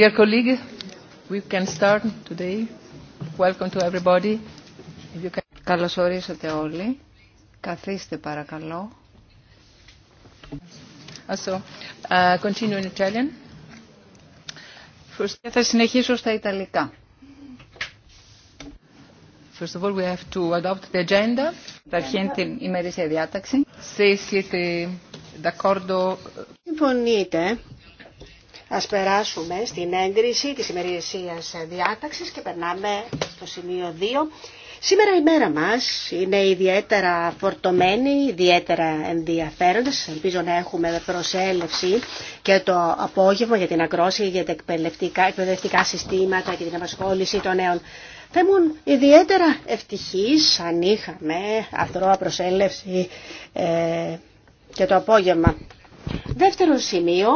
Dear colleagues, we can start today. Welcome to everybody. If you can... Καλώς ορίσατε όλοι. Καθίστε παρακαλώ. Also, uh, continue in Italian. First... Θα συνεχίσω στα Ιταλικά. First of all, we have to adopt the agenda. Καταρχήν την ημερήσια διάταξη. Σε siete d'accordo. Συμφωνείτε Ας περάσουμε στην έγκριση της ημερησίας διάταξης και περνάμε στο σημείο 2. Σήμερα η μέρα μας είναι ιδιαίτερα φορτωμένη, ιδιαίτερα ενδιαφέροντα. Ελπίζω να έχουμε προσέλευση και το απόγευμα για την ακρόση, για τα εκπαιδευτικά, συστήματα και την απασχόληση των νέων. Θα ήμουν ιδιαίτερα ευτυχής αν είχαμε αθρώα προσέλευση ε, και το απόγευμα. Δεύτερο σημείο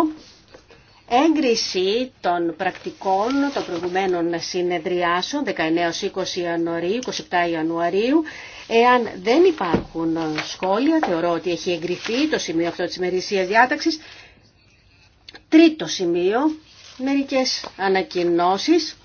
έγκριση των πρακτικών των προηγουμένων συνεδριάσεων 19-20 Ιανουαρίου, 27 Ιανουαρίου. Εάν δεν υπάρχουν σχόλια, θεωρώ ότι έχει εγκριθεί το σημείο αυτό της ημερησίας διάταξης. Τρίτο σημείο, μερικές ανακοινώσεις.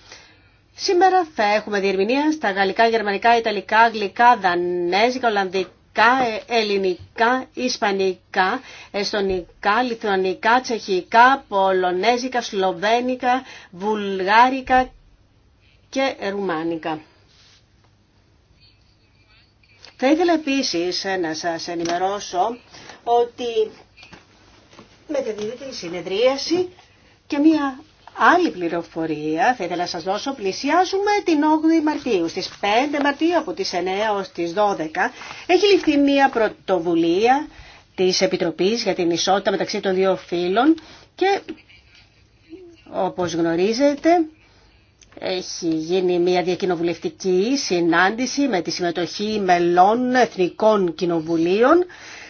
Σήμερα θα έχουμε διερμηνία στα γαλλικά, γερμανικά, ιταλικά, αγγλικά, δανέζικα, ολλανδικά, ε, ελληνικά, ισπανικά, εστονικά, λιθουανικά, τσεχικά, πολωνέζικα, σλοβένικα, βουλγάρικα και ρουμάνικα. Θα ήθελα επίσης ε, να σας ενημερώσω ότι τη η συνεδρίαση και μία Άλλη πληροφορία θα ήθελα να σας δώσω. Πλησιάζουμε την 8η Μαρτίου. Στις 5 Μαρτίου από τις 9 ως τις 12 έχει ληφθεί μια πρωτοβουλία της Επιτροπής για την Ισότητα μεταξύ των δύο φύλων και όπως γνωρίζετε έχει γίνει μια διακοινοβουλευτική συνάντηση με τη συμμετοχή μελών εθνικών κοινοβουλίων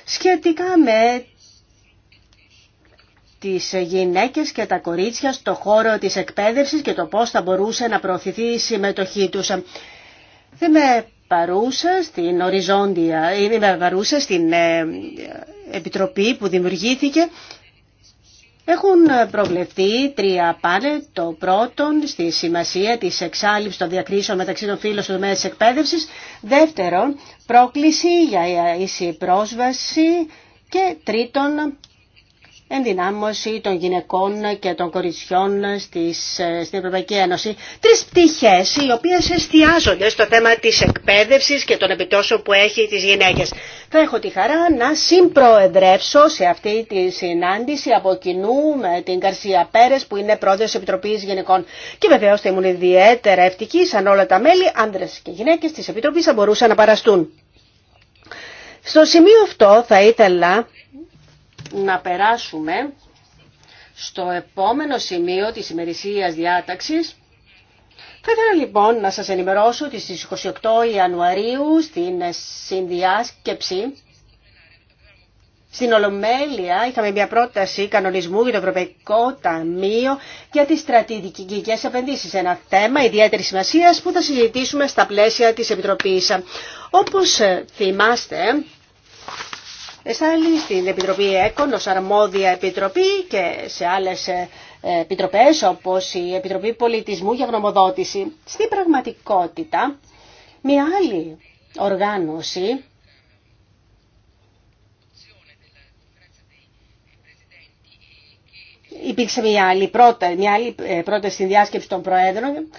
σχετικά με τις γυναίκες και τα κορίτσια στο χώρο της εκπαίδευσης και το πώς θα μπορούσε να προωθηθεί η συμμετοχή τους. Δεν με παρούσα στην οριζόντια, είμαι παρούσα στην ε, επιτροπή που δημιουργήθηκε. Έχουν προβλεφθεί τρία πάνε. Το πρώτο στη σημασία της εξάλληψης των διακρίσεων μεταξύ των φίλων στον τομέα της εκπαίδευσης. Δεύτερον, πρόκληση για ίση πρόσβαση. Και τρίτον, ενδυνάμωση των γυναικών και των κοριτσιών στις, στην Ευρωπαϊκή Ένωση. Τρεις πτυχές οι οποίες εστιάζονται στο θέμα της εκπαίδευσης και των επιτόσεων που έχει τις γυναίκες. Θα έχω τη χαρά να συμπροεδρεύσω σε αυτή τη συνάντηση από κοινού με την Καρσία Πέρες που είναι πρόεδρος Επιτροπής Γυναικών. Και βεβαίω θα ήμουν ιδιαίτερα ευτυχή αν όλα τα μέλη, άντρες και γυναίκες της Επιτροπής θα μπορούσαν να παραστούν. Στο σημείο αυτό θα ήθελα να περάσουμε στο επόμενο σημείο της ημερησίας διάταξης. Θα ήθελα λοιπόν να σας ενημερώσω ότι στις 28 Ιανουαρίου στην συνδιάσκεψη στην Ολομέλεια είχαμε μια πρόταση κανονισμού για το Ευρωπαϊκό Ταμείο για τις στρατηγικές επενδύσεις. Ένα θέμα ιδιαίτερης σημασίας που θα συζητήσουμε στα πλαίσια της Επιτροπής. Όπως θυμάστε, Εστάλει στην Επιτροπή ΕΚΟΝ ως αρμόδια επιτροπή και σε άλλες ε, επιτροπές όπως η Επιτροπή Πολιτισμού για γνωμοδότηση. Στην πραγματικότητα, μια άλλη οργάνωση υπήρξε μια άλλη πρώτα, μια άλλη ε, πρόταση στην διάσκεψη των Προέδρων.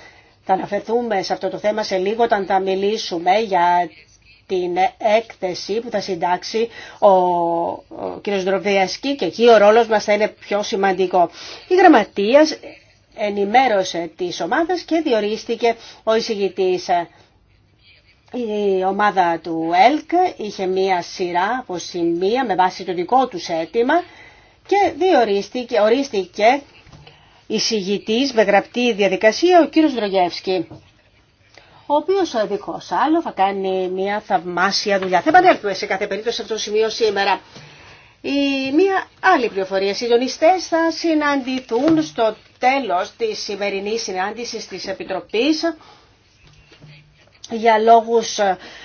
Θα αναφερθούμε σε αυτό το θέμα σε λίγο όταν θα μιλήσουμε για την έκθεση που θα συντάξει ο, ο κ. και εκεί ο ρόλος μας θα είναι πιο σημαντικό. Η γραμματεία ενημέρωσε τις ομάδες και διορίστηκε ο εισηγητής. Η ομάδα του ΕΛΚ είχε μία σειρά από σημεία με βάση το δικό του αίτημα και διορίστηκε, ορίστηκε εισηγητής με γραπτή διαδικασία ο κύριος Δρογεύσκη ο οποίο ειδικό άλλο θα κάνει μια θαυμάσια δουλειά. Θα επανέλθουμε σε κάθε περίπτωση σε αυτό το σημείο σήμερα. Η μία άλλη πληροφορία. Οι συντονιστέ θα συναντηθούν στο τέλο τη σημερινή συνάντηση τη Επιτροπή για λόγους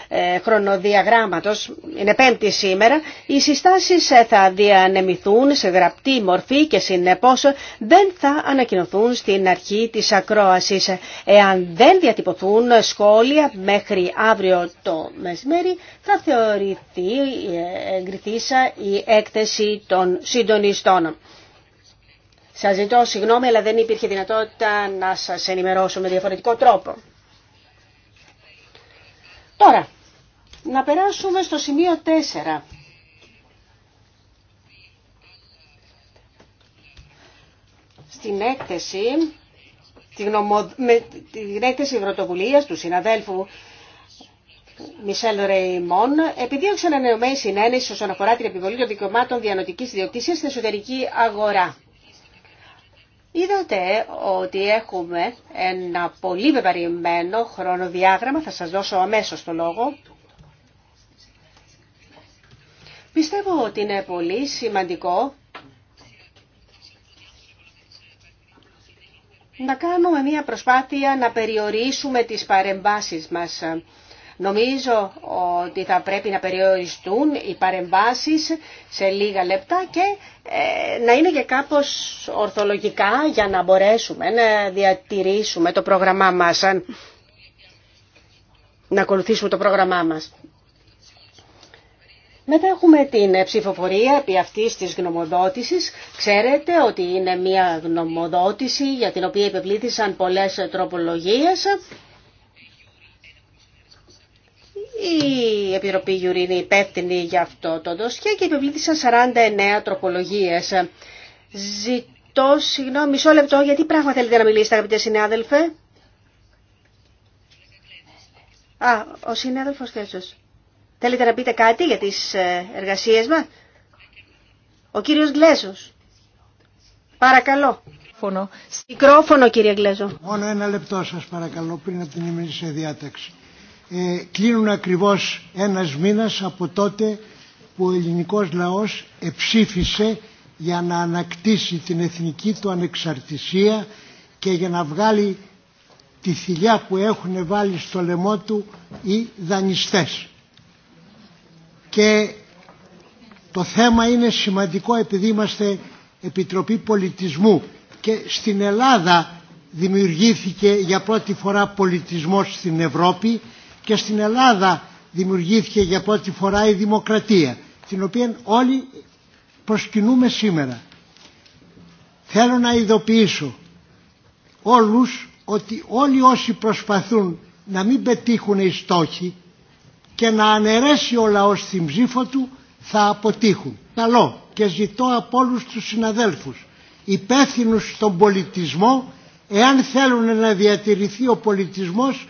ε, χρονοδιαγράμματος, είναι πέμπτη σήμερα, οι συστάσεις ε, θα διανεμηθούν σε γραπτή μορφή και συνεπώς δεν θα ανακοινωθούν στην αρχή της ακρόασης. Εάν δεν διατυπωθούν σχόλια μέχρι αύριο το μεσημέρι, θα θεωρηθεί ε, εγκριθήσα η έκθεση των συντονιστών. Σας ζητώ συγγνώμη, αλλά δεν υπήρχε δυνατότητα να σας ενημερώσω με διαφορετικό τρόπο. Τώρα, να περάσουμε στο σημείο 4. Στην έκθεση, με την έκθεση πρωτοβουλία του συναδέλφου Μισελ Ρεϊμόν, επιδίωξε ανανεωμένη συνένεση όσον αφορά την επιβολή των δικαιωμάτων διανοτική ιδιοκτησία στην εσωτερική αγορά. Είδατε ότι έχουμε ένα πολύ πεπαρημένο χρονοδιάγραμμα, θα σας δώσω αμέσως το λόγο. Πιστεύω ότι είναι πολύ σημαντικό να κάνουμε μια προσπάθεια να περιορίσουμε τις παρεμβάσεις μας. Νομίζω ότι θα πρέπει να περιοριστούν οι παρεμβάσεις σε λίγα λεπτά και ε, να είναι και κάπως ορθολογικά για να μπορέσουμε να διατηρήσουμε το πρόγραμμά μας, να ακολουθήσουμε το πρόγραμμά μας. Μετά έχουμε την ψηφοφορία επί αυτής της γνωμοδότησης. Ξέρετε ότι είναι μια γνωμοδότηση για την οποία υπευλήθησαν πολλές τροπολογίες. Η Επιτροπή Γιουρίνη είναι υπεύθυνη για αυτό το ντοσχέ και επιβλήθησαν 49 τροπολογίες. Ζητώ συγγνώμη, μισό λεπτό, γιατί πράγμα θέλετε να μιλήσετε αγαπητέ συνάδελφε. Α, ο συνάδελφος Θέσος. Θέλετε να πείτε κάτι για τις ε, εργασίες μας. Ο κύριος Γκλέζος. Παρακαλώ. Μικρόφωνο κύριε Γκλέζο. Μόνο ένα λεπτό σας παρακαλώ πριν από την σε διάταξη. Ε, κλείνουν ακριβώς ένας μήνας από τότε που ο ελληνικός λαός εψήφισε για να ανακτήσει την εθνική του ανεξαρτησία και για να βγάλει τη θηλιά που έχουν βάλει στο λαιμό του οι δανειστές. Και το θέμα είναι σημαντικό επειδή είμαστε Επιτροπή Πολιτισμού και στην Ελλάδα δημιουργήθηκε για πρώτη φορά πολιτισμός στην Ευρώπη και στην Ελλάδα δημιουργήθηκε για πρώτη φορά η δημοκρατία την οποία όλοι προσκυνούμε σήμερα. Θέλω να ειδοποιήσω όλους ότι όλοι όσοι προσπαθούν να μην πετύχουν οι στόχοι και να αναιρέσει ο λαός την ψήφο του θα αποτύχουν. Καλό και ζητώ από όλους τους συναδέλφους υπεύθυνου στον πολιτισμό εάν θέλουν να διατηρηθεί ο πολιτισμός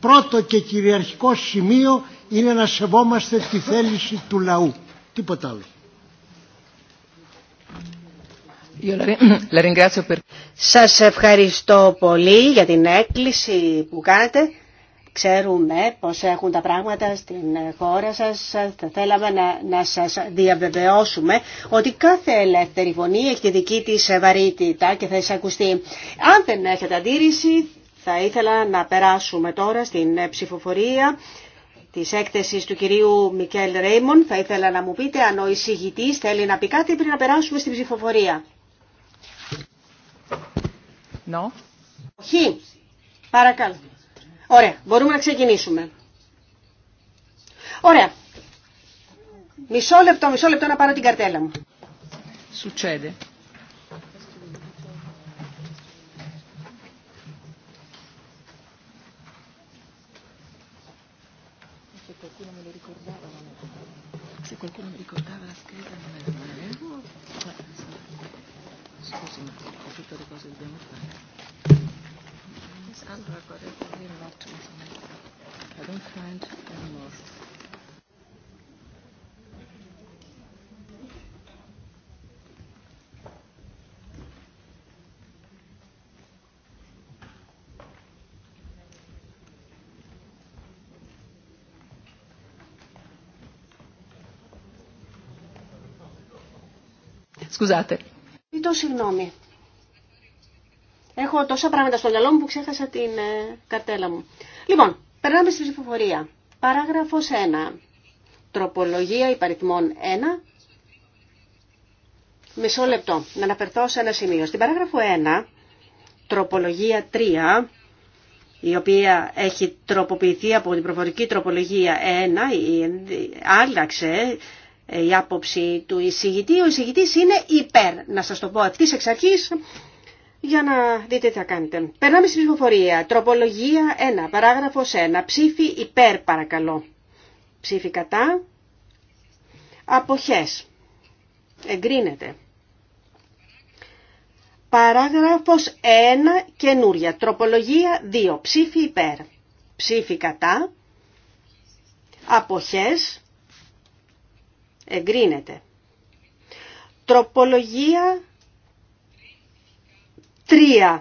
πρώτο και κυριαρχικό σημείο είναι να σεβόμαστε τη θέληση του λαού. Τίποτα άλλο. Σας ευχαριστώ πολύ για την έκκληση που κάνετε. Ξέρουμε πώς έχουν τα πράγματα στην χώρα σας. Θα θέλαμε να, να σας διαβεβαιώσουμε ότι κάθε ελεύθερη φωνή έχει τη δική της βαρύτητα και θα εισακουστεί. Αν δεν έχετε αντίρρηση θα ήθελα να περάσουμε τώρα στην ψηφοφορία της έκθεσης του κυρίου Μικέλ Ρέιμον. Θα ήθελα να μου πείτε αν ο εισηγητής θέλει να πει κάτι πριν να περάσουμε στην ψηφοφορία. No. Όχι. Παρακαλώ. Ωραία. Μπορούμε να ξεκινήσουμε. Ωραία. Μισό λεπτό, μισό λεπτό να πάρω την καρτέλα μου. Succede. qualcuno mi ricordava la scheda, non me Scusi, ho tutte cose dobbiamo fare. Sandra got to I don't find anymore. Σκουζάτε. Ζητώ συγγνώμη. Έχω τόσα πράγματα στο μυαλό μου που ξέχασα την ε, καρτέλα μου. Λοιπόν, περνάμε στην ψηφοφορία. Παράγραφος 1. Τροπολογία υπαριθμών 1. Μισό λεπτό, να αναφερθώ σε ένα σημείο. Στην παράγραφο 1, τροπολογία 3, η οποία έχει τροποποιηθεί από την προφορική τροπολογία 1, άλλαξε ε, η άποψη του εισηγητή. Ο εισηγητή είναι υπέρ, να σα το πω αυτή εξ αρχή. για να δείτε τι θα κάνετε. Περνάμε στην ψηφοφορία. Τροπολογία 1, παράγραφο 1. Ψήφι υπέρ παρακαλώ. Ψήφι κατά. Αποχές. Εγκρίνεται. Παράγραφο 1, καινούρια. Τροπολογία 2, ψήφι υπέρ. Ψήφι κατά. Αποχές. Εγκρίνεται. Τροπολογία 3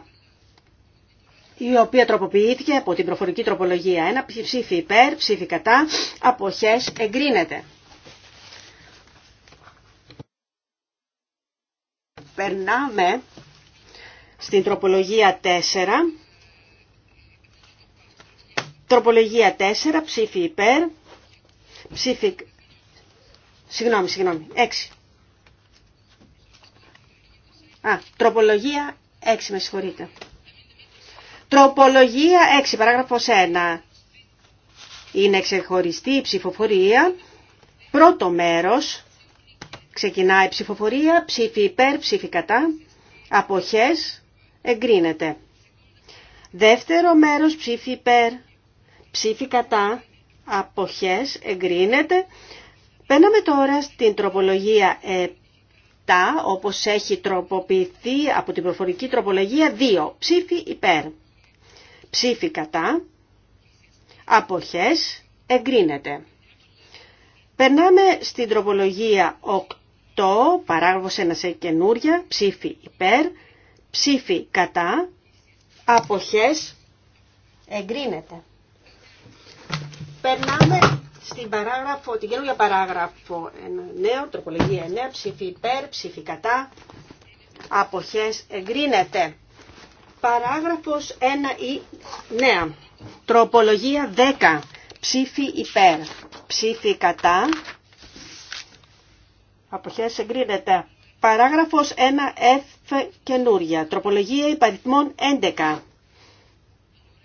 η οποία τροποποιήθηκε από την προφορική τροπολογία. 1. ψήφι υπέρ, ψήφι κατά, αποχές εγκρίνεται. Περνάμε στην τροπολογία 4. Τροπολογία 4, ψήφι υπέρ, ψήφι Συγγνώμη, συγγνώμη. 6. Α, τροπολογία έξι. με συγχωρείτε. Τροπολογία 6, παράγραφος ένα. Είναι ξεχωριστή η ψηφοφορία. Πρώτο μέρος. Ξεκινάει η ψηφοφορία. Ψήφι υπέρ, ψήφι κατά. Αποχές. Εγκρίνεται. Δεύτερο μέρος. Ψήφι υπέρ, ψήφι κατά. Αποχές. Εγκρίνεται. Περνάμε τώρα στην τροπολογία 7, όπως έχει τροποποιηθεί από την προφορική τροπολογία 2. Ψήφι υπέρ. Ψήφι κατά. Αποχές. Εγκρίνεται. Περνάμε στην τροπολογία 8, παράγραφος 1 σε καινούρια, ψήφι υπέρ, ψήφι κατά, αποχές, εγκρίνεται. Περνάμε στην παράγραφο, την καινούργια παράγραφο παράγραφο τροπολογία 9, ψήφι υπέρ, ψήφι κατά, αποχές εγκρίνεται. Παράγραφος 1 ή νέα, τροπολογία 10, ψήφι υπέρ, ψήφι κατά, αποχές εγκρίνεται. Παράγραφος 1F καινούργια. τροπολογία υπαριθμών 11.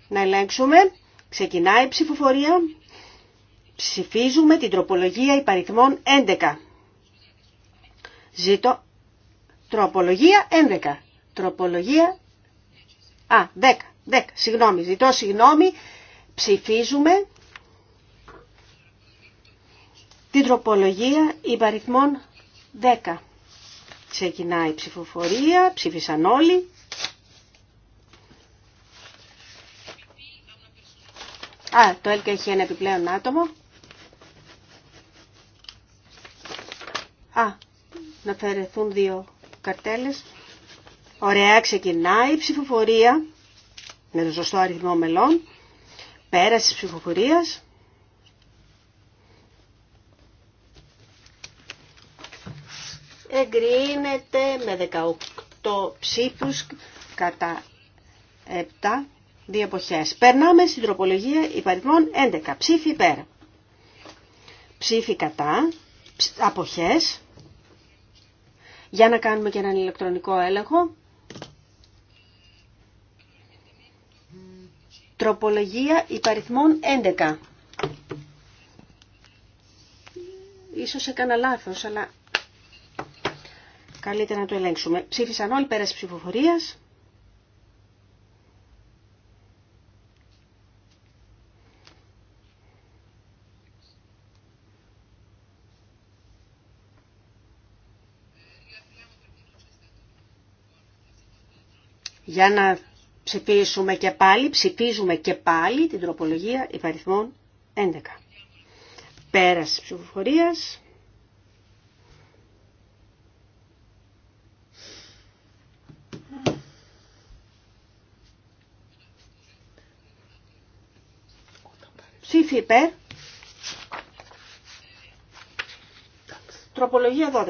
Να ελέγξουμε. Ξεκινάει η ψηφοφορία. Ψηφίζουμε την τροπολογία υπαριθμών 11. Ζήτω. Τροπολογία 11. Τροπολογία. Α, 10. 10. Συγγνώμη. Ζητώ συγγνώμη. Ψηφίζουμε την τροπολογία υπαριθμών 10. Ξεκινάει η ψηφοφορία. Ψήφισαν όλοι. Α, το ΕΛΚΑ έχει ένα επιπλέον άτομο. Α, να αφαιρεθούν δύο καρτέλες. Ωραία, ξεκινάει η ψηφοφορία με το σωστό αριθμό μελών. Πέραση της ψηφοφορίας. Εγκρίνεται με 18 ψήφους κατά 7 δύο εποχές. Περνάμε στην τροπολογία υπαριθμών 11. Ψήφι υπέρ. Ψήφι κατά. Αποχές. Για να κάνουμε και έναν ηλεκτρονικό έλεγχο. Τροπολογία υπαριθμών 11. Ίσως έκανα λάθος, αλλά καλύτερα να το ελέγξουμε. Ψήφισαν όλοι πέρας ψηφοφορίας. για να ψηφίσουμε και πάλι, ψηφίζουμε και πάλι την τροπολογία υπαριθμών 11. Πέραση ψηφοφορίας. Ψήφι υπέρ. Τροπολογία 12.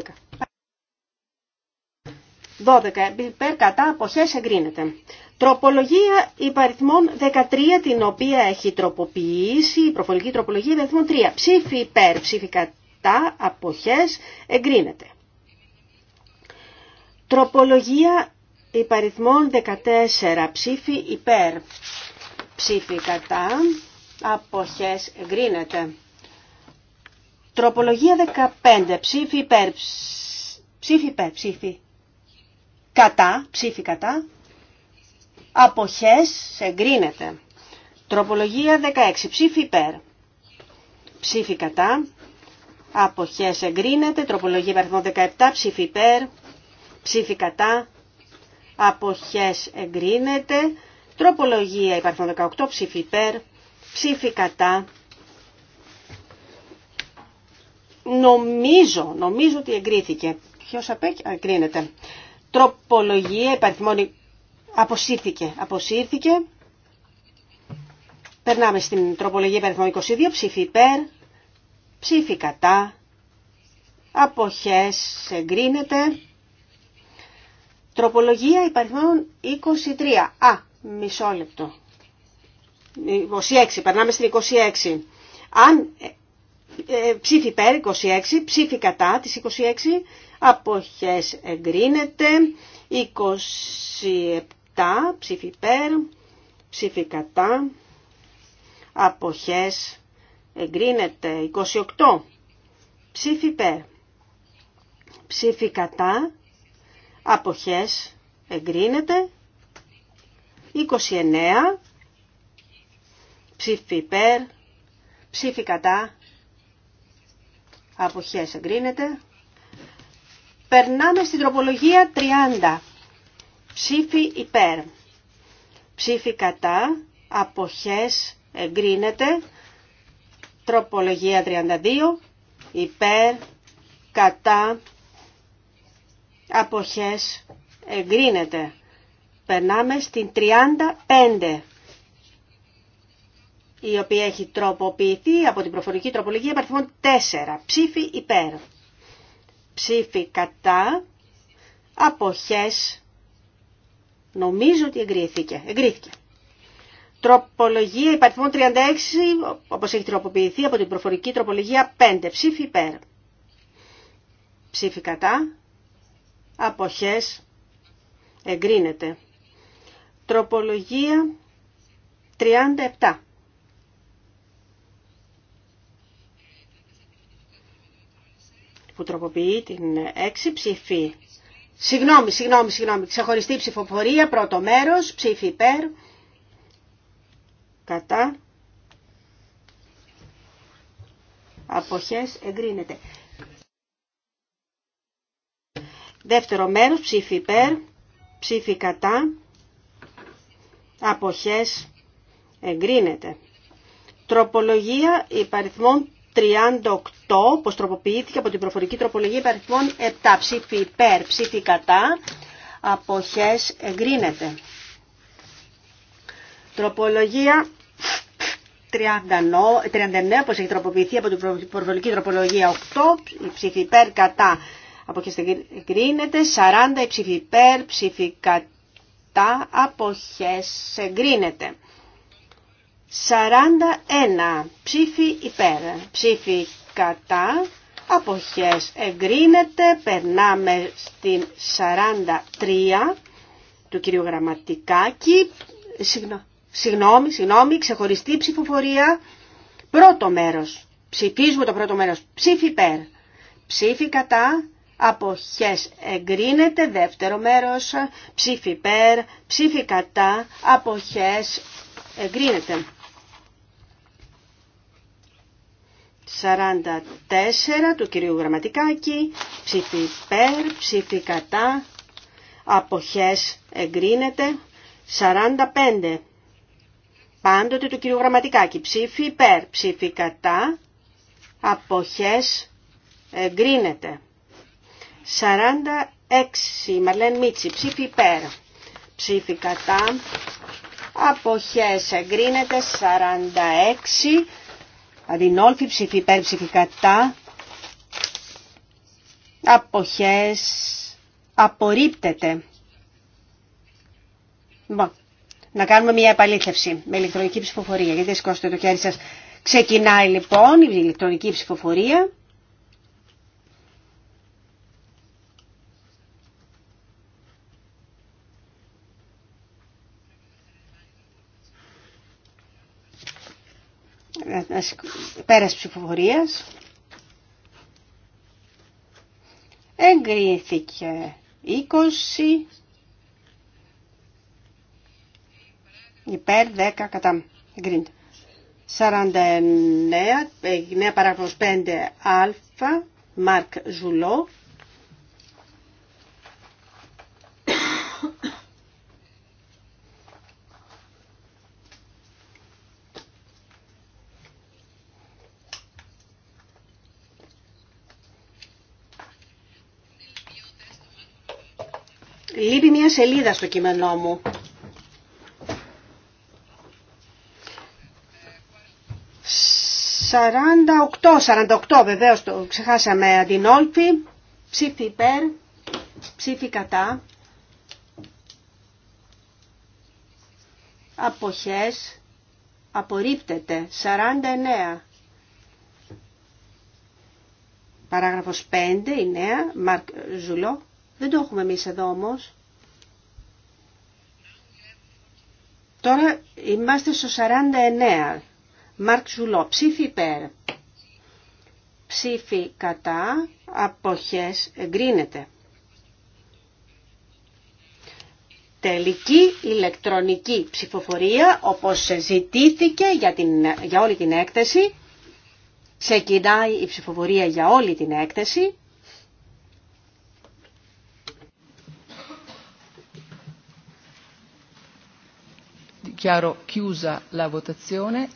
12 υπέρ κατά αποχές εγκρίνεται. Τροπολογία υπαριθμών 13 την οποία έχει τροποποιήσει η προφορική τροπολογία υπαριθμών 3. Ψήφι υπέρ, ψήφι κατά αποχές εγκρίνεται. Τροπολογία υπαριθμών 14 ψήφι υπέρ, ψήφι κατά αποχές εγκρίνεται. Τροπολογία 15 ψήφι υπέρ, ψήφι υπέρ, ψήφι κατά, ψήφι κατά, αποχές, εγκρίνεται. Τροπολογία 16, ψήφι υπέρ, ψήφι κατά, αποχές, εγκρίνεται. Τροπολογία 17, ψήφι υπέρ, ψήφι κατά, αποχές, εγκρίνεται. Τροπολογία υπερθμό 18, ψήφι υπέρ, ψήφι κατά, Νομίζω, νομίζω ότι εγκρίθηκε. Ποιος εγκρίνεται. Τροπολογία υπαριθμών αποσύρθηκε. Αποσύρθηκε. Περνάμε στην τροπολογία υπαριθμών 22. Ψήφι υπέρ. Ψήφι κατά. Αποχές εγκρίνεται. Τροπολογία υπαριθμών 23. Α, μισό λεπτό. 26, περνάμε στην 26. Αν ε, ε, ψήφι υπέρ 26, ψήφι κατά της 26, αποχές εγκρίνεται, 27 ψήφι υπέρ, ψήφι κατά, αποχές εγκρίνεται, 28 ψήφι υπέρ, ψήφι κατά, αποχές εγκρίνεται, 29 ψήφι υπέρ, ψήφι κατά, αποχές εγκρίνεται, Περνάμε στην τροπολογία 30. Ψήφι υπέρ. Ψήφι κατά. Αποχές εγκρίνεται. Τροπολογία 32. Υπέρ. Κατά. Αποχές εγκρίνεται. Περνάμε στην 35 η οποία έχει τροποποιηθεί από την προφορική τροπολογία υπαριθμών 4. Ψήφι υπέρ ψήφι κατά, αποχές, νομίζω ότι εγκρίθηκε. εγκρίθηκε. Τροπολογία υπαριθμών 36, όπως έχει τροποποιηθεί από την προφορική τροπολογία 5, ψήφι υπέρ. Ψήφι κατά, αποχές, εγκρίνεται. Τροπολογία 37. που τροποποιεί την έξι ψηφί. Συγγνώμη, συγγνώμη, συγγνώμη. Ξεχωριστή ψηφοφορία, πρώτο μέρος, ψήφι υπέρ, κατά, αποχές, εγκρίνεται. Δεύτερο μέρος, ψήφι υπέρ, ψήφι κατά, αποχές, εγκρίνεται. Τροπολογία υπαριθμών 38 πως τροποποιήθηκε από την προφορική τροπολογία υπαριθμών 7 ψήφι υπέρ, ψήφι κατά, αποχές εγκρίνεται. Τροπολογία 39 πως έχει τροποποιηθεί από την προφορική τροπολογία 8 ψήφι υπέρ κατά, αποχές εγκρίνεται. 40 ψήφι υπέρ, ψήφι κατά, αποχές εγκρίνεται. 41 ψήφι υπέρ, ψήφι κατά, αποχές εγκρίνεται, περνάμε στην 43 του κυρίου Γραμματικάκη, Συγγνώ, συγγνώμη, συγγνώμη, ξεχωριστή ψηφοφορία, πρώτο μέρος, ψηφίζουμε το πρώτο μέρος, ψήφι υπέρ, ψήφι κατά, αποχές εγκρίνεται, δεύτερο μέρος, ψήφι υπέρ, ψήφι κατά, αποχές εγκρίνεται. 44 του κυρίου Γραμματικάκη, ψήφι υπέρ, ψήφι κατά, αποχές εγκρίνεται. 45 πάντοτε του κυρίου Γραμματικάκη, ψήφι υπέρ, ψήφι κατά, αποχές εγκρίνεται. 46 Μαρλέν Μίτσι, ψήφι υπέρ, ψήφι κατά, αποχές εγκρίνεται 46 Αδεινόλφη ψηφί υπέρ κατά αποχές απορρίπτεται Μπα. Να κάνουμε μια επαλήθευση με ηλεκτρονική ψηφοφορία γιατί σηκώστε το χέρι σας Ξεκινάει λοιπόν η ηλεκτρονική ψηφοφορία πέρας ψηφοφορίας εγκρίθηκε 20 υπέρ 10 κατά εγκρίνεται 49 ε, νέα παράγραφος 5α Μαρκ Ζουλό σελίδα στο κείμενό μου. 48, 48 βεβαίως το ξεχάσαμε αντινόλφη, ψήφι υπέρ, ψήφι κατά, αποχές, απορρίπτεται, 49. Παράγραφος 5, η νέα, Μαρκ Ζουλό. Δεν το έχουμε εμείς εδώ όμως. Τώρα είμαστε στο 49. Μάρκ Ζουλό. Ψήφι υπέρ. Ψήφι κατά. Αποχές εγκρίνεται. Τελική ηλεκτρονική ψηφοφορία όπως ζητήθηκε για, την, για όλη την έκθεση. Ξεκινάει η ψηφοφορία για όλη την έκθεση. Dichiaro chiusa la votazione.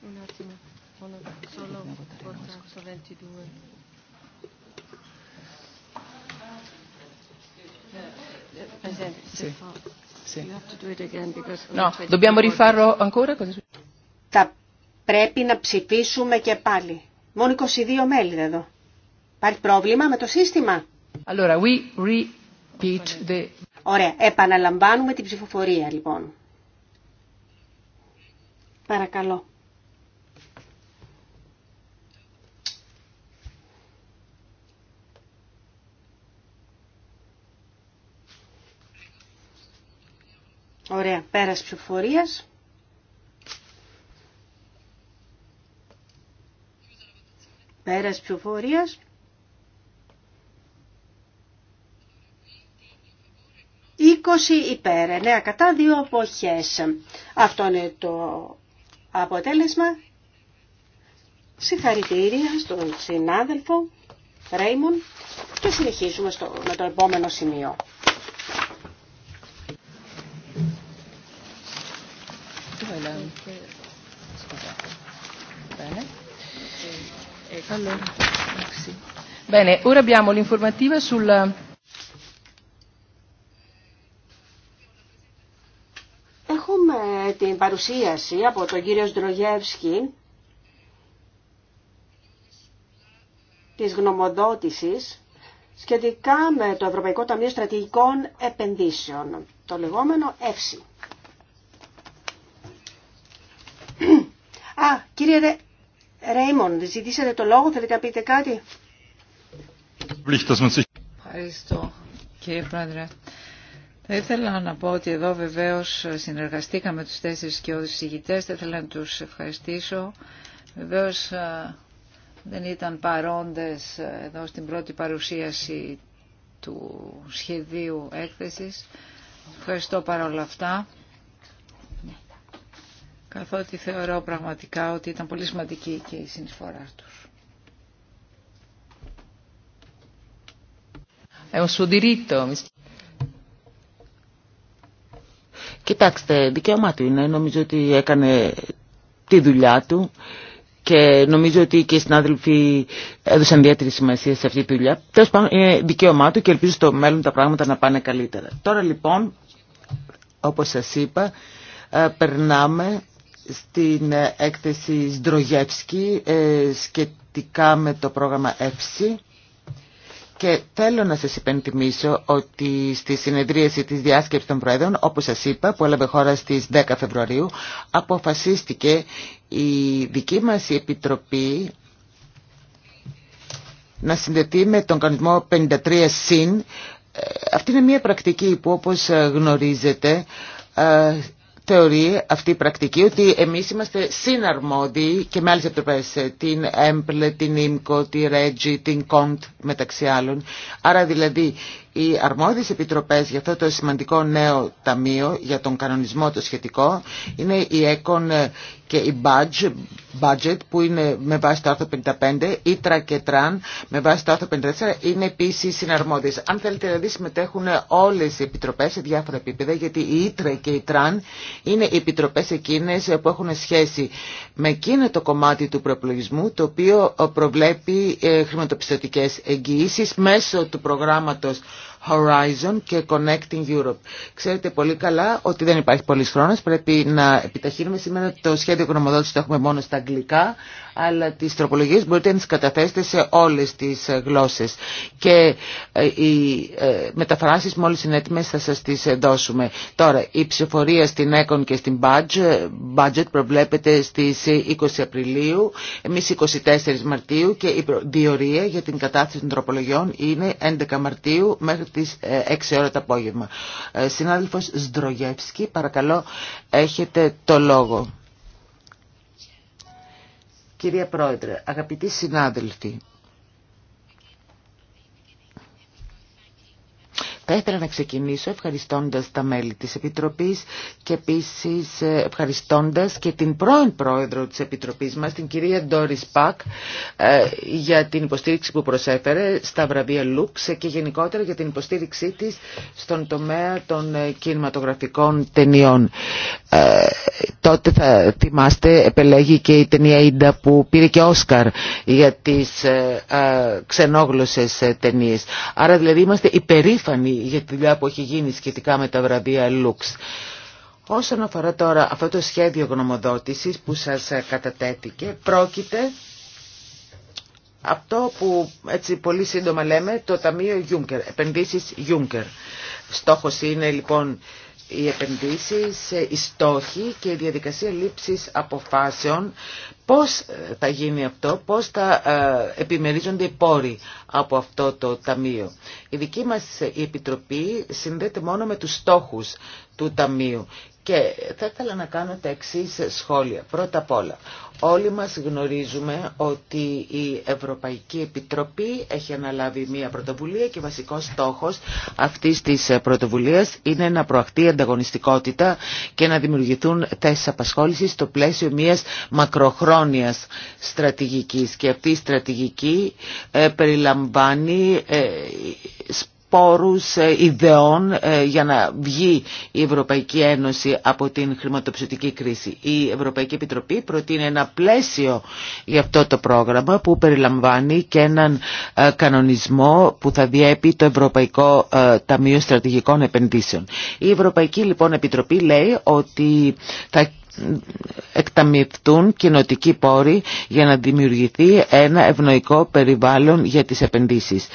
Un attimo, solo votato 22. Sì. Sì. No, dobbiamo rifarlo ancora? Θα πρέπει να ψηφίσουμε και πάλι. Μόνο 22 μέλη εδώ. Υπάρχει πρόβλημα με το σύστημα. Allora, we repeat the... Ωραία, επαναλαμβάνουμε την ψηφοφορία λοιπόν. Παρακαλώ. Ωραία, πέρας ψηφοφορίας. Πέρας ψηφοφορίας. 20 υπέρ, 9 κατά, 2 αποχές. Αυτό είναι το αποτέλεσμα. Συγχαρητήρια στον συνάδελφο Ρέιμον και συνεχίζουμε στο, με το επόμενο σημείο. Bene, ora abbiamo l'informativa sul παρουσίαση από τον κύριο Σντρογεύσκη της γνωμοδότησης σχετικά με το Ευρωπαϊκό Ταμείο Στρατηγικών Επενδύσεων, το λεγόμενο ΕΦΣΙ. Α, κύριε Ρε... Ρέιμον, ζητήσατε το λόγο, θέλετε να πείτε κάτι. Ευχαριστώ, κύριε Πρόεδρε. Θα ήθελα να πω ότι εδώ βεβαίως συνεργαστήκαμε τους τέσσερις και όλους ηγητές. Θα ήθελα να τους ευχαριστήσω. Βεβαίως δεν ήταν παρόντες εδώ στην πρώτη παρουσίαση του σχεδίου έκθεσης. Ευχαριστώ παρόλα αυτά. Καθότι θεωρώ πραγματικά ότι ήταν πολύ σημαντική και η συνεισφορά τους. Κοιτάξτε, δικαίωμά του είναι. Νομίζω ότι έκανε τη δουλειά του και νομίζω ότι και οι συνάδελφοι έδωσαν ιδιαίτερη σημασία σε αυτή τη δουλειά. Τέλο πάντων, είναι δικαίωμά του και ελπίζω στο μέλλον τα πράγματα να πάνε καλύτερα. Τώρα λοιπόν, όπως σας είπα, ε, περνάμε στην έκθεση Σντρογεύσκη ε, σχετικά με το πρόγραμμα ΕΦΣΥ. Και θέλω να σας υπενθυμίσω ότι στη συνεδρίαση της διάσκεψης των Προέδρων, όπως σας είπα, που έλαβε χώρα στις 10 Φεβρουαρίου, αποφασίστηκε η δική μας Επιτροπή να συνδεθεί με τον κανονισμό 53 συν. Ε, αυτή είναι μια πρακτική που όπως γνωρίζετε ε, θεωρεί αυτή η πρακτική ότι εμείς είμαστε συναρμόδιοι και με άλλες επιτροπές, ε, την ΕΜΠΛΕ, την ΙΜΚΟ, τη ΡΕΤΖΙ, την ΚΟΝΤ μεταξύ άλλων. Άρα δηλαδή οι αρμόδιες επιτροπές για αυτό το σημαντικό νέο ταμείο για τον κανονισμό το σχετικό είναι η ΕΚΟΝ και η budget, budget που είναι με βάση το άρθρο 55, η ΤΡΑ και ΤΡΑΝ με βάση το άρθρο 54 είναι επίση συναρμόδιες. Αν θέλετε δηλαδή συμμετέχουν όλες οι επιτροπές σε διάφορα επίπεδα γιατί η Ήτρα και η ΤΡΑΝ είναι οι επιτροπές εκείνες που έχουν σχέση με εκείνο το κομμάτι του προπολογισμού το οποίο προβλέπει ε, χρηματοπιστωτικές εγγυήσεις μέσω του προγράμματος Υπότιτλοι AUTHORWAVE Horizon και Connecting Europe. Ξέρετε πολύ καλά ότι δεν υπάρχει πολλή χρόνο. Πρέπει να επιταχύνουμε σήμερα το σχέδιο γνωμοδότηση το έχουμε μόνο στα αγγλικά, αλλά τι τροπολογίε μπορείτε να τι καταθέσετε σε όλε τι ε, γλώσσε. Και ε, οι ε, μεταφράσει μόλι είναι έτοιμε θα σα τι δώσουμε. Τώρα, η ψηφορία στην ECON και στην Budget προβλέπεται στι 20 Απριλίου, εμεί 24 Μαρτίου και η διορία για την κατάθεση των τροπολογιών είναι 11 Μαρτίου μέχρι στις 6 ε, ώρα το απόγευμα. Ε, συνάδελφος Σντρογεύσκη, παρακαλώ, έχετε το λόγο. Κυρία Πρόεδρε, αγαπητοί συνάδελφοι, Θα ήθελα να ξεκινήσω ευχαριστώντας τα μέλη της Επιτροπής και επίσης ε, ευχαριστώντας και την πρώην πρόεδρο της Επιτροπής μας, την κυρία Ντόρις Πακ, ε, για την υποστήριξη που προσέφερε στα βραβεία Λουξ και γενικότερα για την υποστήριξή της στον τομέα των ε, κινηματογραφικών ταινιών. Τότε θα θυμάστε επελέγει και η ταινία Ίντα που πήρε και Όσκαρ για τις ξενόγλωσσες ταινίες. Άρα δηλαδή είμαστε υπερήφανοι για τη δουλειά που έχει γίνει σχετικά με τα βραβεία Lux. Όσον αφορά τώρα αυτό το σχέδιο γνωμοδότησης που σας ε, κατατέθηκε, πρόκειται αυτό που έτσι πολύ σύντομα λέμε το Ταμείο Juncker, επενδύσεις Juncker. Στόχος είναι λοιπόν οι επενδύσεις, ε, οι στόχοι και η διαδικασία λήψης αποφάσεων. Πώς ε, θα γίνει αυτό, πώς θα ε, επιμερίζονται οι πόροι από αυτό το Ταμείο. Η δική μας Επιτροπή συνδέεται μόνο με τους στόχους του Ταμείου και θα ήθελα να κάνω τα εξή σχόλια. Πρώτα απ' όλα, όλοι μας γνωρίζουμε ότι η Ευρωπαϊκή Επιτροπή έχει αναλάβει μία πρωτοβουλία και βασικός στόχος αυτής της πρωτοβουλίας είναι να προαχτεί ανταγωνιστικότητα και να δημιουργηθούν θέσεις απασχόλησης στο πλαίσιο μιας μακροχρόνιας στρατηγικής. Και αυτή η στρατηγική ε, περιλαμβάνει ε, πόρους ε, ιδεών ε, για να βγει η Ευρωπαϊκή Ένωση από την χρηματοψηφική κρίση. Η Ευρωπαϊκή Επιτροπή προτείνει ένα πλαίσιο για αυτό το πρόγραμμα που περιλαμβάνει και έναν ε, κανονισμό που θα διέπει το Ευρωπαϊκό Ταμείο Στρατηγικών Επενδύσεων. Η Ευρωπαϊκή λοιπόν Επιτροπή λέει ότι θα εκταμιευτούν κοινοτικοί πόροι για να δημιουργηθεί ένα ευνοϊκό περιβάλλον για τις επενδύσεις.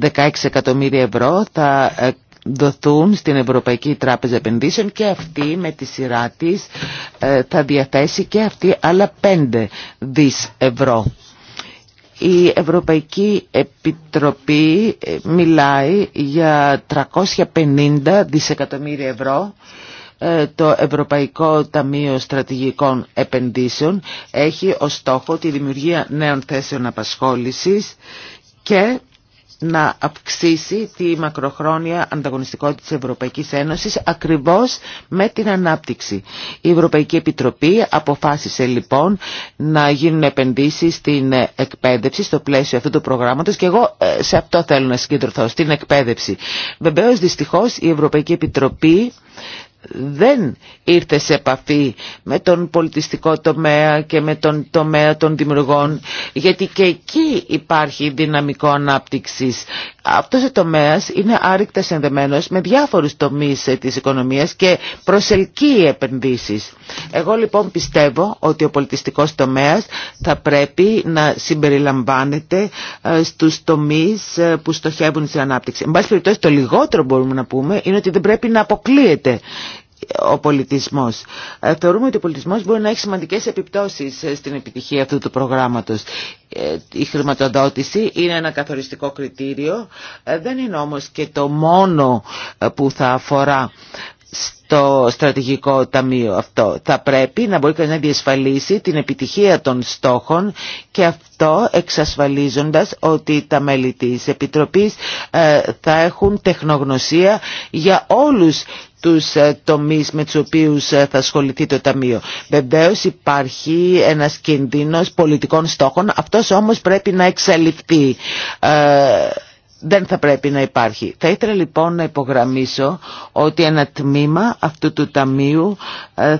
16 εκατομμύρια ευρώ θα ε, δοθούν στην Ευρωπαϊκή Τράπεζα Επενδύσεων και αυτή με τη σειρά της ε, θα διαθέσει και αυτή άλλα 5 δις ευρώ. Η Ευρωπαϊκή Επιτροπή ε, μιλάει για 350 δισεκατομμύρια ευρώ. Το Ευρωπαϊκό Ταμείο Στρατηγικών Επενδύσεων έχει ως στόχο τη δημιουργία νέων θέσεων απασχόλησης και να αυξήσει τη μακροχρόνια ανταγωνιστικότητα της Ευρωπαϊκής Ένωσης ακριβώς με την ανάπτυξη. Η Ευρωπαϊκή Επιτροπή αποφάσισε λοιπόν να γίνουν επενδύσεις στην εκπαίδευση στο πλαίσιο αυτού του προγράμματος και εγώ ε, σε αυτό θέλω να συγκεντρωθώ, στην εκπαίδευση. Βεβαίως δυστυχώς η Ευρωπαϊκή Επιτροπή δεν ήρθε σε επαφή με τον πολιτιστικό τομέα και με τον τομέα των δημιουργών γιατί και εκεί υπάρχει δυναμικό ανάπτυξης αυτός ο τομέας είναι άρρηκτα συνδεμένος με διάφορους τομείς ε, της οικονομίας και προσελκύει επενδύσεις. Εγώ λοιπόν πιστεύω ότι ο πολιτιστικός τομέας θα πρέπει να συμπεριλαμβάνεται ε, στους τομείς ε, που στοχεύουν στην ανάπτυξη. Εν πάση περιπτώσει το λιγότερο μπορούμε να πούμε είναι ότι δεν πρέπει να αποκλείεται ο πολιτισμός. Ε, θεωρούμε ότι ο πολιτισμός μπορεί να έχει σημαντικές επιπτώσεις ε, στην επιτυχία αυτού του προγράμματος. Ε, η χρηματοδότηση είναι ένα καθοριστικό κριτήριο, δεν είναι όμως και το μόνο που θα αφορά στο στρατηγικό ταμείο αυτό. Θα πρέπει να μπορεί κανένα να διασφαλίσει την επιτυχία των στόχων και αυτό εξασφαλίζοντας ότι τα μέλη της Επιτροπής θα έχουν τεχνογνωσία για όλους τους ε, τομεί με τους οποίους ε, θα ασχοληθεί το Ταμείο. Βεβαίω υπάρχει ένας κινδύνος πολιτικών στόχων, αυτός όμως πρέπει να εξαλειφθεί. Ε, δεν θα πρέπει να υπάρχει. Θα ήθελα λοιπόν να υπογραμμίσω ότι ένα τμήμα αυτού του Ταμείου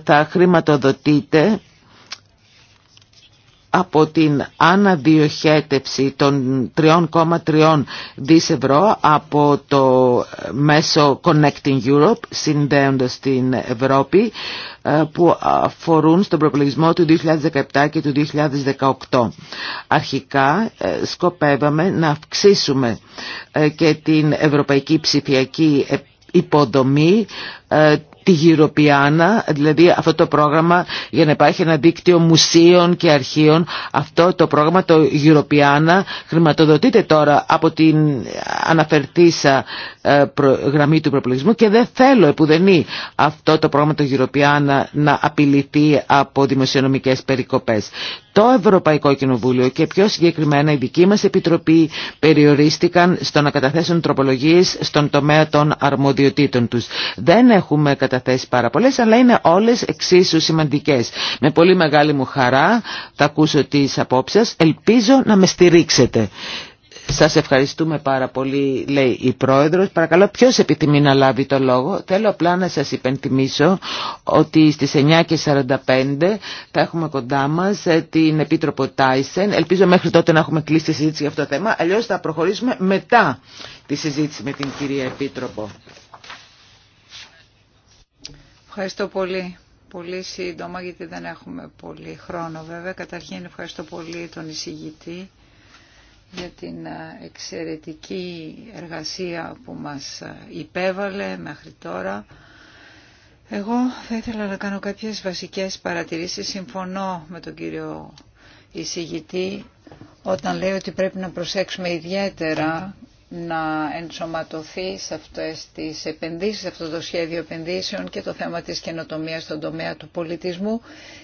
θα χρηματοδοτείται από την αναδιοχέτευση των 3,3 δις ευρώ από το μέσο Connecting Europe, συνδέοντας την Ευρώπη, ε, που αφορούν στον προπολογισμό του 2017 και του 2018. Αρχικά ε, σκοπεύαμε να αυξήσουμε ε, και την Ευρωπαϊκή Ψηφιακή Υποδομή, τη Γυροπιάνα, δηλαδή αυτό το πρόγραμμα για να υπάρχει ένα δίκτυο μουσείων και αρχείων. Αυτό το πρόγραμμα το Γυροπιάνα χρηματοδοτείται τώρα από την αναφερθήσα ε, γραμμή του προπολογισμού και δεν θέλω επουδενή αυτό το πρόγραμμα το Γυροπιάνα να απειληθεί από δημοσιονομικές περικοπές το Ευρωπαϊκό Κοινοβούλιο και πιο συγκεκριμένα η δική μας Επιτροπή περιορίστηκαν στο να καταθέσουν τροπολογίες στον τομέα των αρμοδιοτήτων τους. Δεν έχουμε καταθέσει πάρα πολλές, αλλά είναι όλες εξίσου σημαντικές. Με πολύ μεγάλη μου χαρά θα ακούσω τις απόψεις, ελπίζω να με στηρίξετε. Σας ευχαριστούμε πάρα πολύ, λέει η Πρόεδρος. Παρακαλώ, ποιος επιθυμεί να λάβει το λόγο. Θέλω απλά να σας υπενθυμίσω ότι στις 9.45 θα έχουμε κοντά μας ε, την Επίτροπο Τάισεν. Ελπίζω μέχρι τότε να έχουμε κλείσει τη συζήτηση για αυτό το θέμα. Αλλιώς θα προχωρήσουμε μετά τη συζήτηση με την κυρία Επίτροπο. Ευχαριστώ πολύ. Πολύ σύντομα γιατί δεν έχουμε πολύ χρόνο βέβαια. Καταρχήν ευχαριστώ πολύ τον εισηγητή για την εξαιρετική εργασία που μας υπέβαλε μέχρι τώρα. Εγώ θα ήθελα να κάνω κάποιες βασικές παρατηρήσεις. Συμφωνώ με τον κύριο εισηγητή όταν λέει ότι πρέπει να προσέξουμε ιδιαίτερα να ενσωματωθεί σε αυτές τις επενδύσεις, σε αυτό το σχέδιο επενδύσεων και το θέμα της καινοτομία στον τομέα του πολιτισμού.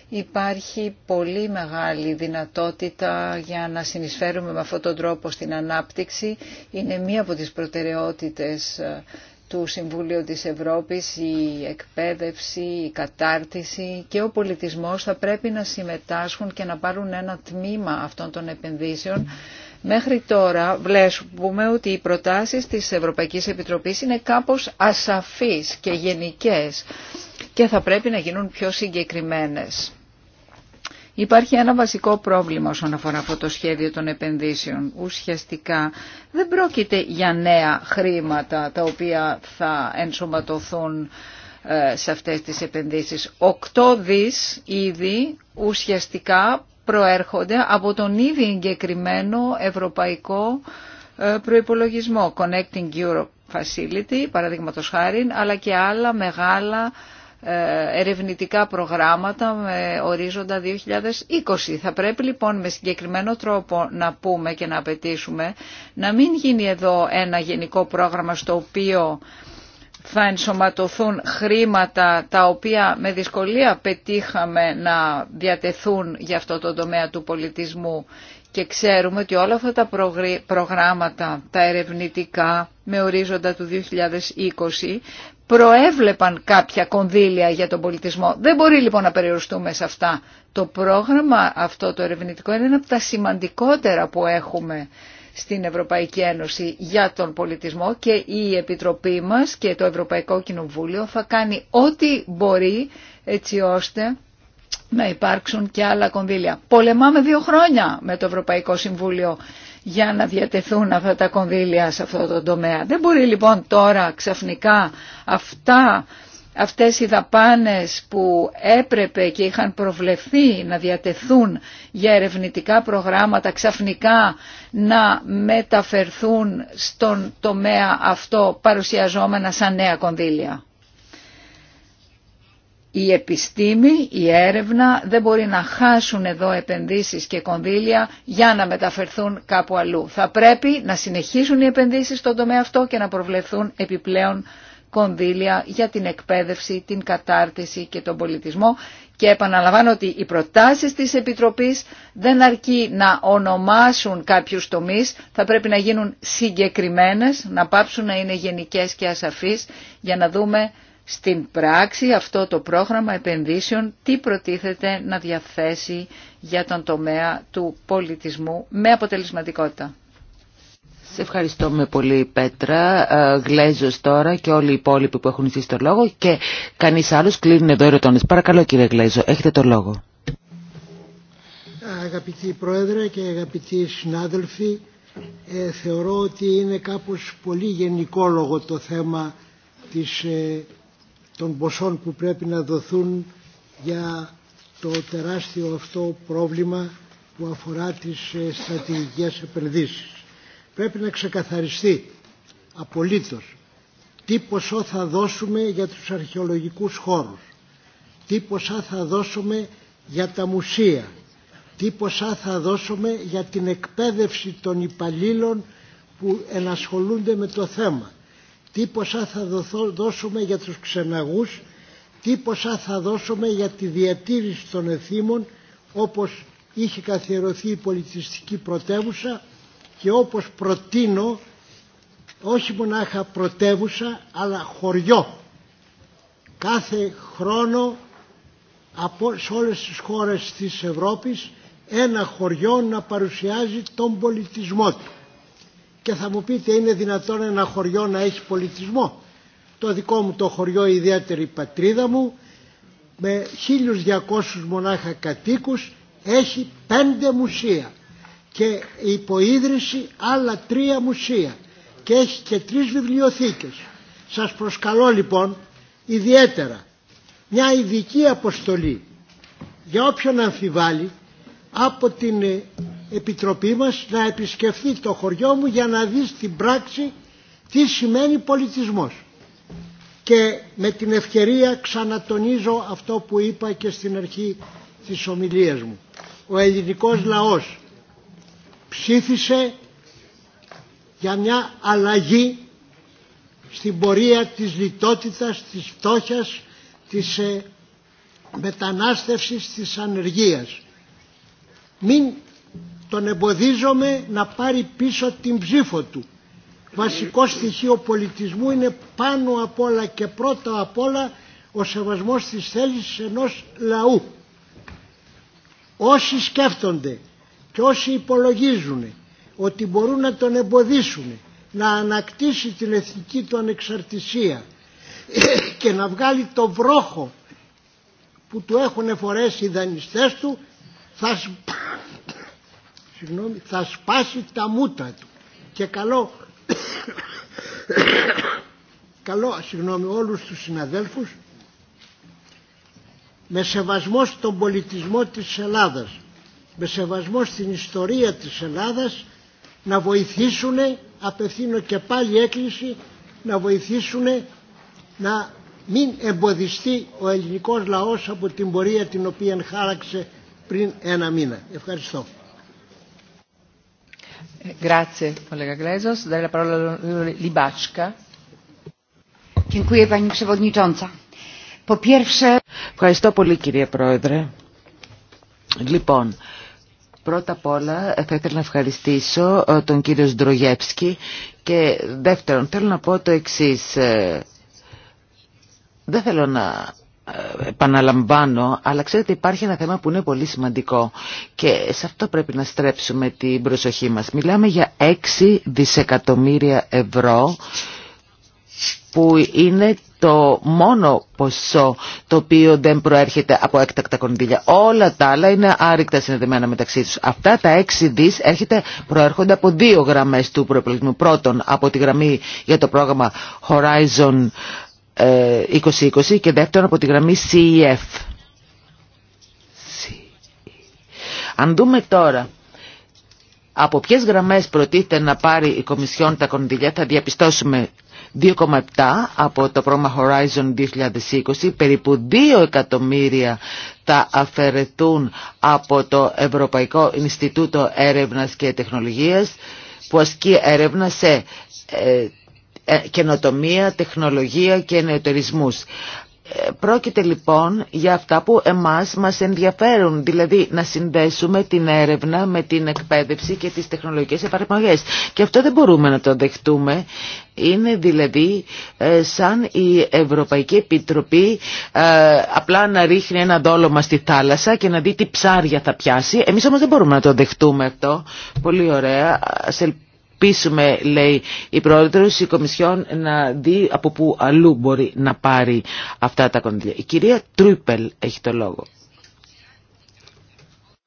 Υπάρχει πολύ μεγάλη δυνατότητα για να συνεισφέρουμε με αυτόν τον τρόπο στην ανάπτυξη. Είναι μία από τις προτεραιότητες ε, του Συμβουλίου της Ευρώπης η εκπαίδευση, η κατάρτιση και ο πολιτισμός θα πρέπει να συμμετάσχουν και να πάρουν ένα τμήμα αυτών των επενδύσεων Μέχρι τώρα βλέπουμε ότι οι προτάσεις της Ευρωπαϊκής Επιτροπής είναι κάπως ασαφείς και γενικές και θα πρέπει να γίνουν πιο συγκεκριμένες. Υπάρχει ένα βασικό πρόβλημα όσον αφορά αυτό το σχέδιο των επενδύσεων. Ουσιαστικά δεν πρόκειται για νέα χρήματα τα οποία θα ενσωματωθούν ε, σε αυτές τις επενδύσεις. Οκτώ δις ήδη ουσιαστικά προέρχονται από τον ήδη εγκεκριμένο ευρωπαϊκό ε, προϋπολογισμό Connecting Europe Facility, παραδείγματο χάρη, αλλά και άλλα μεγάλα ε, ερευνητικά προγράμματα με ορίζοντα 2020. Θα πρέπει λοιπόν με συγκεκριμένο τρόπο να πούμε και να απαιτήσουμε να μην γίνει εδώ ένα γενικό πρόγραμμα στο οποίο θα ενσωματωθούν χρήματα τα οποία με δυσκολία πετύχαμε να διατεθούν για αυτό το τομέα του πολιτισμού και ξέρουμε ότι όλα αυτά τα προγράμματα, τα ερευνητικά με ορίζοντα του 2020 προέβλεπαν κάποια κονδύλια για τον πολιτισμό. Δεν μπορεί λοιπόν να περιοριστούμε σε αυτά. Το πρόγραμμα αυτό το ερευνητικό είναι ένα από τα σημαντικότερα που έχουμε στην Ευρωπαϊκή Ένωση για τον πολιτισμό και η Επιτροπή μας και το Ευρωπαϊκό Κοινοβούλιο θα κάνει ό,τι μπορεί έτσι ώστε να υπάρξουν και άλλα κονδύλια. Πολεμάμε δύο χρόνια με το Ευρωπαϊκό Συμβούλιο για να διατεθούν αυτά τα κονδύλια σε αυτό το τομέα. Δεν μπορεί λοιπόν τώρα ξαφνικά αυτά αυτές οι δαπάνες που έπρεπε και είχαν προβλεφθεί να διατεθούν για ερευνητικά προγράμματα ξαφνικά να μεταφερθούν στον τομέα αυτό παρουσιαζόμενα σαν νέα κονδύλια. Η επιστήμη, η έρευνα δεν μπορεί να χάσουν εδώ επενδύσεις και κονδύλια για να μεταφερθούν κάπου αλλού. Θα πρέπει να συνεχίσουν οι επενδύσεις στον τομέα αυτό και να προβλεφθούν επιπλέον κονδύλια για την εκπαίδευση, την κατάρτιση και τον πολιτισμό και επαναλαμβάνω ότι οι προτάσεις της Επιτροπής δεν αρκεί να ονομάσουν κάποιους τομείς, θα πρέπει να γίνουν συγκεκριμένες, να πάψουν να είναι γενικές και ασαφείς για να δούμε στην πράξη αυτό το πρόγραμμα επενδύσεων τι προτίθεται να διαθέσει για τον τομέα του πολιτισμού με αποτελεσματικότητα. Σε ευχαριστούμε πολύ Πέτρα, ε, Γλέζος τώρα και όλοι οι υπόλοιποι που έχουν ζήσει το λόγο και κανείς άλλος κλείνει εδώ ερωτώνες. Παρακαλώ κύριε Γλέζο, έχετε το λόγο. Αγαπητοί Πρόεδρε και αγαπητοί συνάδελφοι, ε, θεωρώ ότι είναι κάπως πολύ λόγο το θέμα της, ε, των ποσών που πρέπει να δοθούν για το τεράστιο αυτό πρόβλημα που αφορά τις ε, στρατηγικές επενδύσεις πρέπει να ξεκαθαριστεί απολύτως τι ποσό θα δώσουμε για τους αρχαιολογικούς χώρους, τι ποσά θα δώσουμε για τα μουσεία, τι ποσά θα δώσουμε για την εκπαίδευση των υπαλλήλων που ενασχολούνται με το θέμα, τι ποσά θα δώσουμε για τους ξεναγούς, τι ποσά θα δώσουμε για τη διατήρηση των εθήμων όπως είχε καθιερωθεί η πολιτιστική πρωτεύουσα και όπως προτείνω όχι μονάχα πρωτεύουσα αλλά χωριό κάθε χρόνο από σε όλες τις χώρες της Ευρώπης ένα χωριό να παρουσιάζει τον πολιτισμό του. Και θα μου πείτε είναι δυνατόν ένα χωριό να έχει πολιτισμό. Το δικό μου το χωριό, η ιδιαίτερη πατρίδα μου, με 1200 μονάχα κατοίκους έχει πέντε μουσεία και υποίδρυση άλλα τρία μουσεία και έχει και τρεις βιβλιοθήκες. Σας προσκαλώ λοιπόν ιδιαίτερα μια ειδική αποστολή για όποιον αμφιβάλλει από την ε, Επιτροπή μας να επισκεφθεί το χωριό μου για να δει στην πράξη τι σημαίνει πολιτισμός. Και με την ευκαιρία ξανατονίζω αυτό που είπα και στην αρχή της ομιλίας μου. Ο ελληνικός λαός ψήφισε για μια αλλαγή στην πορεία της λιτότητας, της φτώχειας, της ε, μετανάστευσης, της ανεργίας. Μην τον εμποδίζομαι να πάρει πίσω την ψήφο του. Βασικό στοιχείο πολιτισμού είναι πάνω απ' όλα και πρώτα απ' όλα ο σεβασμός της θέλησης ενός λαού. Όσοι σκέφτονται και όσοι υπολογίζουν ότι μπορούν να τον εμποδίσουν να ανακτήσει την εθνική του ανεξαρτησία και να βγάλει το βρόχο που του έχουν φορέσει οι δανειστές του θα, σπάσει τα μούτρα του και καλό καλό συγγνώμη όλους τους συναδέλφους με σεβασμό στον πολιτισμό της Ελλάδας με σεβασμό στην ιστορία της Ελλάδας να βοηθήσουν, απευθύνω και πάλι έκκληση, να βοηθήσουν να μην εμποδιστεί ο ελληνικός λαός από την πορεία την οποία χάραξε πριν ένα μήνα. Ευχαριστώ. Ευχαριστώ πολύ, κύριε Πρόεδρε. Λοιπόν, Πρώτα απ' όλα θα ήθελα να ευχαριστήσω ε, τον κύριο Σντρογεύσκη και δεύτερον θέλω να πω το εξής. Ε, δεν θέλω να ε, επαναλαμβάνω, αλλά ξέρετε υπάρχει ένα θέμα που είναι πολύ σημαντικό και σε αυτό πρέπει να στρέψουμε την προσοχή μας. Μιλάμε για 6 δισεκατομμύρια ευρώ που είναι το μόνο ποσό το οποίο δεν προέρχεται από έκτακτα κονδύλια. Όλα τα άλλα είναι άρρηκτα συνδεδεμένα μεταξύ τους. Αυτά τα 6 δις προέρχονται από δύο γραμμές του προεπλογισμού. Πρώτον, από τη γραμμή για το πρόγραμμα Horizon 2020 ε, και δεύτερον από τη γραμμή CEF. E Αν δούμε τώρα από ποιες γραμμές προτίθεται να πάρει η Κομισιόν τα κονδυλιά θα διαπιστώσουμε 2,7 από το πρόγραμμα Horizon 2020, περίπου 2 εκατομμύρια θα αφαιρεθούν από το Ευρωπαϊκό Ινστιτούτο Έρευνας και Τεχνολογίας που ασκεί έρευνα σε ε, ε, καινοτομία, τεχνολογία και νεοτερισμούς. Πρόκειται λοιπόν για αυτά που εμάς μας ενδιαφέρουν, δηλαδή να συνδέσουμε την έρευνα με την εκπαίδευση και τις τεχνολογικές εφαρμογές. Και αυτό δεν μπορούμε να το δεχτούμε. Είναι δηλαδή ε, σαν η Ευρωπαϊκή Επιτροπή ε, απλά να ρίχνει ένα δόλωμα στη θάλασσα και να δει τι ψάρια θα πιάσει. Εμείς όμως δεν μπορούμε να το δεχτούμε αυτό. Πολύ ωραία πείσουμε, λέει η πρόεδρος, η Κομισιόν να δει από πού αλλού μπορεί να πάρει αυτά τα κονδύλια. Η κυρία Τρούπελ έχει το λόγο.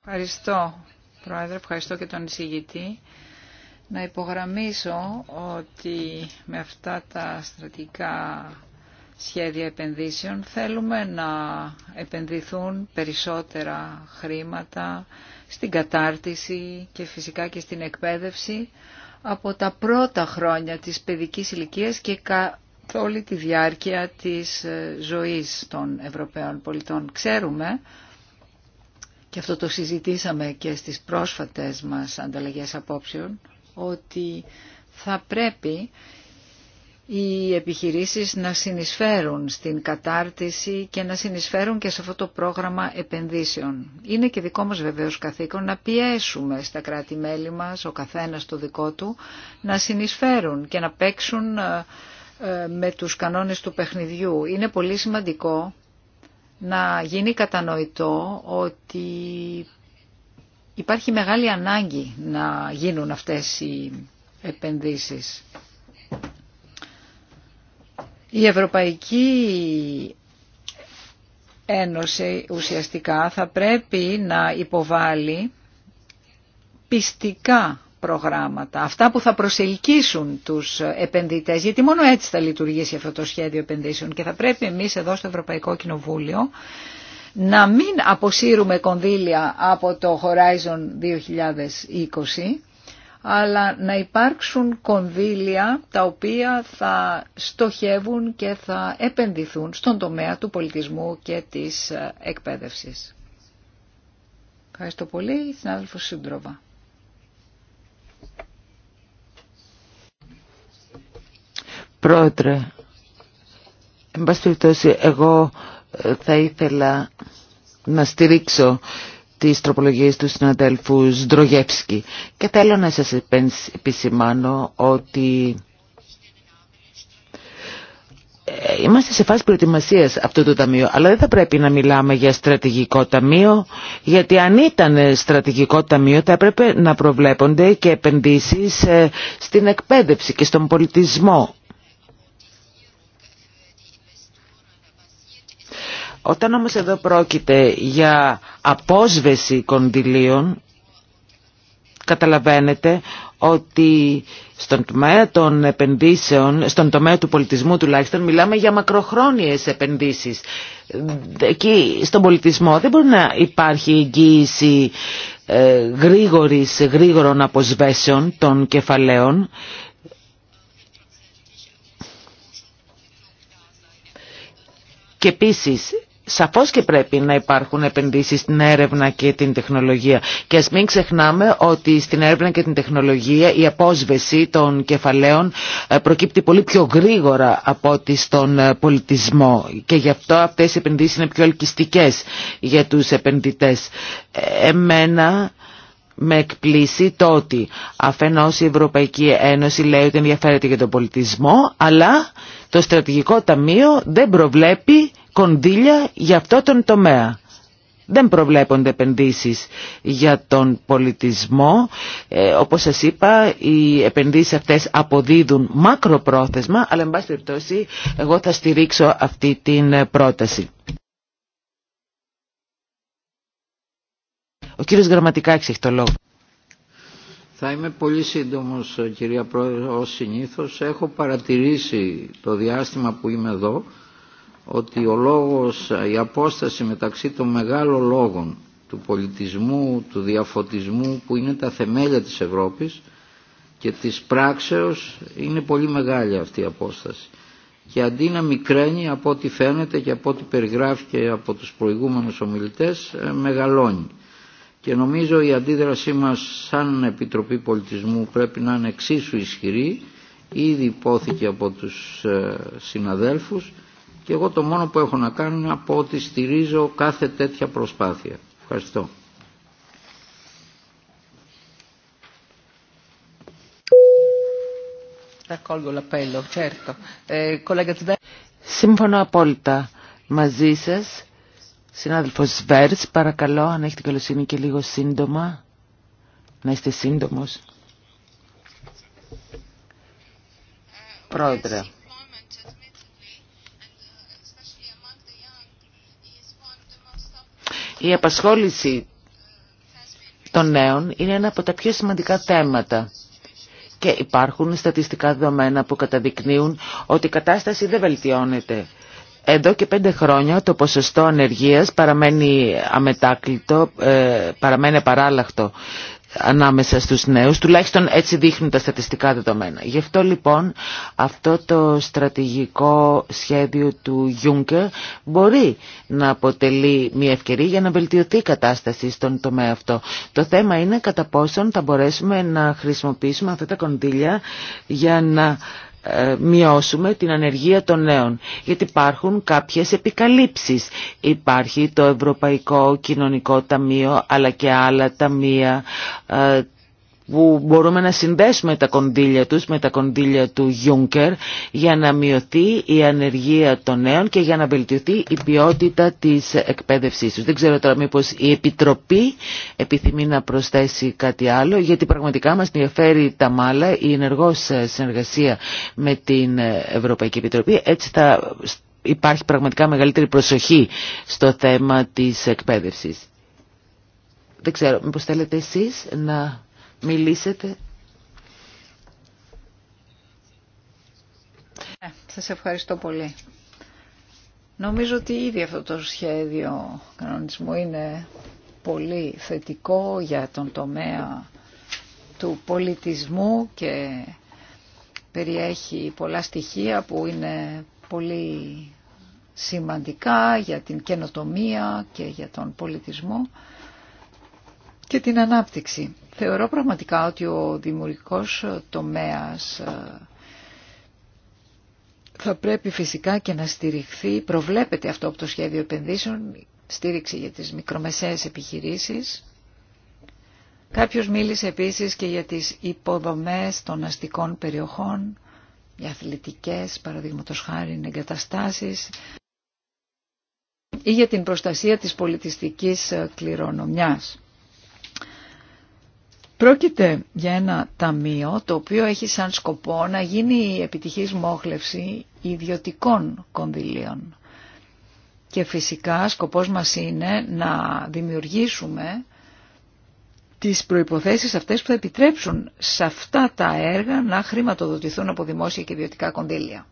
Ευχαριστώ, Πρόεδρε. Ευχαριστώ και τον εισηγητή. Να υπογραμμίσω ότι με αυτά τα στρατηγικά σχέδια επενδύσεων θέλουμε να επενδυθούν περισσότερα χρήματα στην κατάρτιση και φυσικά και στην εκπαίδευση από τα πρώτα χρόνια της παιδικής ηλικίας και όλη τη διάρκεια της ε, ζωής των Ευρωπαίων πολιτών. Ξέρουμε, και αυτό το συζητήσαμε και στις πρόσφατες μας ανταλλαγές απόψεων, ότι θα πρέπει οι επιχειρήσεις να συνεισφέρουν στην κατάρτιση και να συνεισφέρουν και σε αυτό το πρόγραμμα επενδύσεων. Είναι και δικό μας βεβαίως καθήκον να πιέσουμε στα κράτη-μέλη μας, ο καθένας το δικό του, να συνεισφέρουν και να παίξουν ε, ε, με τους κανόνες του παιχνιδιού. Είναι πολύ σημαντικό να γίνει κατανοητό ότι υπάρχει μεγάλη ανάγκη να γίνουν αυτές οι επενδύσεις. Η Ευρωπαϊκή Ένωση ουσιαστικά θα πρέπει να υποβάλει πιστικά προγράμματα, αυτά που θα προσελκύσουν τους επενδυτές, γιατί μόνο έτσι θα λειτουργήσει αυτό το σχέδιο επενδύσεων και θα πρέπει εμείς εδώ στο Ευρωπαϊκό Κοινοβούλιο να μην αποσύρουμε κονδύλια από το Horizon 2020, αλλά να υπάρξουν κονδύλια τα οποία θα στοχεύουν και θα επενδυθούν στον τομέα του πολιτισμού και της ε, εκπαίδευσης. Ευχαριστώ πολύ, συνάδελφο Σύντροβα. Πρόεδρε, εν πάση εγώ ε, θα ήθελα να στηρίξω τις τροπολογίες του συναδέλφου Σντρογεύσκη. Και θέλω να σας επισημάνω ότι ε, είμαστε σε φάση προετοιμασίας αυτού του ταμείου, αλλά δεν θα πρέπει να μιλάμε για στρατηγικό ταμείο, γιατί αν ήταν στρατηγικό ταμείο θα έπρεπε να προβλέπονται και επενδύσεις ε, στην εκπαίδευση και στον πολιτισμό Όταν όμως εδώ πρόκειται για απόσβεση κονδυλίων, καταλαβαίνετε ότι στον τομέα των επενδύσεων, στον τομέα του πολιτισμού τουλάχιστον, μιλάμε για μακροχρόνιες επενδύσεις. Εκεί στον πολιτισμό δεν μπορεί να υπάρχει εγγύηση ε, γρήγορης, γρήγορων αποσβέσεων των κεφαλαίων. Και επίσης Σαφώς και πρέπει να υπάρχουν επενδύσεις στην έρευνα και την τεχνολογία. Και ας μην ξεχνάμε ότι στην έρευνα και την τεχνολογία η απόσβεση των κεφαλαίων ε, προκύπτει πολύ πιο γρήγορα από ότι στον ε, πολιτισμό. Και γι' αυτό αυτές οι επενδύσεις είναι πιο ελκυστικές για τους επενδυτές. Ε, εμένα με εκπλήσει το ότι αφενός η Ευρωπαϊκή Ένωση λέει ότι ενδιαφέρεται για τον πολιτισμό, αλλά το στρατηγικό ταμείο δεν προβλέπει κονδύλια για αυτό τον τομέα. Δεν προβλέπονται επενδύσεις για τον πολιτισμό. Ε, όπως σας είπα, οι επενδύσεις αυτές αποδίδουν μακροπρόθεσμα, αλλά εν πάση περιπτώσει εγώ θα στηρίξω αυτή την πρόταση. Ο κύριος Γραμματικάκης έχει το λόγο. Θα είμαι πολύ σύντομος ε, κυρία Πρόεδρε, ως συνήθως. Έχω παρατηρήσει το διάστημα που είμαι εδώ ότι ο λόγος, η απόσταση μεταξύ των μεγάλων λόγων του πολιτισμού, του διαφωτισμού που είναι τα θεμέλια της Ευρώπης και της πράξεως είναι πολύ μεγάλη αυτή η απόσταση. Και αντί να μικραίνει από ό,τι φαίνεται και από ό,τι περιγράφηκε από τους προηγούμενους ομιλητές ε, μεγαλώνει. Και νομίζω η αντίδρασή μας σαν Επιτροπή Πολιτισμού πρέπει να είναι εξίσου ισχυρή. Ήδη υπόθηκε από τους ε, συναδέλφους και εγώ το μόνο που έχω να κάνω είναι να πω ότι στηρίζω κάθε τέτοια προσπάθεια. Ευχαριστώ. Eh, Σύμφωνο απόλυτα μαζί σας, συνάδελφος Βέρτς, παρακαλώ αν έχετε καλοσύνη και λίγο σύντομα, να είστε σύντομος. Πρόεδρε. Η απασχόληση των νέων είναι ένα από τα πιο σημαντικά θέματα και υπάρχουν στατιστικά δεδομένα που καταδεικνύουν ότι η κατάσταση δεν βελτιώνεται. Εδώ και πέντε χρόνια το ποσοστό ανεργίας παραμένει αμετάκλητο, ε, παραμένει παράλλαχτο ανάμεσα στους νέους, τουλάχιστον έτσι δείχνουν τα στατιστικά δεδομένα. Γι' αυτό λοιπόν αυτό το στρατηγικό σχέδιο του Juncker μπορεί να αποτελεί μια ευκαιρία για να βελτιωθεί η κατάσταση στον τομέα αυτό. Το θέμα είναι κατά πόσον θα μπορέσουμε να χρησιμοποιήσουμε αυτά τα κονδύλια για να ε, μειώσουμε την ανεργία των νέων. Γιατί υπάρχουν κάποιες επικαλύψεις. Υπάρχει το Ευρωπαϊκό Κοινωνικό Ταμείο αλλά και άλλα ταμεία ε, που μπορούμε να συνδέσουμε τα κονδύλια τους με τα κονδύλια του Γιούνκερ για να μειωθεί η ανεργία των νέων και για να βελτιωθεί η ποιότητα της εκπαίδευσής τους. Δεν ξέρω τώρα μήπως η Επιτροπή επιθυμεί να προσθέσει κάτι άλλο γιατί πραγματικά μας ενδιαφέρει τα μάλα η ενεργός συνεργασία με την Ευρωπαϊκή Επιτροπή. Έτσι θα υπάρχει πραγματικά μεγαλύτερη προσοχή στο θέμα της εκπαίδευσης. Δεν ξέρω, μήπως θέλετε εσείς να μιλήσετε. Ε, σας ευχαριστώ πολύ. Νομίζω ότι ήδη αυτό το σχέδιο κανονισμού είναι πολύ θετικό για τον τομέα του πολιτισμού και περιέχει πολλά στοιχεία που είναι πολύ σημαντικά για την καινοτομία και για τον πολιτισμό και την ανάπτυξη. Θεωρώ πραγματικά ότι ο δημιουργικός τομέας ε, θα πρέπει φυσικά και να στηριχθεί, προβλέπεται αυτό από το σχέδιο επενδύσεων, στήριξη για τις μικρομεσαίες επιχειρήσεις. Κάποιος μίλησε επίσης και για τις υποδομές των αστικών περιοχών, για αθλητικές, παραδείγματος χάρη, εγκαταστάσεις ή για την προστασία της πολιτιστικής κληρονομιάς. Πρόκειται για ένα ταμείο το οποίο έχει σαν σκοπό να γίνει η επιτυχής μόχλευση ιδιωτικών κονδυλίων. Και φυσικά σκοπός μας είναι να δημιουργήσουμε τις προϋποθέσεις αυτές που θα επιτρέψουν σε αυτά τα έργα να χρηματοδοτηθούν από δημόσια και ιδιωτικά κονδύλια.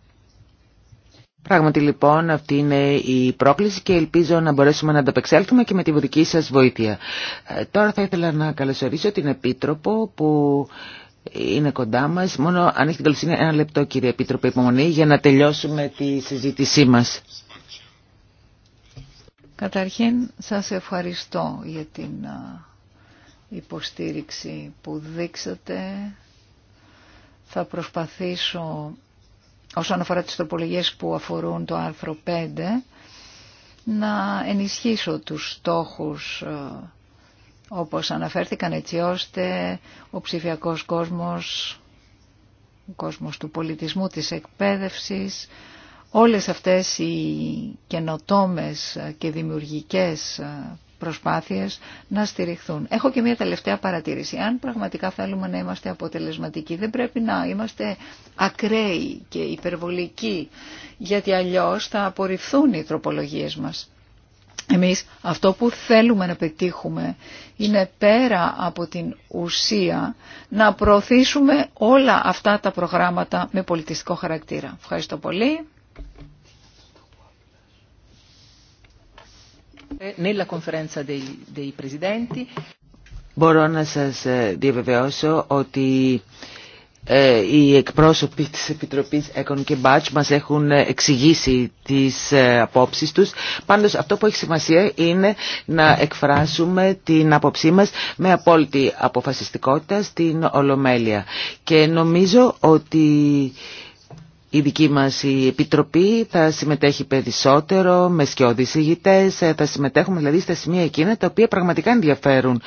Πράγματι λοιπόν αυτή είναι η πρόκληση και ελπίζω να μπορέσουμε να ανταπεξέλθουμε και με τη δική σας βοήθεια. Ε, τώρα θα ήθελα να καλωσορίσω την Επίτροπο που είναι κοντά μας. Μόνο αν έχει την καλοσύνη ένα λεπτό κύριε Επίτροπο, υπομονή για να τελειώσουμε τη συζήτησή μας. Καταρχήν σας ευχαριστώ για την υποστήριξη που δείξατε. Θα προσπαθήσω όσον αφορά τις τροπολογίες που αφορούν το άρθρο 5, να ενισχύσω τους στόχους ε, όπως αναφέρθηκαν έτσι ώστε ο ψηφιακός κόσμος, ο κόσμος του πολιτισμού, της εκπαίδευσης, όλες αυτές οι καινοτόμες και δημιουργικές ε, προσπάθειες να στηριχθούν. Έχω και μια τελευταία παρατήρηση. Αν πραγματικά θέλουμε να είμαστε αποτελεσματικοί, δεν πρέπει να είμαστε ακραίοι και υπερβολικοί, γιατί αλλιώς θα απορριφθούν οι τροπολογίες μας. Εμείς αυτό που θέλουμε να πετύχουμε είναι πέρα από την ουσία να προωθήσουμε όλα αυτά τα προγράμματα με πολιτιστικό χαρακτήρα. Ευχαριστώ πολύ. Μπορώ να σας ε, διαβεβαιώσω ότι ε, οι εκπρόσωποι της Επιτροπής Έκων και Μπάτς μας έχουν ε, εξηγήσει τις απόψεις τους. Πάντως αυτό που έχει σημασία είναι να εκφράσουμε την απόψή μας με απόλυτη αποφασιστικότητα στην Ολομέλεια. Και νομίζω ότι η δική μας η Επιτροπή θα συμμετέχει περισσότερο με σκιώδεις ηγητές, ε, θα συμμετέχουμε δηλαδή στα σημεία εκείνα τα οποία πραγματικά ενδιαφέρουν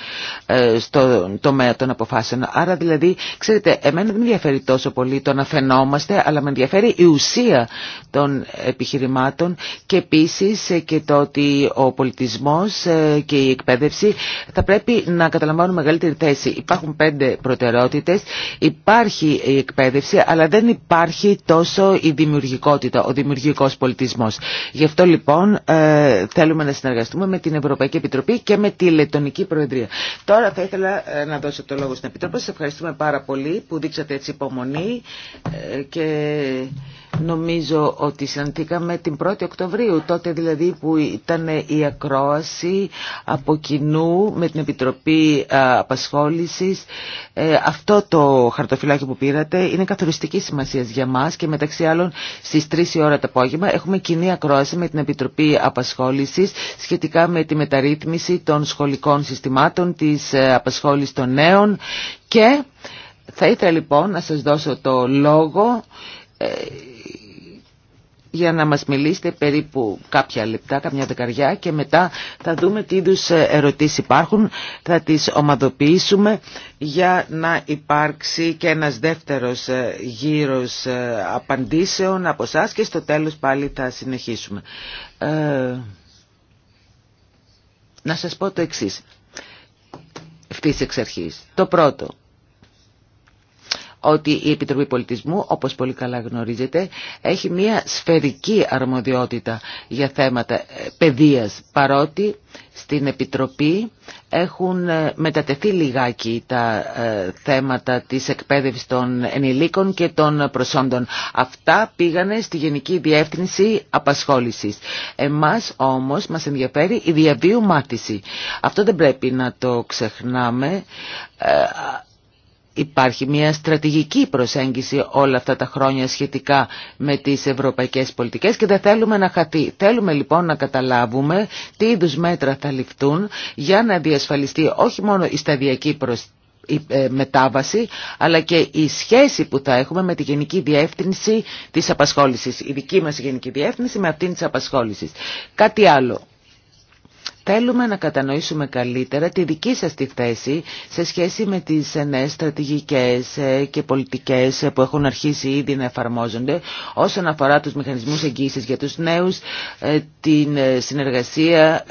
ε, στο τομέα των αποφάσεων. Άρα δηλαδή, ξέρετε, εμένα δεν με ενδιαφέρει τόσο πολύ το να φαινόμαστε, αλλά με ενδιαφέρει η ουσία των επιχειρημάτων και επίσης ε, και το ότι ο πολιτισμός και η εκπαίδευση θα πρέπει να καταλαμβάνουν μεγαλύτερη θέση. Υπάρχουν πέντε προτεραιότητες, υπάρχει η εκπαίδευση, αλλά δεν υπάρχει τόσο όσο η δημιουργικότητα, ο δημιουργικός πολιτισμός. Γι' αυτό λοιπόν ε, θέλουμε να συνεργαστούμε με την Ευρωπαϊκή Επιτροπή και με τη Λετωνική Προεδρία. Τώρα θα ήθελα ε, να δώσω το λόγο στην Επιτροπή. Σας ευχαριστούμε πάρα πολύ που δείξατε έτσι υπομονή ε, και Νομίζω ότι συναντήκαμε την 1η Οκτωβρίου, τότε δηλαδή που ήταν η ακρόαση από κοινού με την Επιτροπή ε, Απασχόλησης. Ε, αυτό το χαρτοφυλάκι που πήρατε είναι καθοριστική σημασία για μας και μεταξύ άλλων στις 3 η ώρα το απόγευμα έχουμε κοινή ακρόαση με την Επιτροπή Απασχόλησης σχετικά με τη μεταρρύθμιση των σχολικών συστημάτων, της ε, απασχόλησης των νέων και θα ήθελα λοιπόν να σας δώσω το λόγο για να μας μιλήσετε περίπου κάποια λεπτά, καμιά δεκαριά και μετά θα δούμε τι είδου ε, ερωτήσεις υπάρχουν, θα τις ομαδοποιήσουμε για να υπάρξει και ένας δεύτερος ε, γύρος ε, απαντήσεων από εσά και στο τέλος πάλι θα συνεχίσουμε. να σας πω το εξής, ευθύς εξ αρχής. Το πρώτο, ότι η Επιτροπή Πολιτισμού, όπως πολύ καλά γνωρίζετε, έχει μια σφαιρική αρμοδιότητα για θέματα ε, παιδείας, παρότι στην Επιτροπή έχουν ε, μετατεθεί λιγάκι τα ε, θέματα της εκπαίδευσης των ενηλίκων και των προσόντων. Αυτά πήγανε στη Γενική Διεύθυνση Απασχόλησης. Εμάς όμως μας ενδιαφέρει η διαβίου μάθηση. Αυτό δεν πρέπει να το ξεχνάμε Υπάρχει μια στρατηγική προσέγγιση όλα αυτά τα χρόνια σχετικά με τις ευρωπαϊκές πολιτικές και δεν θέλουμε να χαθεί. Θέλουμε λοιπόν να καταλάβουμε τι είδους μέτρα θα ληφθούν για να διασφαλιστεί όχι μόνο η σταδιακή ε, μετάβαση αλλά και η σχέση που θα έχουμε με τη Γενική Διεύθυνση της Απασχόλησης η δική μας Γενική Διεύθυνση με αυτήν της Απασχόλησης κάτι άλλο Θέλουμε να κατανοήσουμε καλύτερα τη δική σας τη θέση σε σχέση με τις νέες στρατηγικές ε, και πολιτικές ε, που έχουν αρχίσει ήδη να εφαρμόζονται όσον αφορά τους μηχανισμούς εγγύησης για τους νέους, ε, την συνεργασία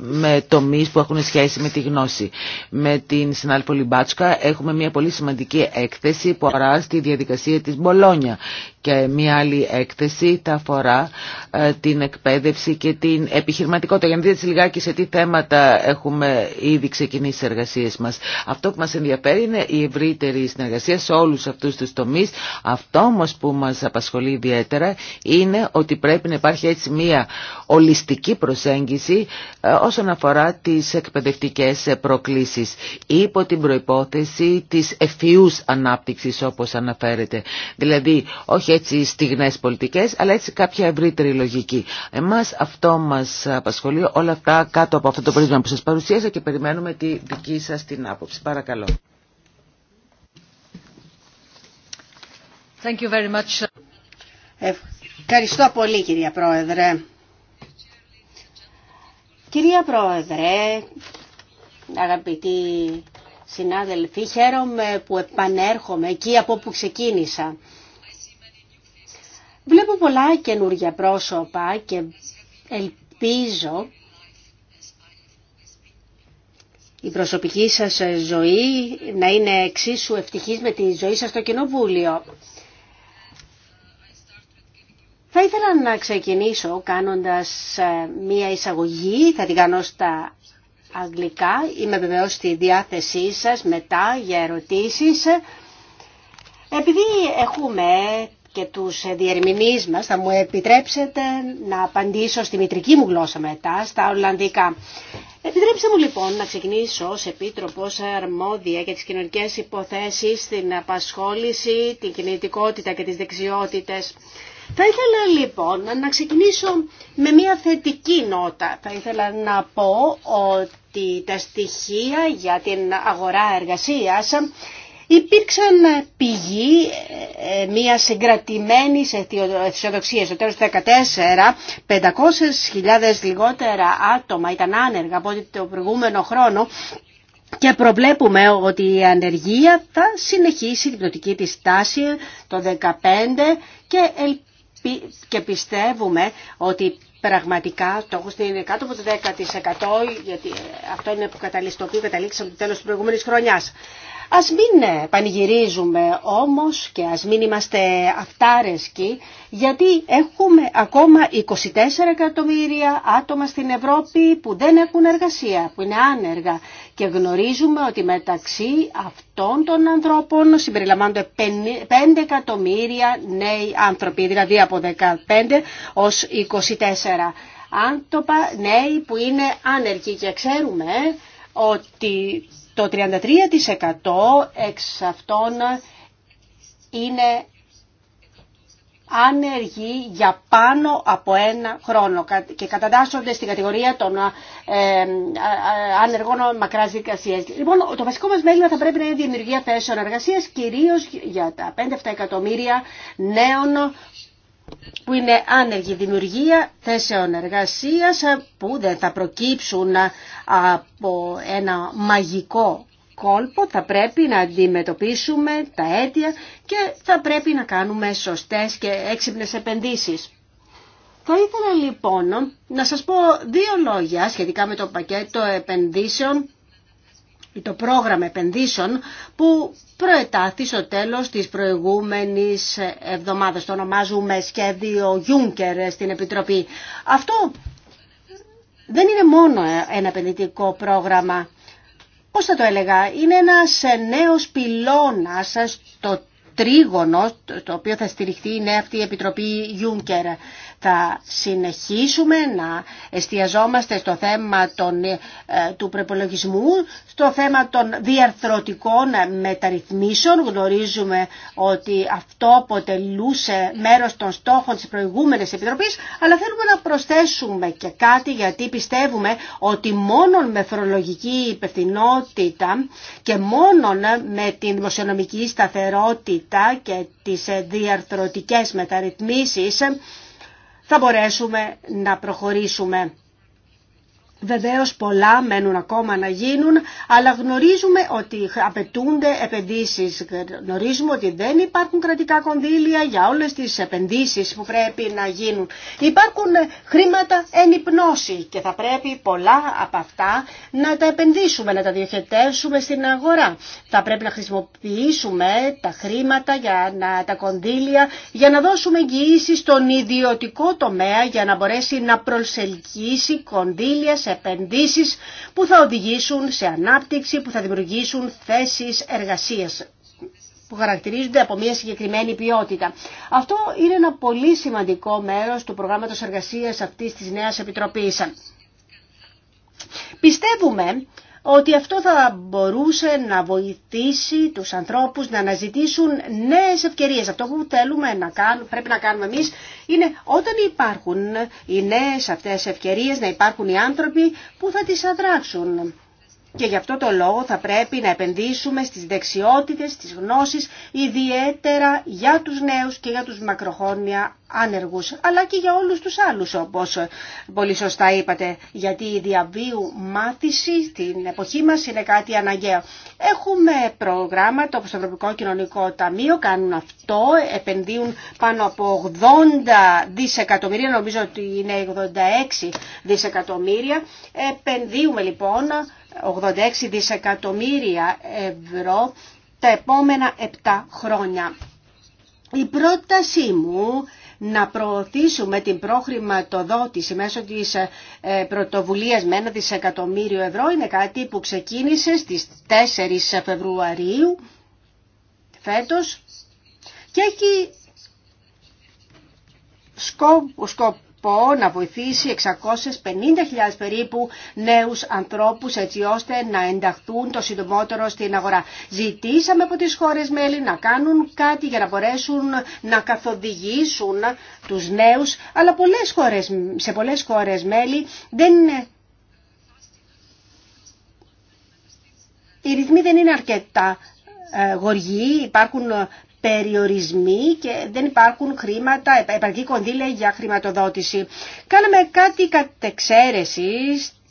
με τομείς που έχουν σχέση με τη γνώση. Με την συνάλφο Λιμπάτσκα έχουμε μια πολύ σημαντική έκθεση που αφορά στη διαδικασία της Μπολόνια και μία άλλη έκθεση τα αφορά ε, την εκπαίδευση και την επιχειρηματικότητα. Για να δείτε λιγάκι σε τι θέματα έχουμε ήδη ξεκινήσει τι εργασίε μας. Αυτό που μα ενδιαφέρει είναι η ευρύτερη συνεργασία σε όλου αυτού του τομεί. Αυτό όμω που μα απασχολεί ιδιαίτερα είναι ότι πρέπει να υπάρχει έτσι μία ολιστική προσέγγιση ε, όσον αφορά τις εκπαιδευτικές προκλήσεις υπό την προπόθεση τη ευφυούς ανάπτυξη, όπω αναφέρεται. Δηλαδή όχι έτσι στιγνές πολιτικές, αλλά έτσι κάποια ευρύτερη λογική. Εμάς αυτό μας απασχολεί όλα αυτά κάτω από αυτό το πρίσμα που σας παρουσίασα και περιμένουμε τη δική σας την άποψη. Παρακαλώ. Thank you very much. Ευχαριστώ πολύ κυρία Πρόεδρε. Κυρία Πρόεδρε, αγαπητοί συνάδελφοι, χαίρομαι που επανέρχομαι εκεί από όπου ξεκίνησα. Βλέπω πολλά καινούργια πρόσωπα και ελπίζω η προσωπική σας ζωή να είναι εξίσου ευτυχής με τη ζωή σας στο Κοινοβούλιο. Θα ήθελα να ξεκινήσω κάνοντας ε, μία εισαγωγή, θα την κάνω στα αγγλικά. Είμαι βεβαίω στη διάθεσή σας μετά για ερωτήσεις. Επειδή έχουμε και τους διερμηνείς μας θα μου επιτρέψετε να απαντήσω στη μητρική μου γλώσσα μετά, στα Ολλανδικά. Επιτρέψτε μου λοιπόν να ξεκινήσω ως Επίτροπος Αρμόδια για τις κοινωνικές υποθέσεις, την απασχόληση, την κινητικότητα και τις δεξιότητες. Θα ήθελα λοιπόν να ξεκινήσω με μια θετική νότα. Θα ήθελα να πω ότι τα στοιχεία για την αγορά εργασίας υπήρξαν πηγή ε, ε, μια συγκρατημένη αισιοδοξία. Στο τέλος του 2014, 500.000 λιγότερα άτομα ήταν άνεργα από ό,τι το προηγούμενο χρόνο και προβλέπουμε ότι η ανεργία θα συνεχίσει την πτωτική της τάση το 2015 και, και πιστεύουμε ότι πραγματικά το έχω είναι κάτω από το 10% γιατί ε, αυτό είναι που το οποίο καταλήξαμε το τέλος της προηγούμενης χρονιάς. Ας μην ε, πανηγυρίζουμε όμως και ας μην είμαστε αυτάρεσκοι γιατί έχουμε ακόμα 24 εκατομμύρια άτομα στην Ευρώπη που δεν έχουν εργασία, που είναι άνεργα και γνωρίζουμε ότι μεταξύ αυτών των ανθρώπων συμπεριλαμβάνονται 5 εκατομμύρια νέοι άνθρωποι, δηλαδή από 15 ως 24 άνθρωποι νέοι που είναι άνεργοι και ξέρουμε ότι το 33% εξ αυτών είναι άνεργοι για πάνω από ένα χρόνο και κατατάσσονται στην κατηγορία των ε, ε, ε, άνεργων μακράς δικασίας. Λοιπόν, το βασικό μας μέλημα θα πρέπει να είναι η δημιουργία θέσεων εργασίας, κυρίως για τα 5-7 εκατομμύρια νέων που είναι άνεργη δημιουργία θέσεων εργασίας ε, που δεν θα προκύψουν ε, από ένα μαγικό κόλπο, θα πρέπει να αντιμετωπίσουμε τα αίτια και θα πρέπει να κάνουμε σωστές και έξυπνες επενδύσεις. Θα ήθελα λοιπόν να σας πω δύο λόγια σχετικά με το πακέτο επενδύσεων το πρόγραμμα επενδύσεων που προετάθη στο τέλος της προηγούμενης εβδομάδας. Το ονομάζουμε σχέδιο Juncker στην Επιτροπή. Αυτό δεν είναι μόνο ένα επενδυτικό πρόγραμμα. Πώς θα το έλεγα, είναι ένας νέος πυλώνας στο τρίγωνο, το οποίο θα στηριχθεί η νέα αυτή η Επιτροπή Juncker θα συνεχίσουμε να εστιαζόμαστε στο θέμα των, ε, του προπολογισμού, στο θέμα των διαρθρωτικών μεταρρυθμίσεων. Γνωρίζουμε ότι αυτό αποτελούσε μέρος των στόχων της προηγούμενης Επιτροπής, αλλά θέλουμε να προσθέσουμε και κάτι γιατί πιστεύουμε ότι μόνο με φορολογική υπευθυνότητα και μόνο με την δημοσιονομική σταθερότητα και τις ε, διαρθρωτικές μεταρρυθμίσεις θα μπορέσουμε να προχωρήσουμε. Βεβαίως πολλά μένουν ακόμα να γίνουν, αλλά γνωρίζουμε ότι απαιτούνται επενδύσεις. Γνωρίζουμε ότι δεν υπάρχουν κρατικά κονδύλια για όλες τις επενδύσεις που πρέπει να γίνουν. Υπάρχουν χρήματα ενυπνώσει και θα πρέπει πολλά από αυτά να τα επενδύσουμε, να τα διοχετεύσουμε στην αγορά. Θα πρέπει να χρησιμοποιήσουμε τα χρήματα, για τα κονδύλια, για να δώσουμε εγγυήσει στον ιδιωτικό τομέα, για να μπορέσει να προσελκύσει κονδύλια σε επενδύσεις που θα οδηγήσουν σε ανάπτυξη, που θα δημιουργήσουν θέσεις εργασίας που χαρακτηρίζονται από μια συγκεκριμένη ποιότητα. Αυτό είναι ένα πολύ σημαντικό μέρος του προγράμματος εργασίας αυτής της νέας επιτροπής. Πιστεύουμε ότι αυτό θα μπορούσε να βοηθήσει τους ανθρώπους να αναζητήσουν νέες ευκαιρίες. Αυτό που θέλουμε να κάνουμε, πρέπει να κάνουμε εμείς είναι όταν υπάρχουν οι νέες αυτές ευκαιρίες να υπάρχουν οι άνθρωποι που θα τις αδράξουν. Και γι' αυτό το λόγο θα πρέπει να επενδύσουμε στις δεξιότητες, στις γνώσεις, ιδιαίτερα για τους νέους και για τους μακροχρόνια άνεργους, αλλά και για όλους τους άλλους, όπως πολύ σωστά είπατε, γιατί η διαβίου μάθηση στην εποχή μας είναι κάτι αναγκαίο. Έχουμε προγράμματα όπως το Ευρωπαϊκό Κοινωνικό Ταμείο, κάνουν αυτό, επενδύουν πάνω από 80 δισεκατομμύρια, νομίζω ότι είναι 86 δισεκατομμύρια. Επενδύουμε λοιπόν 86 δισεκατομμύρια ευρώ τα επόμενα 7 χρόνια. Η πρότασή μου να προωθήσουμε την προχρηματοδότηση μέσω της ε, πρωτοβουλίας με ένα δισεκατομμύριο ευρώ είναι κάτι που ξεκίνησε στις 4 Φεβρουαρίου φέτος και έχει σκοπό, Πω να βοηθήσει 650.000 περίπου νέους ανθρώπους έτσι ώστε να ενταχθούν το συντομότερο στην αγορά. Ζητήσαμε από τις χώρες μέλη να κάνουν κάτι για να μπορέσουν να καθοδηγήσουν τους νέους, αλλά πολλές χώρες, σε πολλές χώρες μέλη δεν οι ρυθμοί δεν είναι αρκετά ε, γοργοί, υπάρχουν ε, περιορισμοί και δεν υπάρχουν χρήματα, επαρκή κονδύλια για χρηματοδότηση. Κάναμε κάτι εξαίρεση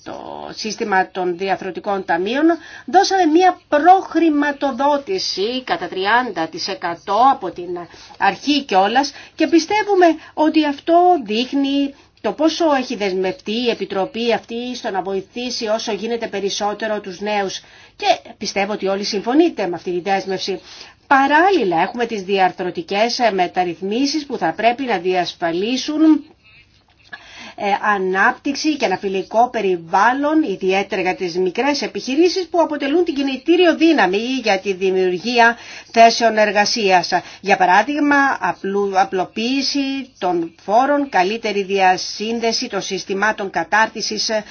το σύστημα των διαθροτικών ταμείων, δώσαμε μία προχρηματοδότηση κατά 30% από την αρχή κιόλας και πιστεύουμε ότι αυτό δείχνει το πόσο έχει δεσμευτεί η Επιτροπή αυτή στο να βοηθήσει όσο γίνεται περισσότερο τους νέους. Και πιστεύω ότι όλοι συμφωνείτε με αυτή τη δέσμευση. Παράλληλα έχουμε τις διαρθρωτικές μεταρρυθμίσεις που θα πρέπει να διασφαλίσουν ε, ανάπτυξη και ένα φιλικό περιβάλλον, ιδιαίτερα για τις μικρές επιχειρήσεις που αποτελούν την κινητήριο δύναμη για τη δημιουργία θέσεων εργασίας. Για παράδειγμα, απλοποίηση των φόρων, καλύτερη διασύνδεση των συστημάτων κατάρτισης, ε,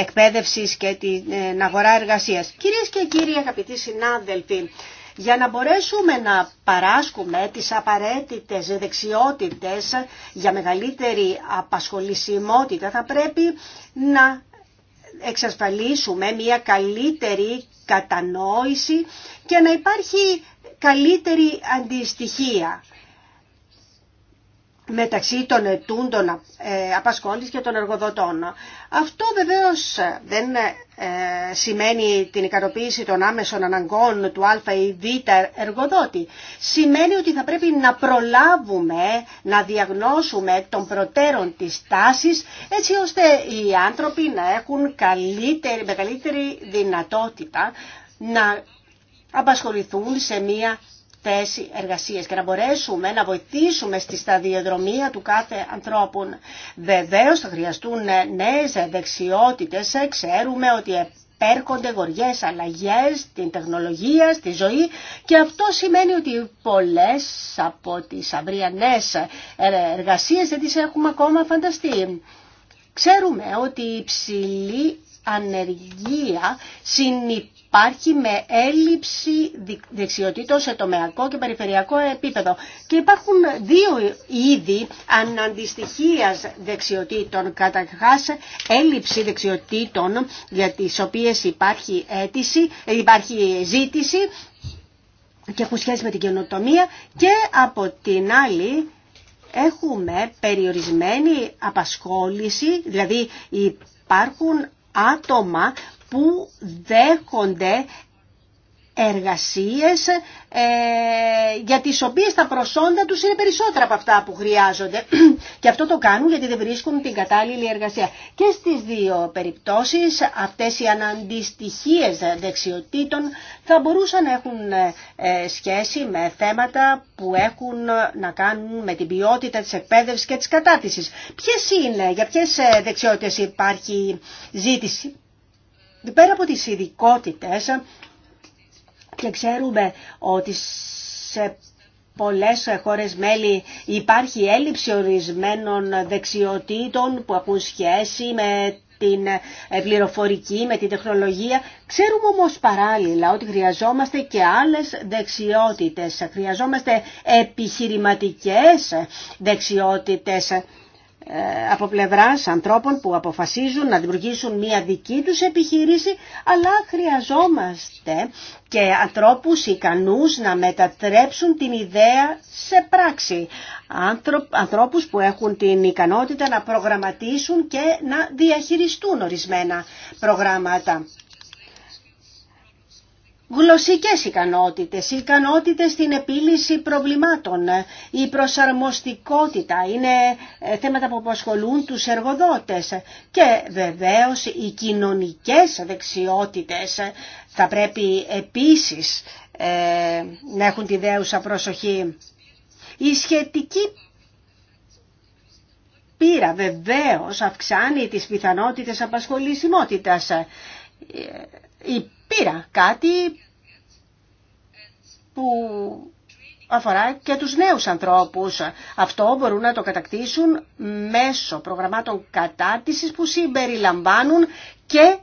εκπαίδευσης και την ε, αγορά εργασίας. Κυρίες και κύριοι αγαπητοί συνάδελφοι, για να μπορέσουμε να παράσκουμε τις απαραίτητες δεξιότητες για μεγαλύτερη απασχολησιμότητα θα πρέπει να εξασφαλίσουμε μια καλύτερη κατανόηση και να υπάρχει καλύτερη αντιστοιχία μεταξύ των ετούντων ε, απασχόλης και των εργοδοτών. Αυτό βεβαίως δεν ε, σημαίνει την ικανοποίηση των άμεσων αναγκών του α ή β εργοδότη. Σημαίνει ότι θα πρέπει να προλάβουμε, να διαγνώσουμε των προτέρων τις τάσεις έτσι ώστε οι άνθρωποι να έχουν καλύτερη, μεγαλύτερη δυνατότητα να απασχοληθούν σε μία θέση εργασίας και να μπορέσουμε να βοηθήσουμε στη σταδιοδρομία του κάθε ανθρώπου. Βεβαίως θα χρειαστούν νέες δεξιότητες, ξέρουμε ότι επέρχονται γοριές αλλαγές στην τεχνολογία, στη ζωή και αυτό σημαίνει ότι πολλές από τις αυριανές εργασίες δεν τις έχουμε ακόμα φανταστεί. Ξέρουμε ότι η υψηλή ανεργία συνηθίζει υπάρχει με έλλειψη δεξιοτήτων σε τομεακό και περιφερειακό επίπεδο. Και υπάρχουν δύο είδη αναντιστοιχίας δεξιοτήτων. Καταρχάς έλλειψη δεξιοτήτων για τις οποίες υπάρχει, αίτηση, ε, υπάρχει ζήτηση και έχουν σχέση με την καινοτομία και από την άλλη έχουμε περιορισμένη απασχόληση, δηλαδή υπάρχουν άτομα που δέχονται εργασίες ε, για τις οποίες τα προσόντα τους είναι περισσότερα από αυτά που χρειάζονται και αυτό το κάνουν γιατί δεν βρίσκουν την κατάλληλη εργασία. Και στις δύο περιπτώσεις αυτές οι αναντιστοιχίες δεξιοτήτων θα μπορούσαν να έχουν ε, σχέση με θέματα που έχουν να κάνουν με την ποιότητα της εκπαίδευσης και της κατάρτισης. Ποιες είναι, για ποιες ε, δεξιότητες υπάρχει ζήτηση πέρα από τις ειδικότητε και ξέρουμε ότι σε πολλές χώρες μέλη υπάρχει έλλειψη ορισμένων δεξιοτήτων που έχουν σχέση με την ε, πληροφορική, με την τεχνολογία. Ξέρουμε όμως παράλληλα ότι χρειαζόμαστε και άλλες δεξιότητες. Χρειαζόμαστε επιχειρηματικές δεξιότητες ε, από πλευράς ανθρώπων που αποφασίζουν να δημιουργήσουν μια δική τους επιχείρηση, αλλά χρειαζόμαστε και ανθρώπους ικανούς να μετατρέψουν την ιδέα σε πράξη. Ανθρώπους που έχουν την ικανότητα να προγραμματίσουν και να διαχειριστούν ορισμένα προγράμματα. Γλωσσικές ικανότητες, ικανότητες στην επίλυση προβλημάτων, η προσαρμοστικότητα είναι ε, θέματα που απασχολούν τους εργοδότες και βεβαίως οι κοινωνικές δεξιότητες θα πρέπει επίσης ε, να έχουν τη δέουσα προσοχή. Η σχετική πείρα βεβαίως αυξάνει τις πιθανότητες απασχολησιμότητας. Ε, πήρα Κάτι που αφορά και τους νέους ανθρώπους. Αυτό μπορούν να το κατακτήσουν μέσω προγραμμάτων κατάρτισης που συμπεριλαμβάνουν και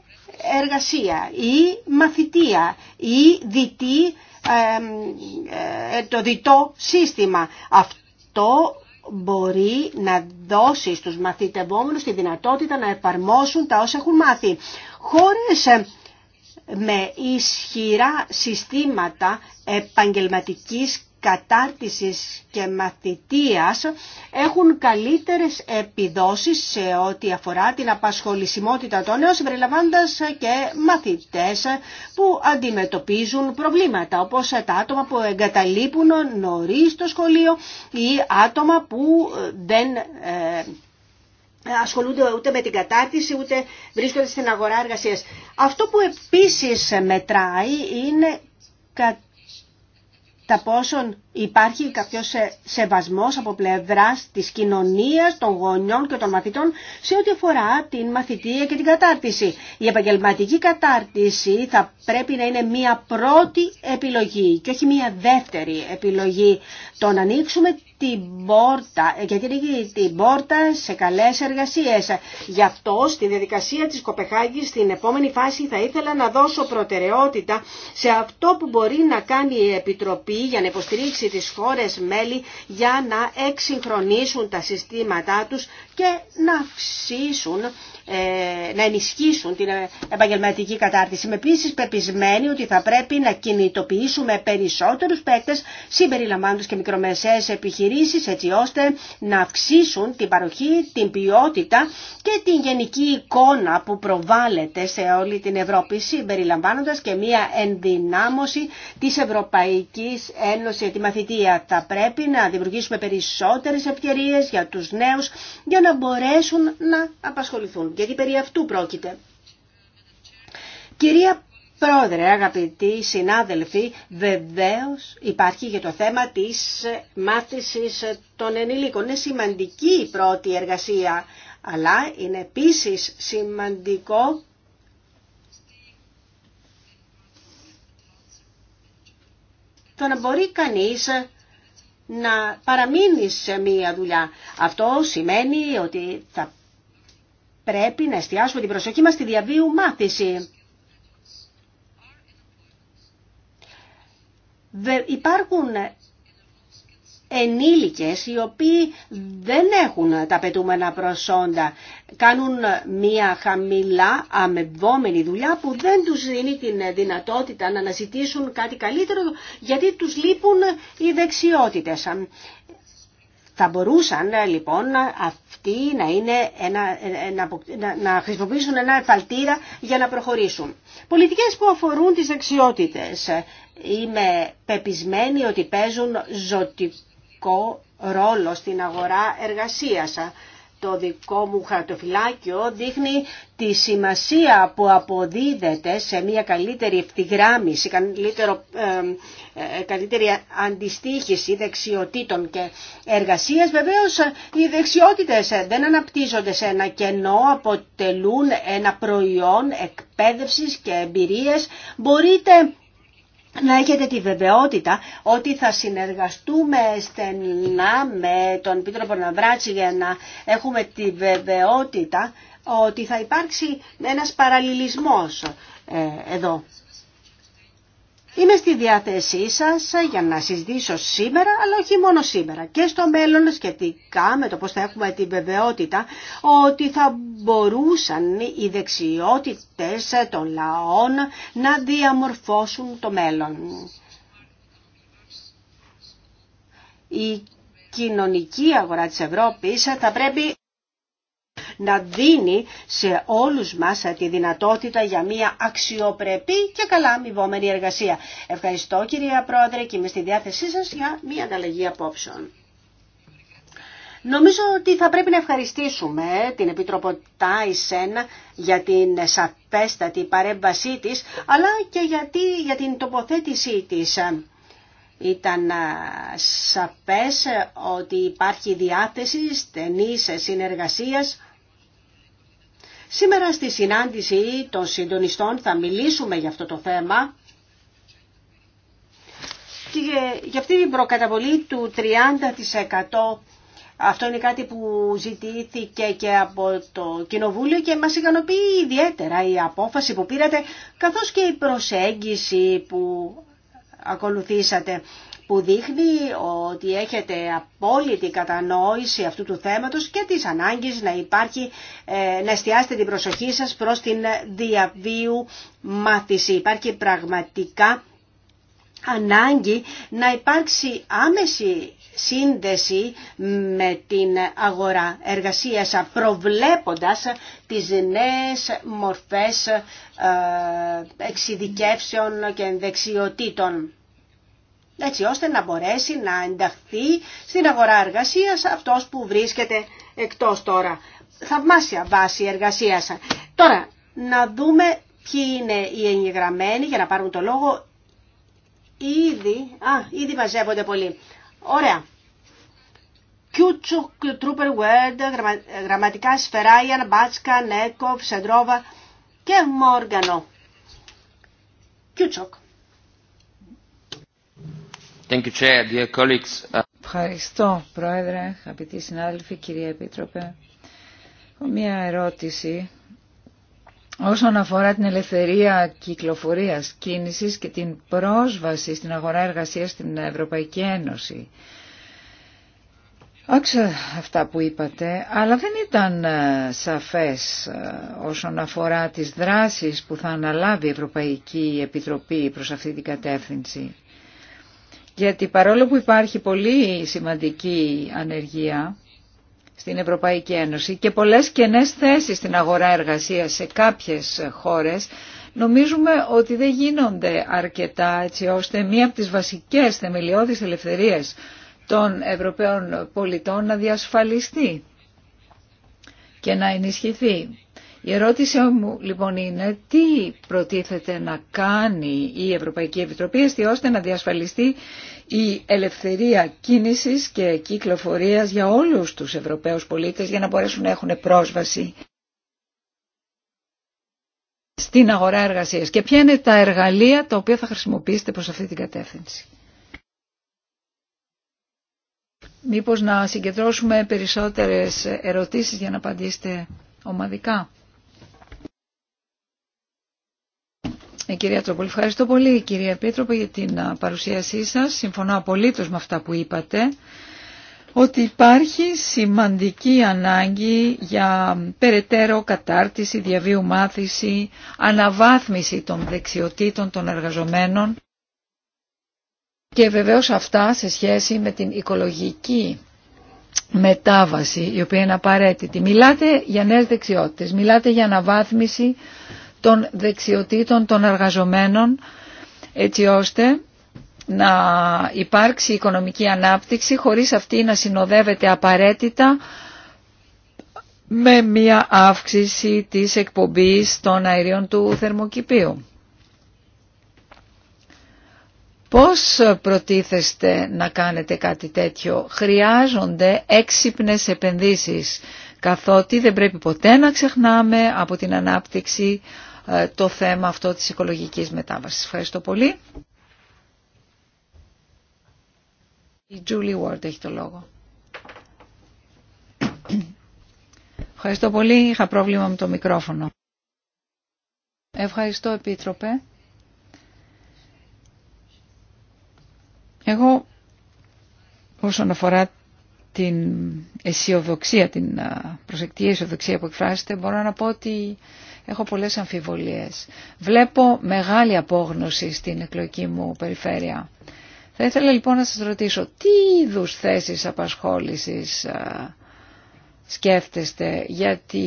εργασία ή μαθητεία ή διτή, ε, το διτό σύστημα. Αυτό μπορεί να δώσει στους μαθητευόμενους τη δυνατότητα να εφαρμόσουν τα όσα έχουν μάθει. χωρίς με ισχυρά συστήματα επαγγελματικής κατάρτισης και μαθητείας έχουν καλύτερες επιδόσεις σε ό,τι αφορά την απασχολησιμότητα των νέων συμπεριλαμβάνοντας και μαθητές που αντιμετωπίζουν προβλήματα όπως τα άτομα που εγκαταλείπουν νωρίς το σχολείο ή άτομα που δεν ε, ασχολούνται ούτε με την κατάρτιση ούτε βρίσκονται στην αγορά εργασίας. Αυτό που επίσης μετράει είναι κατά πόσον υπάρχει κάποιος σεβασμός από πλευράς της κοινωνίας, των γονιών και των μαθητών σε ό,τι αφορά την μαθητεία και την κατάρτιση. Η επαγγελματική κατάρτιση θα πρέπει να είναι μία πρώτη επιλογή και όχι μία δεύτερη επιλογή. Το να ανοίξουμε την πόρτα, γιατί ε, ανοίγει την πόρτα σε καλές εργασίες. Γι' αυτό στη διαδικασία της Κοπεχάγης στην επόμενη φάση θα ήθελα να δώσω προτεραιότητα σε αυτό που μπορεί να κάνει η Επιτροπή για να υποστηρίξει στηρίξει τις χώρες μέλη για να εξυγχρονίσουν τα συστήματά τους και να αυξήσουν ε, να ενισχύσουν την επαγγελματική κατάρτιση. Είμαι επίση πεπισμένη ότι θα πρέπει να κινητοποιήσουμε περισσότερου παίκτε, συμπεριλαμβάνοντα και μικρομεσαίε επιχειρήσει, έτσι ώστε να αυξήσουν την παροχή, την ποιότητα και την γενική εικόνα που προβάλλεται σε όλη την Ευρώπη, συμπεριλαμβάνοντα και μία ενδυνάμωση τη Ευρωπαϊκή Ένωση για τη μαθητεία. Θα πρέπει να δημιουργήσουμε περισσότερε ευκαιρίε για του νέου για να μπορέσουν να απασχοληθούν γιατί περί αυτού πρόκειται. Κυρία Πρόεδρε, αγαπητοί συνάδελφοι, βεβαίως υπάρχει για το θέμα της μάθησης των ενηλίκων. Είναι σημαντική η πρώτη εργασία, αλλά είναι επίσης σημαντικό το να μπορεί κανείς να παραμείνει σε μία δουλειά. Αυτό σημαίνει ότι θα πρέπει να εστιάσουμε την προσοχή μας στη διαβίου μάθηση. Υπάρχουν ενήλικες οι οποίοι δεν έχουν τα πετούμενα προσόντα. Κάνουν μια χαμηλά αμεβόμενη δουλειά που δεν τους δίνει την δυνατότητα να αναζητήσουν κάτι καλύτερο γιατί τους λείπουν οι δεξιότητες. Θα μπορούσαν ε, λοιπόν αυτοί να, είναι ε, να, να χρησιμοποιήσουν ένα εφαλτήρα για να προχωρήσουν. Πολιτικές που αφορούν τις δεξιότητες. Ε, είμαι πεπισμένη ότι παίζουν ζωτικό ρόλο στην αγορά εργασίας. Το δικό μου χαρτοφυλάκιο δείχνει τη σημασία που αποδίδεται σε μια καλύτερη ευθυγράμμιση, καλύτερο ε, καλύτερη αντιστοίχηση δεξιοτήτων και εργασίας. Βεβαίως οι δεξιότητες δεν αναπτύσσονται σε ένα κενό, αποτελούν ένα προϊόν εκπαίδευσης και εμπειρίες. Μπορείτε να έχετε τη βεβαιότητα ότι θα συνεργαστούμε στενά με τον Πίτρο Ποναβράτσι για να έχουμε τη βεβαιότητα ότι θα υπάρξει ένας παραλληλισμός ε, εδώ. Είμαι στη διάθεσή σας για να συζητήσω σήμερα, αλλά όχι μόνο σήμερα, και στο μέλλον σχετικά με το πώς θα έχουμε την βεβαιότητα ότι θα μπορούσαν οι δεξιότητες των λαών να διαμορφώσουν το μέλλον. Η κοινωνική αγορά της Ευρώπης θα πρέπει να δίνει σε όλους μας τη δυνατότητα για μια αξιοπρεπή και καλά αμοιβόμενη εργασία. Ευχαριστώ κυρία Πρόεδρε και είμαι στη διάθεσή σας για μια ανταλλαγή απόψεων. Νομίζω ότι θα πρέπει να ευχαριστήσουμε την Επίτροπο Τάισεν για την σαφέστατη παρέμβασή της, αλλά και γιατί, για την τοποθέτησή της. Ήταν σαφές ότι υπάρχει διάθεση στενής συνεργασίας Σήμερα στη συνάντηση των συντονιστών θα μιλήσουμε για αυτό το θέμα και για αυτή την προκαταβολή του 30% αυτό είναι κάτι που ζητήθηκε και από το Κοινοβούλιο και μας ικανοποιεί ιδιαίτερα η απόφαση που πήρατε καθώς και η προσέγγιση που ακολουθήσατε που δείχνει ότι έχετε απόλυτη κατανόηση αυτού του θέματος και της ανάγκης να υπάρχει, ε, να εστιάσετε την προσοχή σας προς την διαβίου μάθηση. Υπάρχει πραγματικά ανάγκη να υπάρξει άμεση σύνδεση με την αγορά εργασίας προβλέποντας τις νέες μορφές ε, εξειδικεύσεων και δεξιοτήτων έτσι ώστε να μπορέσει να ενταχθεί στην αγορά εργασίας αυτός που βρίσκεται εκτός τώρα. Θαυμάσια βάση εργασίας. Τώρα, να δούμε ποιοι είναι οι εγγεγραμμένοι για να πάρουν το λόγο. Ήδη, α, ήδη μαζεύονται πολύ. Ωραία. Κιούτσοκ, Τρούπερ, Βέρντ, Γραμματικά, Σφεράιαν, Μπάτσκα, Νέκοφ, Σεντρόβα και Μόργανο. Κιούτσοκ. Ευχαριστώ, Πρόεδρε, αγαπητοί συνάδελφοι, κυρία Επίτροπε. Έχω μία ερώτηση όσον αφορά την ελευθερία κυκλοφορίας κίνησης και την πρόσβαση στην αγορά εργασίας στην Ευρωπαϊκή Ένωση. Άξα αυτά που είπατε, αλλά δεν ήταν ε, σαφές ε, όσον αφορά τις δράσεις που θα αναλάβει η Ευρωπαϊκή Επιτροπή προς αυτή την κατεύθυνση. Γιατί παρόλο που υπάρχει πολύ σημαντική ανεργία στην Ευρωπαϊκή Ένωση και πολλές κενές θέσεις στην αγορά εργασίας σε κάποιες χώρες, νομίζουμε ότι δεν γίνονται αρκετά έτσι ώστε μία από τις βασικές θεμελιώδεις ελευθερίες των Ευρωπαίων πολιτών να διασφαλιστεί και να ενισχυθεί. Η ερώτησή μου λοιπόν είναι τι προτίθεται να κάνει η Ευρωπαϊκή Επιτροπή ώστε, ώστε να διασφαλιστεί η ελευθερία κίνησης και κυκλοφορίας για όλους τους Ευρωπαίους πολίτες για να μπορέσουν να έχουν πρόσβαση στην αγορά εργασίας και ποια είναι τα εργαλεία τα οποία θα χρησιμοποιήσετε προς αυτή την κατεύθυνση. Μήπως να συγκεντρώσουμε περισσότερες ερωτήσεις για να απαντήσετε ομαδικά. Ε, κυρία Τροπολή, ευχαριστώ πολύ κυρία Επίτροπο για την παρουσίασή σας. Συμφωνώ απολύτως με αυτά που είπατε ότι υπάρχει σημαντική ανάγκη για περαιτέρω κατάρτιση, διαβίου μάθηση, αναβάθμιση των δεξιοτήτων των εργαζομένων και βεβαίως αυτά σε σχέση με την οικολογική μετάβαση η οποία είναι απαραίτητη. Μιλάτε για νέες δεξιότητες, μιλάτε για αναβάθμιση των δεξιοτήτων των εργαζομένων έτσι ώστε να υπάρξει οικονομική ανάπτυξη χωρίς αυτή να συνοδεύεται απαραίτητα με μια αύξηση της εκπομπής των αερίων του θερμοκηπίου. Πώς προτίθεστε να κάνετε κάτι τέτοιο. Χρειάζονται έξυπνες επενδύσεις, καθότι δεν πρέπει ποτέ να ξεχνάμε από την ανάπτυξη ε, το θέμα αυτό της οικολογικής μετάβασης. Ευχαριστώ πολύ. Η Julie Ward έχει το λόγο. Ευχαριστώ πολύ. Είχα πρόβλημα με το μικρόφωνο. Ευχαριστώ, Επίτροπε. Εγώ, όσον αφορά την αισιοδοξία, την προσεκτική αισιοδοξία που εκφράζεται, μπορώ να πω ότι έχω πολλές αμφιβολίες. Βλέπω μεγάλη απόγνωση στην εκλογική μου περιφέρεια. Θα ήθελα λοιπόν να σας ρωτήσω τι είδου θέσεις απασχόλησης σκέφτεστε, γιατί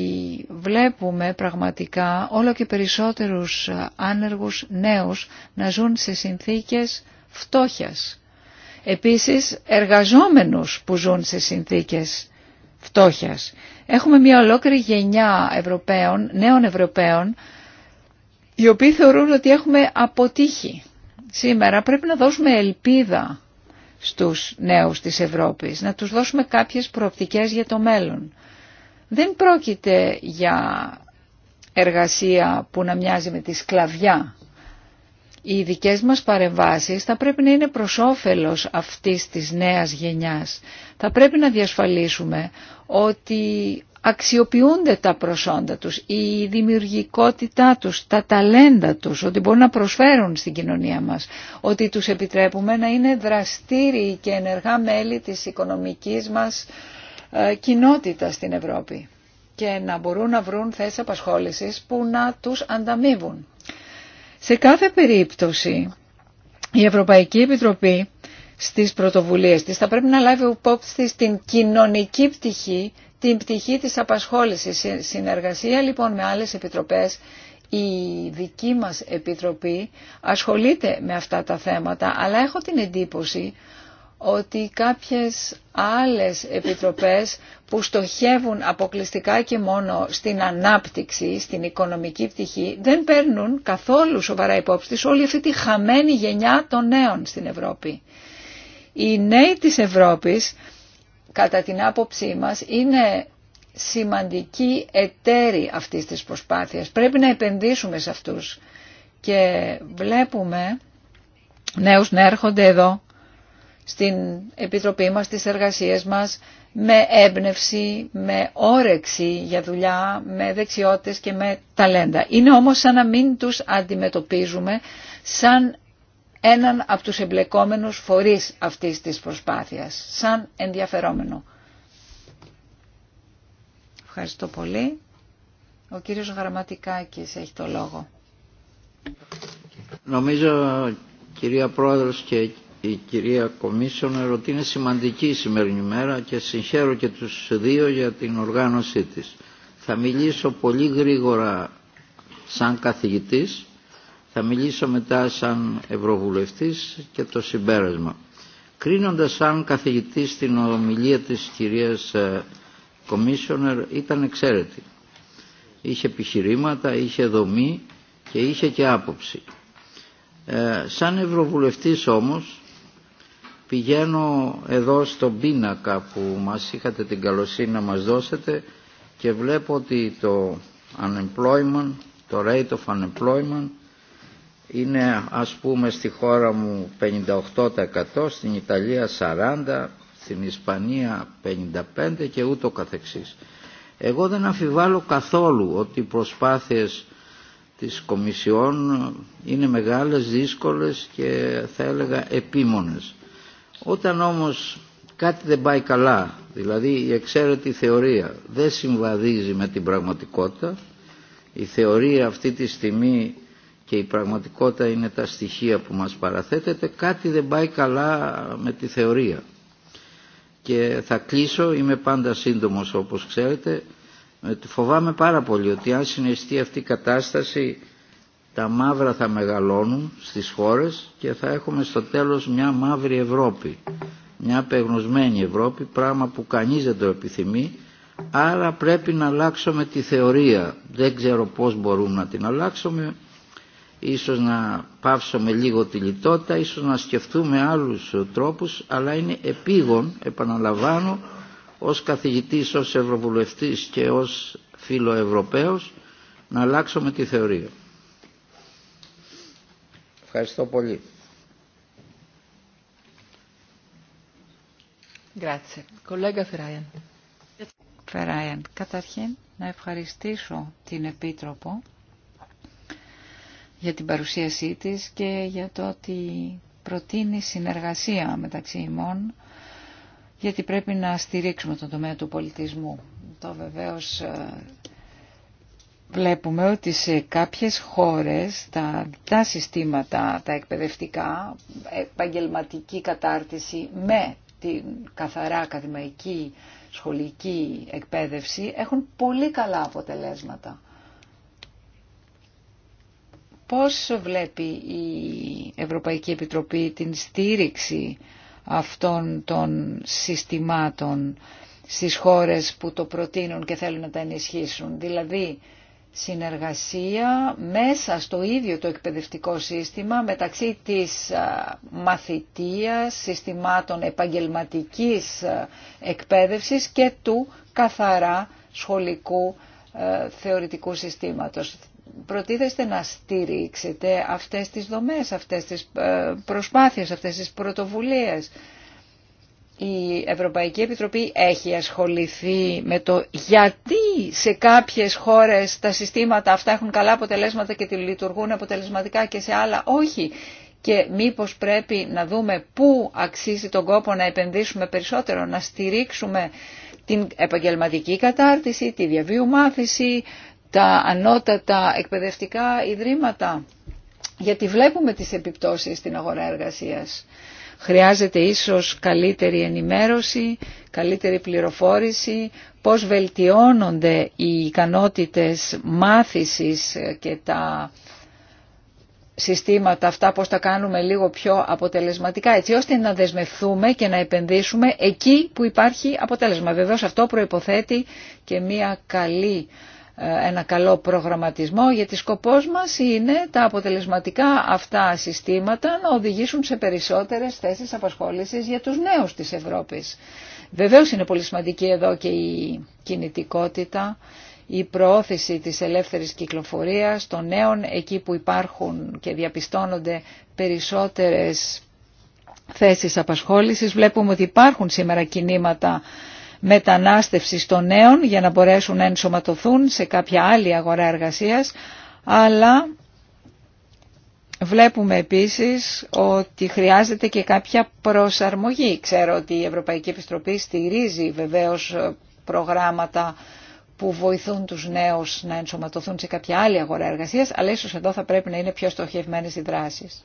βλέπουμε πραγματικά όλο και περισσότερους άνεργους νέους να ζουν σε συνθήκες φτώχειας. Επίσης εργαζόμενους που ζουν σε συνθήκες φτώχειας. Έχουμε μια ολόκληρη γενιά Ευρωπαίων, νέων Ευρωπαίων, οι οποίοι θεωρούν ότι έχουμε αποτύχει. Σήμερα πρέπει να δώσουμε ελπίδα στους νέους της Ευρώπης, να τους δώσουμε κάποιες προοπτικές για το μέλλον. Δεν πρόκειται για εργασία που να μοιάζει με τη σκλαβιά. Οι δικές μας παρεμβάσεις θα πρέπει να είναι προς όφελος αυτής της νέας γενιάς. Θα πρέπει να διασφαλίσουμε ότι αξιοποιούνται τα προσόντα τους, η δημιουργικότητά τους, τα ταλέντα τους, ότι μπορούν να προσφέρουν στην κοινωνία μας, ότι τους επιτρέπουμε να είναι δραστήριοι και ενεργά μέλη της οικονομικής μας ε, κοινότητας στην Ευρώπη και να μπορούν να βρουν θέσεις απασχόλησης που να τους ανταμείβουν. Σε κάθε περίπτωση η Ευρωπαϊκή Επιτροπή στις πρωτοβουλίες της. Θα πρέπει να λάβει υπόψη στην κοινωνική πτυχή, την πτυχή της απασχόλησης. συνεργασία λοιπόν με άλλες επιτροπές, η δική μας επιτροπή ασχολείται με αυτά τα θέματα, αλλά έχω την εντύπωση ότι κάποιες άλλες επιτροπές που στοχεύουν αποκλειστικά και μόνο στην ανάπτυξη, στην οικονομική πτυχή, δεν παίρνουν καθόλου σοβαρά υπόψη όλη αυτή τη χαμένη γενιά των νέων στην Ευρώπη. Οι νέοι της Ευρώπης, κατά την άποψή μας, είναι σημαντικοί εταίροι αυτής της προσπάθειας. Πρέπει να επενδύσουμε σε αυτούς. Και βλέπουμε νέους να έρχονται εδώ, στην Επιτροπή μας, στις εργασίες μας, με έμπνευση, με όρεξη για δουλειά, με δεξιότητες και με ταλέντα. Είναι όμως σαν να μην τους αντιμετωπίζουμε σαν έναν από τους εμπλεκόμενους φορείς αυτής της προσπάθειας, σαν ενδιαφερόμενο. Ευχαριστώ πολύ. Ο κύριος Γραμματικάκης έχει το λόγο. Νομίζω, κυρία Πρόεδρος και η κυρία Κομίσιονερ, ότι είναι σημαντική η σημερινή μέρα και συγχαίρω και τους δύο για την οργάνωσή της. Θα μιλήσω πολύ γρήγορα σαν καθηγητής θα μιλήσω μετά σαν Ευρωβουλευτής και το συμπέρασμα. Κρίνοντας σαν καθηγητής στην ομιλία της κυρίας ε, Κομίσιονερ ήταν εξαίρετη. Είχε επιχειρήματα, είχε δομή και είχε και άποψη. Ε, σαν Ευρωβουλευτής όμως πηγαίνω εδώ στον πίνακα που μας είχατε την καλοσύνη να μας δώσετε και βλέπω ότι το unemployment, το rate of unemployment είναι ας πούμε στη χώρα μου 58% στην Ιταλία 40% στην Ισπανία 55% και ούτω καθεξής εγώ δεν αμφιβάλλω καθόλου ότι οι προσπάθειες της Κομισιόν είναι μεγάλες, δύσκολες και θα έλεγα επίμονες. Όταν όμως κάτι δεν πάει καλά, δηλαδή η εξαίρετη θεωρία δεν συμβαδίζει με την πραγματικότητα, η θεωρία αυτή τη στιγμή και η πραγματικότητα είναι τα στοιχεία που μας παραθέτεται, κάτι δεν πάει καλά με τη θεωρία. Και θα κλείσω, είμαι πάντα σύντομος όπως ξέρετε, ε, φοβάμαι πάρα πολύ ότι αν συνεχιστεί αυτή η κατάσταση τα μαύρα θα μεγαλώνουν στις χώρες και θα έχουμε στο τέλος μια μαύρη Ευρώπη, μια απεγνωσμένη Ευρώπη, πράγμα που κανείς δεν το επιθυμεί, άρα πρέπει να αλλάξουμε τη θεωρία. Δεν ξέρω πώς μπορούμε να την αλλάξουμε, ίσως να πάυσουμε λίγο τη λιτότητα, ίσως να σκεφτούμε άλλους τρόπους, αλλά είναι επίγον, επαναλαμβάνω, ως καθηγητής, ως ευρωβουλευτής και ως φίλο Ευρωπαίος, να αλλάξουμε τη θεωρία. Ευχαριστώ πολύ. Φεράιαν, καταρχήν να ευχαριστήσω την Επίτροπο για την παρουσίασή της και για το ότι προτείνει συνεργασία μεταξύ ημών γιατί πρέπει να στηρίξουμε τον τομέα του πολιτισμού. Το βεβαίως ε, βλέπουμε ότι σε κάποιες χώρες τα, τα συστήματα, τα εκπαιδευτικά, επαγγελματική κατάρτιση με την καθαρά ακαδημαϊκή σχολική εκπαίδευση έχουν πολύ καλά αποτελέσματα. Πώς βλέπει η Ευρωπαϊκή Επιτροπή την στήριξη αυτών των συστημάτων στις χώρες που το προτείνουν και θέλουν να τα ενισχύσουν. Δηλαδή, συνεργασία μέσα στο ίδιο το εκπαιδευτικό σύστημα μεταξύ της μαθητείας, συστημάτων επαγγελματικής εκπαίδευσης και του καθαρά σχολικού θεωρητικού συστήματος προτίθεστε να στηρίξετε αυτές τις δομές, αυτές τις ε, προσπάθειες, αυτές τις πρωτοβουλίες. Η Ευρωπαϊκή Επιτροπή έχει ασχοληθεί με το γιατί σε κάποιες χώρες τα συστήματα αυτά έχουν καλά αποτελέσματα και τη λειτουργούν αποτελεσματικά και σε άλλα όχι. Και μήπως πρέπει να δούμε πού αξίζει τον κόπο να επενδύσουμε περισσότερο, να στηρίξουμε την επαγγελματική κατάρτιση, τη διαβίου μάθηση, τα ανώτατα εκπαιδευτικά ιδρύματα, γιατί βλέπουμε τις επιπτώσεις στην αγορά εργασίας. Χρειάζεται ίσως καλύτερη ενημέρωση, καλύτερη πληροφόρηση, πώς βελτιώνονται οι ικανότητες μάθησης και τα συστήματα αυτά, πώς τα κάνουμε λίγο πιο αποτελεσματικά, έτσι ώστε να δεσμευθούμε και να επενδύσουμε εκεί που υπάρχει αποτέλεσμα. Βεβαίως αυτό προϋποθέτει και μια καλή ε, ένα καλό προγραμματισμό γιατί σκοπός μας είναι τα αποτελεσματικά αυτά συστήματα να οδηγήσουν σε περισσότερες θέσεις απασχόλησης για τους νέους της Ευρώπης. Βεβαίως είναι πολύ σημαντική εδώ και η κινητικότητα, η προώθηση της ελεύθερης κυκλοφορίας των νέων εκεί που υπάρχουν και διαπιστώνονται περισσότερες θέσεις απασχόλησης. Βλέπουμε ότι υπάρχουν σήμερα κινήματα μετανάστευσης των νέων για να μπορέσουν να ενσωματωθούν σε κάποια άλλη αγορά εργασίας, αλλά Βλέπουμε επίσης ότι χρειάζεται και κάποια προσαρμογή. Ξέρω ότι η Ευρωπαϊκή Επιστροπή στηρίζει βεβαίως προγράμματα που βοηθούν τους νέους να ενσωματωθούν σε κάποια άλλη αγορά εργασίας, αλλά ίσως εδώ θα πρέπει να είναι πιο στοχευμένες οι δράσεις.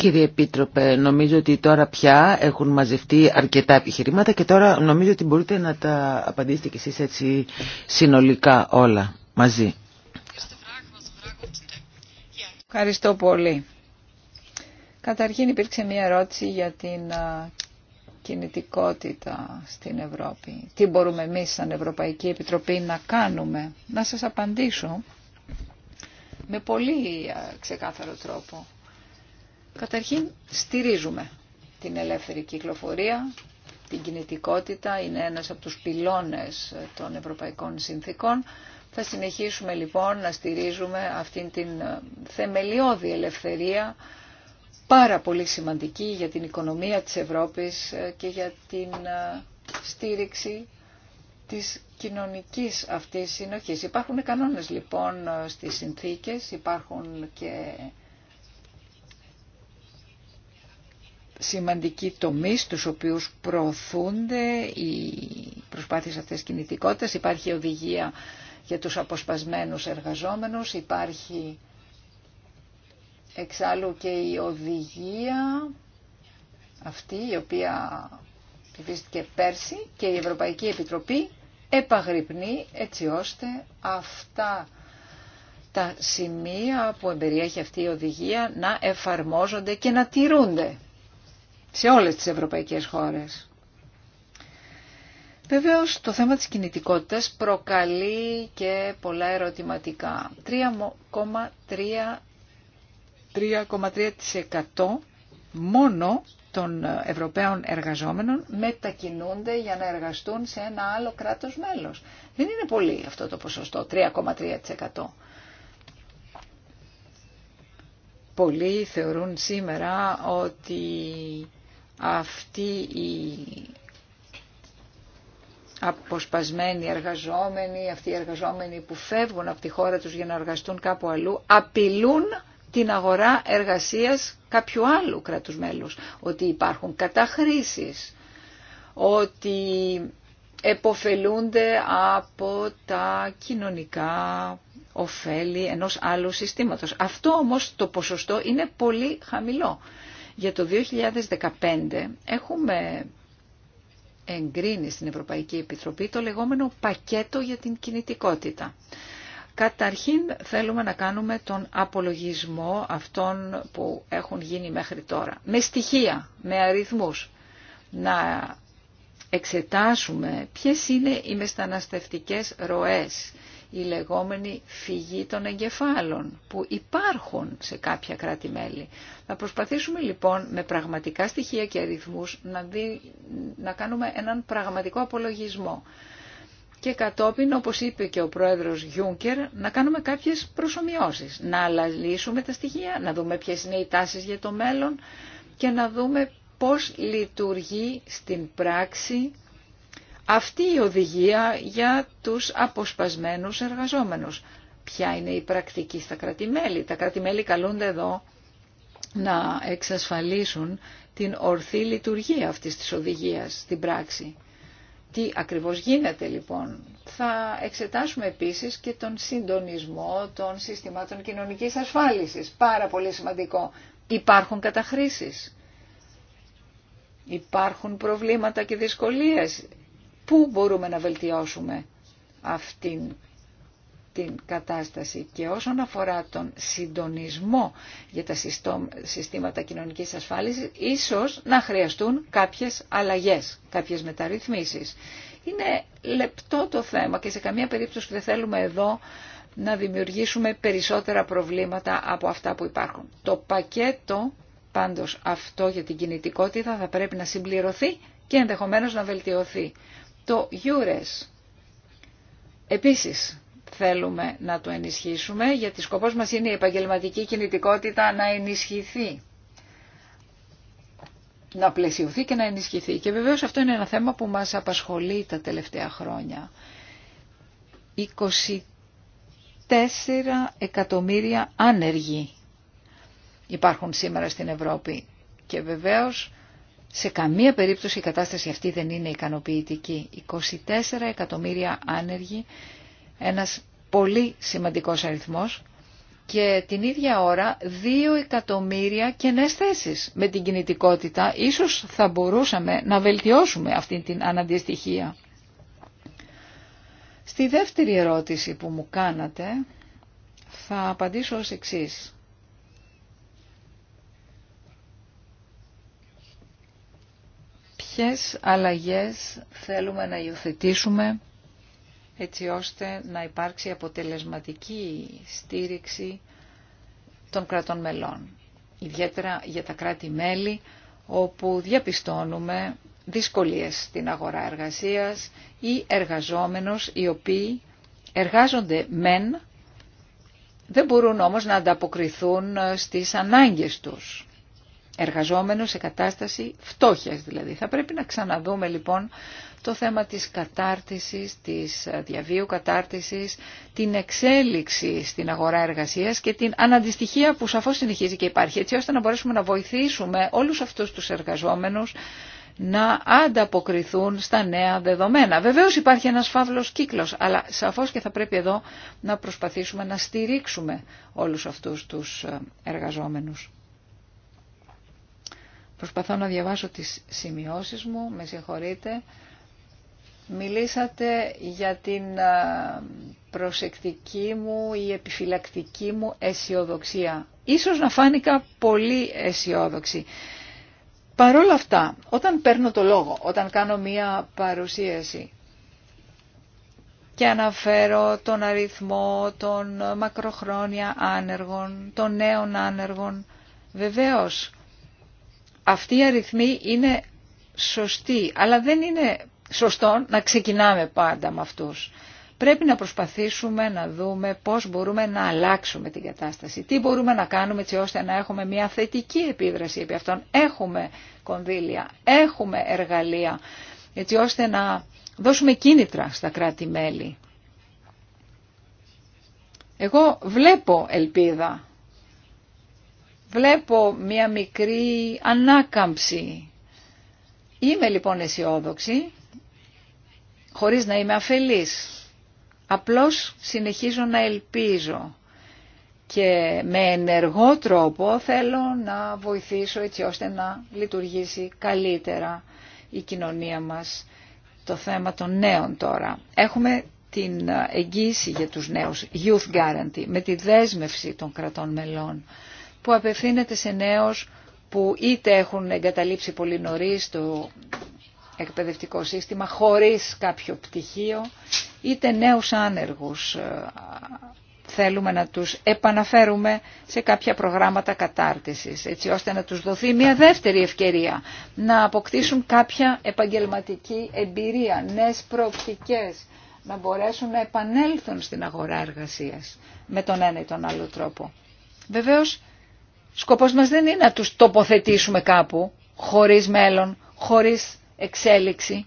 Κύριε Επίτροπε, νομίζω ότι τώρα πια έχουν μαζευτεί αρκετά επιχειρήματα και τώρα νομίζω ότι μπορείτε να τα απαντήσετε κι εσείς έτσι συνολικά όλα μαζί. Ευχαριστώ πολύ. Καταρχήν υπήρξε μια ερώτηση για την κινητικότητα στην Ευρώπη. Τι μπορούμε εμείς σαν Ευρωπαϊκή Επιτροπή να κάνουμε. Να σας απαντήσω με πολύ ξεκάθαρο τρόπο. Καταρχήν στηρίζουμε την ελεύθερη κυκλοφορία, την κινητικότητα, είναι ένας από τους πυλώνες των ευρωπαϊκών συνθήκων. Θα συνεχίσουμε λοιπόν να στηρίζουμε αυτήν την ε, θεμελιώδη ελευθερία, πάρα πολύ σημαντική για την οικονομία της Ευρώπης ε, και για την ε, στήριξη της κοινωνικής αυτής συνοχής. Υπάρχουν κανόνες λοιπόν στις συνθήκες, υπάρχουν και σημαντικοί τομείς στους οποίους προωθούνται οι προσπάθειες αυτές κινητικότητας. Υπάρχει οδηγία για τους αποσπασμένους εργαζόμενους, υπάρχει εξάλλου και η οδηγία αυτή η οποία ψηφίστηκε πέρσι και η Ευρωπαϊκή Επιτροπή επαγρυπνεί έτσι ώστε αυτά τα σημεία που εμπεριέχει αυτή η οδηγία να εφαρμόζονται και να τηρούνται σε όλες τις ευρωπαϊκές χώρες. Βεβαίως το θέμα της κινητικότητας προκαλεί και πολλά ερωτηματικά. 3,3% μόνο των Ευρωπαίων εργαζόμενων μετακινούνται για να εργαστούν σε ένα άλλο κράτος μέλος. Δεν είναι πολύ αυτό το ποσοστό, 3,3%. Πολλοί θεωρούν σήμερα ότι αυτοί οι αποσπασμένοι εργαζόμενοι, αυτοί οι εργαζόμενοι που φεύγουν από τη χώρα τους για να εργαστούν κάπου αλλού, απειλούν την αγορά εργασίας κάποιου άλλου κράτους μέλους. Ότι υπάρχουν καταχρήσεις, ότι εποφελούνται από τα κοινωνικά ωφέλη ενός άλλου συστήματος. Αυτό όμως το ποσοστό είναι πολύ χαμηλό. Για το 2015 έχουμε εγκρίνει στην Ευρωπαϊκή Επιτροπή το λεγόμενο πακέτο για την κινητικότητα. Καταρχήν θέλουμε να κάνουμε τον απολογισμό αυτών που έχουν γίνει μέχρι τώρα. Με στοιχεία, με αριθμούς. Να εξετάσουμε ποιες είναι οι μεσταναστευτικές ροές η λεγόμενη φυγή των εγκεφάλων που υπάρχουν σε κάποια κράτη-μέλη. Να προσπαθήσουμε λοιπόν με πραγματικά στοιχεία και αριθμούς να, κάνουμε έναν πραγματικό απολογισμό. Και κατόπιν, όπως είπε και ο πρόεδρος Γιούνκερ, να κάνουμε κάποιες προσωμιώσεις. Να αλλαλήσουμε τα στοιχεία, να δούμε ποιες είναι οι τάσεις για το μέλλον και να δούμε πώς λειτουργεί στην πράξη αυτή η οδηγία για τους αποσπασμένους εργαζόμενους. Ποια είναι η πρακτική στα κρατημέλη. Τα κρατημέλη καλούνται εδώ να εξασφαλίσουν την ορθή λειτουργία αυτής της οδηγίας στην πράξη. Τι ακριβώς γίνεται λοιπόν. Θα εξετάσουμε επίσης και τον συντονισμό των συστημάτων κοινωνικής ασφάλισης. Πάρα πολύ σημαντικό. Υπάρχουν καταχρήσεις. Υπάρχουν προβλήματα και δυσκολίες πού μπορούμε να βελτιώσουμε αυτήν την κατάσταση και όσον αφορά τον συντονισμό για τα συστήματα κοινωνικής ασφάλισης, ίσως να χρειαστούν κάποιες αλλαγές, κάποιες μεταρρυθμίσεις. Είναι λεπτό το θέμα και σε καμία περίπτωση δεν θέλουμε εδώ να δημιουργήσουμε περισσότερα προβλήματα από αυτά που υπάρχουν. Το πακέτο πάντως αυτό για την κινητικότητα θα πρέπει να συμπληρωθεί και ενδεχομένως να βελτιωθεί το EURES. Επίσης, θέλουμε να το ενισχύσουμε, γιατί σκοπός μας είναι η επαγγελματική κινητικότητα να ενισχυθεί, να πλαισιωθεί και να ενισχυθεί. Και βεβαίως αυτό είναι ένα θέμα που μας απασχολεί τα τελευταία χρόνια. 24 εκατομμύρια άνεργοι υπάρχουν σήμερα στην Ευρώπη και βεβαίως σε καμία περίπτωση η κατάσταση αυτή δεν είναι ικανοποιητική. 24 εκατομμύρια άνεργοι, ένας πολύ σημαντικός αριθμός και την ίδια ώρα 2 εκατομμύρια κενές θέσεις. Με την κινητικότητα ίσως θα μπορούσαμε να βελτιώσουμε αυτή την αναντιστοιχία. Στη δεύτερη ερώτηση που μου κάνατε θα απαντήσω ως εξής. ποιες αλλαγές θέλουμε να υιοθετήσουμε έτσι ώστε να υπάρξει αποτελεσματική στήριξη των κρατών μελών. Ιδιαίτερα για τα κράτη-μέλη όπου διαπιστώνουμε δυσκολίες στην αγορά εργασίας ή εργαζόμενους οι οποίοι εργάζονται μεν, δεν μπορούν όμως να ανταποκριθούν στις ανάγκες τους. Εργαζόμενου σε κατάσταση φτώχειας δηλαδή. Θα πρέπει να ξαναδούμε λοιπόν το θέμα της κατάρτισης, της ε, διαβίου κατάρτισης, την εξέλιξη στην αγορά εργασίας και την αναντιστοιχία που σαφώς συνεχίζει και υπάρχει, έτσι ώστε να μπορέσουμε να βοηθήσουμε όλους αυτούς τους εργαζόμενους να ανταποκριθούν στα νέα δεδομένα. Βεβαίως υπάρχει ένας φαύλος κύκλος, αλλά σαφώς και θα πρέπει εδώ να προσπαθήσουμε να στηρίξουμε όλους αυτούς τους ε, εργαζόμενους. Προσπαθώ να διαβάσω τις σημειώσεις μου, με συγχωρείτε. Μιλήσατε για την προσεκτική μου ή επιφυλακτική μου αισιοδοξία. Ίσως να φάνηκα πολύ αισιόδοξη. Παρόλα αυτά, όταν παίρνω το λόγο, όταν κάνω μία παρουσίαση και αναφέρω τον αριθμό των μακροχρόνια άνεργων, των νέων άνεργων, βεβαίως αυτοί οι αριθμοί είναι σωστοί, αλλά δεν είναι σωστό να ξεκινάμε πάντα με αυτούς. Πρέπει να προσπαθήσουμε να δούμε πώς μπορούμε να αλλάξουμε την κατάσταση. Τι μπορούμε να κάνουμε έτσι ώστε να έχουμε μια θετική επίδραση επί αυτών. Έχουμε κονδύλια, έχουμε εργαλεία, έτσι ώστε να δώσουμε κίνητρα στα κράτη-μέλη. Εγώ βλέπω ελπίδα βλέπω μία μικρή ανάκαμψη. Είμαι λοιπόν αισιόδοξη, χωρίς να είμαι αφελής. Απλώς συνεχίζω να ελπίζω και με ενεργό τρόπο θέλω να βοηθήσω έτσι ώστε να λειτουργήσει καλύτερα η κοινωνία μας το θέμα των νέων τώρα. Έχουμε την εγγύηση για τους νέους, Youth Guarantee, με τη δέσμευση των κρατών μελών που απευθύνεται σε νέους που είτε έχουν εγκαταλείψει πολύ νωρίς το εκπαιδευτικό σύστημα χωρίς κάποιο πτυχίο, είτε νέους άνεργους ε, θέλουμε να τους επαναφέρουμε σε κάποια προγράμματα κατάρτισης, έτσι ώστε να τους δοθεί μια δεύτερη ευκαιρία να αποκτήσουν κάποια επαγγελματική εμπειρία, νέες προοπτικές, να μπορέσουν να επανέλθουν στην αγορά εργασίας με τον ένα ή τον άλλο τρόπο. Βεβαίως Σκοπός μας δεν είναι να τους τοποθετήσουμε κάπου, χωρίς μέλλον, χωρίς εξέλιξη.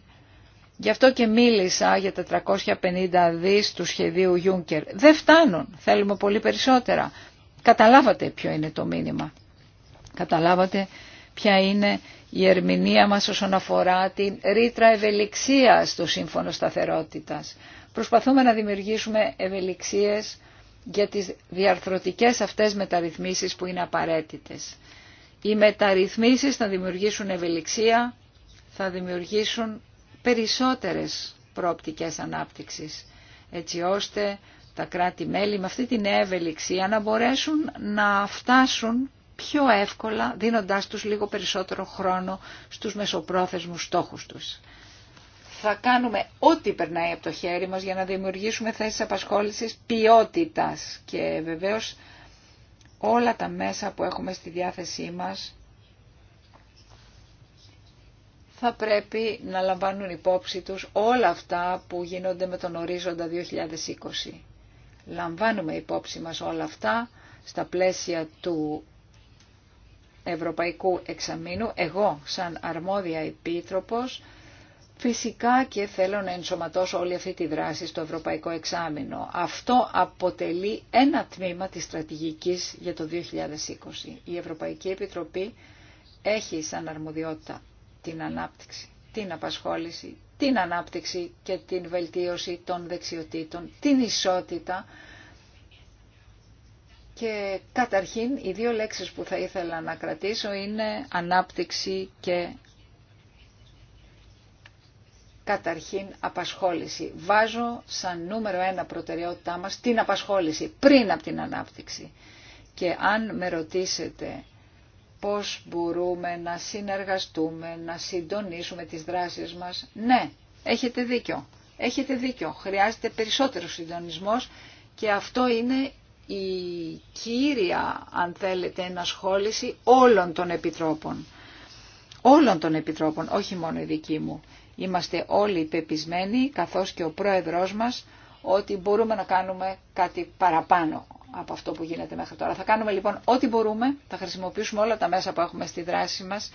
Γι' αυτό και μίλησα για τα 350 δις του σχεδίου Juncker. Δεν φτάνουν, θέλουμε πολύ περισσότερα. Καταλάβατε ποιο είναι το μήνυμα. Καταλάβατε ποια είναι η ερμηνεία μας όσον αφορά την ρήτρα ευελιξίας του Σύμφωνο Σταθερότητας. Προσπαθούμε να δημιουργήσουμε ευελιξίες για τις διαρθρωτικές αυτές μεταρρυθμίσεις που είναι απαραίτητες. Οι μεταρρυθμίσεις θα δημιουργήσουν ευελιξία, θα δημιουργήσουν περισσότερες προοπτικές ανάπτυξης, έτσι ώστε τα κράτη-μέλη με αυτή την ευελιξία να μπορέσουν να φτάσουν πιο εύκολα, δίνοντάς τους λίγο περισσότερο χρόνο στους μεσοπρόθεσμους στόχους τους θα κάνουμε ό,τι περνάει από το χέρι μας για να δημιουργήσουμε θέσεις απασχόλησης ποιότητας και βεβαίως όλα τα μέσα που έχουμε στη διάθεσή μας θα πρέπει να λαμβάνουν υπόψη τους όλα αυτά που γίνονται με τον ορίζοντα 2020. Λαμβάνουμε υπόψη μας όλα αυτά στα πλαίσια του Ευρωπαϊκού Εξαμήνου. Εγώ, σαν αρμόδια επίτροπος, Φυσικά και θέλω να ενσωματώσω όλη αυτή τη δράση στο Ευρωπαϊκό Εξάμεινο. Αυτό αποτελεί ένα τμήμα της στρατηγικής για το 2020. Η Ευρωπαϊκή Επιτροπή έχει σαν αρμοδιότητα την ανάπτυξη, την απασχόληση, την ανάπτυξη και την βελτίωση των δεξιοτήτων, την ισότητα. Και καταρχήν οι δύο λέξεις που θα ήθελα να κρατήσω είναι ανάπτυξη και καταρχήν απασχόληση. Βάζω σαν νούμερο ένα προτεραιότητά μας την απασχόληση πριν από την ανάπτυξη. Και αν με ρωτήσετε πώς μπορούμε να συνεργαστούμε, να συντονίσουμε τις δράσεις μας, ναι, έχετε δίκιο. Έχετε δίκιο. Χρειάζεται περισσότερο συντονισμός και αυτό είναι η κύρια, αν θέλετε, ενασχόληση όλων των επιτρόπων. Όλων των επιτρόπων, όχι μόνο η δική μου. Είμαστε όλοι πεπισμένοι, καθώς και ο πρόεδρός μας, ότι μπορούμε να κάνουμε κάτι παραπάνω από αυτό που γίνεται μέχρι τώρα. Θα κάνουμε λοιπόν ό,τι μπορούμε, θα χρησιμοποιήσουμε όλα τα μέσα που έχουμε στη δράση μας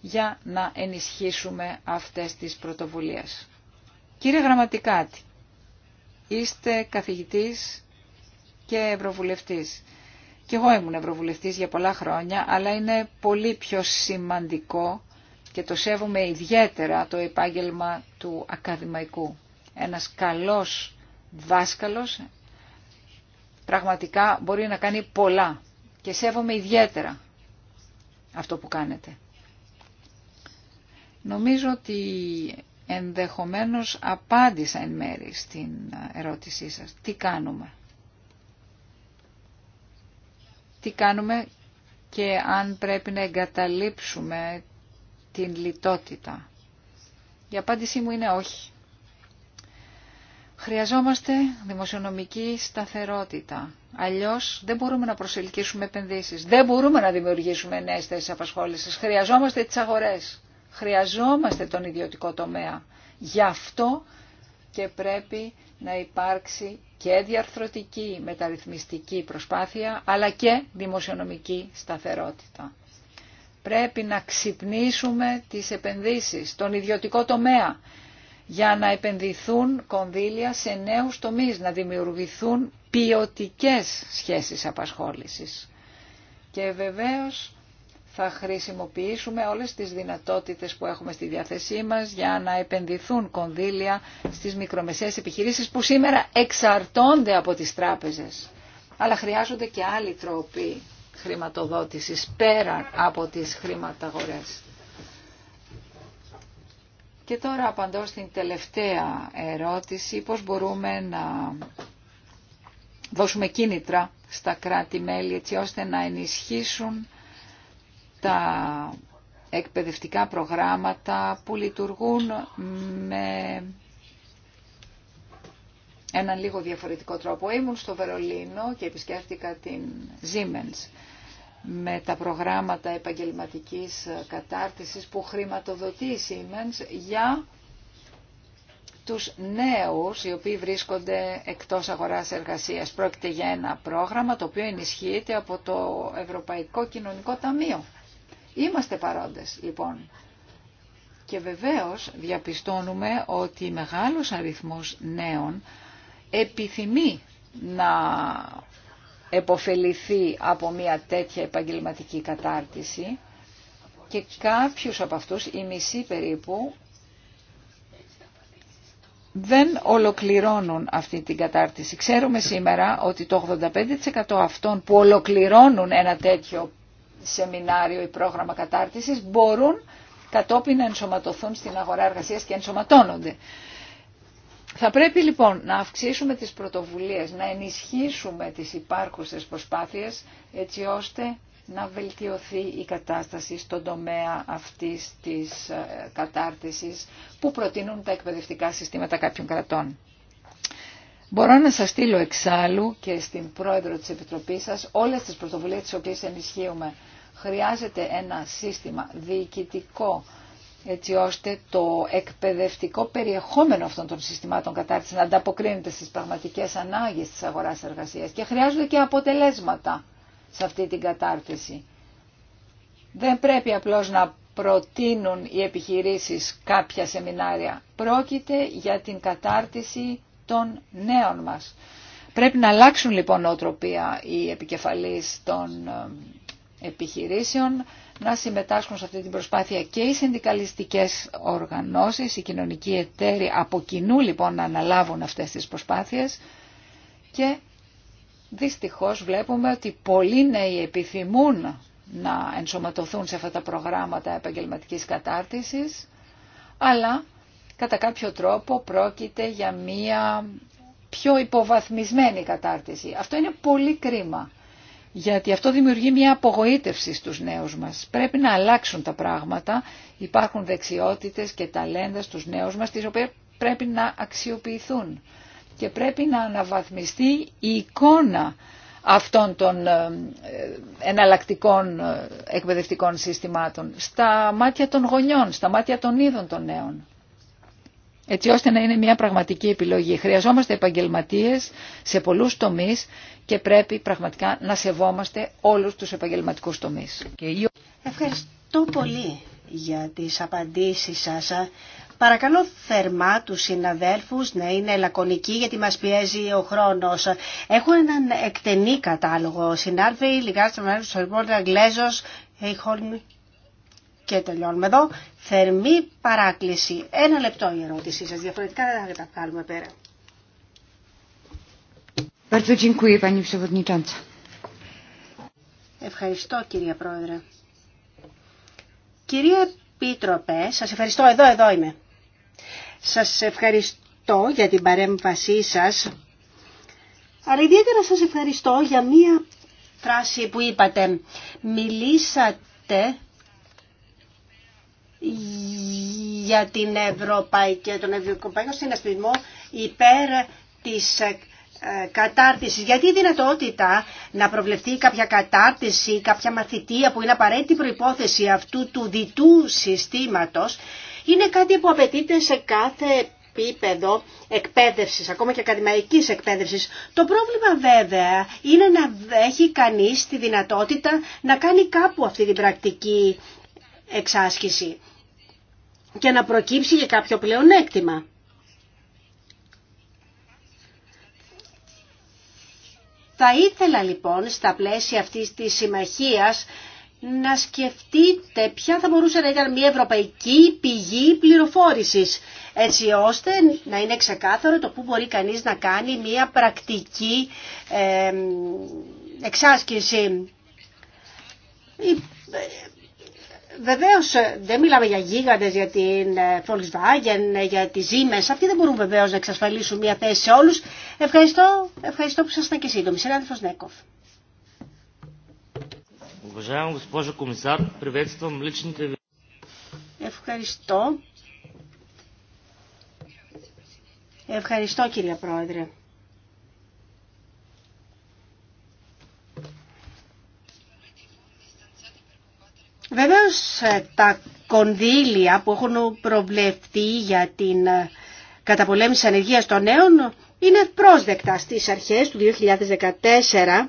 για να ενισχύσουμε αυτές τις πρωτοβουλίες. Κύριε Γραμματικάτη, είστε καθηγητής και ευρωβουλευτής. Κι εγώ ήμουν ευρωβουλευτής για πολλά χρόνια, αλλά είναι πολύ πιο σημαντικό και το σέβομαι ιδιαίτερα το επάγγελμα του ακαδημαϊκού. Ένας καλός δάσκαλος πραγματικά μπορεί να κάνει πολλά και σέβομαι ιδιαίτερα αυτό που κάνετε. Νομίζω ότι ενδεχομένως απάντησα εν μέρη στην ερώτησή σας. Τι κάνουμε. Τι κάνουμε και αν πρέπει να εγκαταλείψουμε την λιτότητα. Η απάντησή μου είναι όχι. Χρειαζόμαστε δημοσιονομική σταθερότητα. Αλλιώς δεν μπορούμε να προσελκύσουμε επενδύσεις. Δεν μπορούμε να δημιουργήσουμε νέες θέσεις απασχόλησης. Χρειαζόμαστε τις αγορές. Χρειαζόμαστε τον ιδιωτικό τομέα. Γι' αυτό και πρέπει να υπάρξει και διαρθρωτική μεταρρυθμιστική προσπάθεια, αλλά και δημοσιονομική σταθερότητα. Πρέπει να ξυπνήσουμε τις επενδύσεις τον ιδιωτικό τομέα για να επενδυθούν κονδύλια σε νέους τομείς, να δημιουργηθούν ποιοτικέ σχέσεις απασχόλησης. Και βεβαίως θα χρησιμοποιήσουμε όλες τις δυνατότητες που έχουμε στη διάθεσή μας για να επενδυθούν κονδύλια στις μικρομεσαίες επιχειρήσεις που σήμερα εξαρτώνται από τις τράπεζες. Αλλά χρειάζονται και άλλοι τρόποι χρηματοδότησης πέραν από τις χρηματαγορές. Και τώρα απαντώ στην τελευταία ερώτηση, πώς μπορούμε να δώσουμε κίνητρα στα κράτη-μέλη έτσι ώστε να ενισχύσουν τα εκπαιδευτικά προγράμματα που λειτουργούν με έναν λίγο διαφορετικό τρόπο. Ήμουν στο Βερολίνο και επισκέφτηκα την Siemens με τα προγράμματα επαγγελματικής κατάρτισης που χρηματοδοτεί η Siemens για τους νέους οι οποίοι βρίσκονται εκτός αγοράς εργασίας. Πρόκειται για ένα πρόγραμμα το οποίο ενισχύεται από το Ευρωπαϊκό Κοινωνικό Ταμείο. Είμαστε παρόντες λοιπόν. Και βεβαίως διαπιστώνουμε ότι μεγάλος αριθμός νέων επιθυμεί να εποφεληθεί από μια τέτοια επαγγελματική κατάρτιση και κάποιους από αυτούς, η μισή περίπου, δεν ολοκληρώνουν αυτή την κατάρτιση. Ξέρουμε σήμερα ότι το 85% αυτών που ολοκληρώνουν ένα τέτοιο σεμινάριο ή πρόγραμμα κατάρτισης μπορούν κατόπιν να ενσωματωθούν στην αγορά εργασίας και ενσωματώνονται. Θα πρέπει λοιπόν να αυξήσουμε τις πρωτοβουλίες, να ενισχύσουμε τις υπάρχουσες προσπάθειες έτσι ώστε να βελτιωθεί η κατάσταση στον τομέα αυτής της ε, κατάρτισης που προτείνουν τα εκπαιδευτικά συστήματα κάποιων κρατών. Μπορώ να σας στείλω εξάλλου και στην πρόεδρο της Επιτροπής σας όλες τις πρωτοβουλίες τις οποίες ενισχύουμε. Χρειάζεται ένα σύστημα διοικητικό έτσι ώστε το εκπαιδευτικό περιεχόμενο αυτών των συστημάτων κατάρτισης να ανταποκρίνεται στις πραγματικές ανάγκες της αγοράς εργασίας και χρειάζονται και αποτελέσματα σε αυτή την κατάρτιση. Δεν πρέπει απλώς να προτείνουν οι επιχειρήσεις κάποια σεμινάρια. Πρόκειται για την κατάρτιση των νέων μας. Πρέπει να αλλάξουν λοιπόν νοοτροπία οι επικεφαλείς των επιχειρήσεων, να συμμετάσχουν σε αυτή την προσπάθεια και οι συνδικαλιστικές οργανώσεις, οι κοινωνικοί εταίροι από κοινού λοιπόν να αναλάβουν αυτές τις προσπάθειες και δυστυχώς βλέπουμε ότι πολλοί νέοι επιθυμούν να ενσωματωθούν σε αυτά τα προγράμματα επαγγελματικής κατάρτισης, αλλά κατά κάποιο τρόπο πρόκειται για μία πιο υποβαθμισμένη κατάρτιση. Αυτό είναι πολύ κρίμα γιατί αυτό δημιουργεί μια απογοήτευση στους νέους μας. Πρέπει να αλλάξουν τα πράγματα. Υπάρχουν δεξιότητες και ταλέντα στους νέους μας, τις οποίες πρέπει να αξιοποιηθούν. Και πρέπει να αναβαθμιστεί η εικόνα αυτών των ε, ε, εναλλακτικών ε, εκπαιδευτικών συστημάτων στα μάτια των γονιών, στα μάτια των είδων των νέων. Έτσι ώστε να είναι μια πραγματική επιλογή. Χρειαζόμαστε επαγγελματίες σε πολλούς τομείς και πρέπει πραγματικά να σεβόμαστε όλους τους επαγγελματικούς τομείς. Ευχαριστώ πολύ για τις απαντήσεις σας. Παρακαλώ θερμά τους συναδέλφους να είναι λακωνικοί γιατί μας πιέζει ο χρόνος. Έχω έναν εκτενή κατάλογο. Συνάρφη, Λιγάς, Ταμέρους, Σορμπόρτα, Αγγλέζος, Χέιχολμ και τελειώνουμε εδώ. Θερμή παράκληση. Ένα λεπτό η ερώτησή σας. Διαφορετικά δεν θα τα βγάλουμε πέρα. Ευχαριστώ κυρία Πρόεδρε. Κυρία Επίτροπε, σας ευχαριστώ, εδώ, εδώ είμαι. Σας ευχαριστώ για την παρέμβασή σας, αλλά ιδιαίτερα σας ευχαριστώ για μία φράση που είπατε. Μιλήσατε για την Ευρωπαϊκή, τον Ευρωπαϊκό Συνασπισμό υπέρ της κατάρτιση. Γιατί η δυνατότητα να προβλεφθεί κάποια κατάρτιση, κάποια μαθητεία που είναι απαραίτητη προϋπόθεση αυτού του διτού συστήματος είναι κάτι που απαιτείται σε κάθε επίπεδο εκπαίδευσης, ακόμα και ακαδημαϊκής εκπαίδευσης. Το πρόβλημα βέβαια είναι να έχει κανείς τη δυνατότητα να κάνει κάπου αυτή την πρακτική εξάσκηση και να προκύψει για κάποιο πλεονέκτημα. Θα ήθελα λοιπόν στα πλαίσια αυτής της συμμαχίας να σκεφτείτε ποια θα μπορούσε να ήταν μια ευρωπαϊκή πηγή πληροφόρησης, έτσι ώστε να είναι ξεκάθαρο το που μπορεί κανείς να κάνει μια πρακτική εξάσκηση. Βεβαίω, ε, δεν μιλάμε για γίγαντες, για την ε, Volkswagen, ε, για τι ζήμε. Αυτοί δεν μπορούν βεβαίως να εξασφαλίσουν μια θέση σε όλου. Ευχαριστώ, ευχαριστώ που ήσασταν και σύντομοι. Συνάδελφο Νέκοφ. Ευχαριστώ. Ευχαριστώ κύριε Πρόεδρε. Βεβαίως ε, τα κονδύλια που έχουν προβλεφτεί για την ε, καταπολέμηση ανεργία των νέων είναι πρόσδεκτα στις αρχές του 2014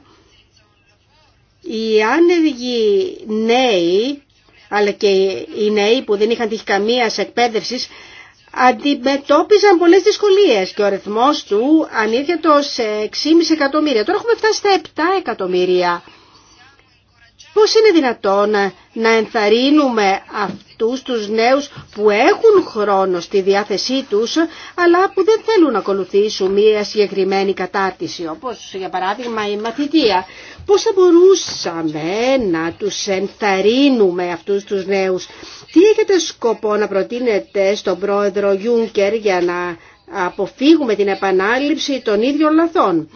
οι άνεργοι νέοι αλλά και οι νέοι που δεν είχαν τύχει καμία εκπαίδευση αντιμετώπιζαν πολλές δυσκολίες και ο ρυθμός του ανήρχεται σε 6,5 εκατομμύρια. Τώρα έχουμε φτάσει στα 7 εκατομμύρια. Πώς είναι δυνατόν ε, να ενθαρρύνουμε αυτούς τους νέους που έχουν χρόνο στη διάθεσή τους αλλά που δεν θέλουν να ακολουθήσουν μία συγκεκριμένη κατάρτιση όπως για παράδειγμα η μαθητεία. Πώς θα μπορούσαμε να τους ενθαρρύνουμε αυτούς τους νέους. Τι έχετε σκοπό να προτείνετε στον πρόεδρο Γιούνκερ για να αποφύγουμε την επανάληψη των ίδιων λαθών.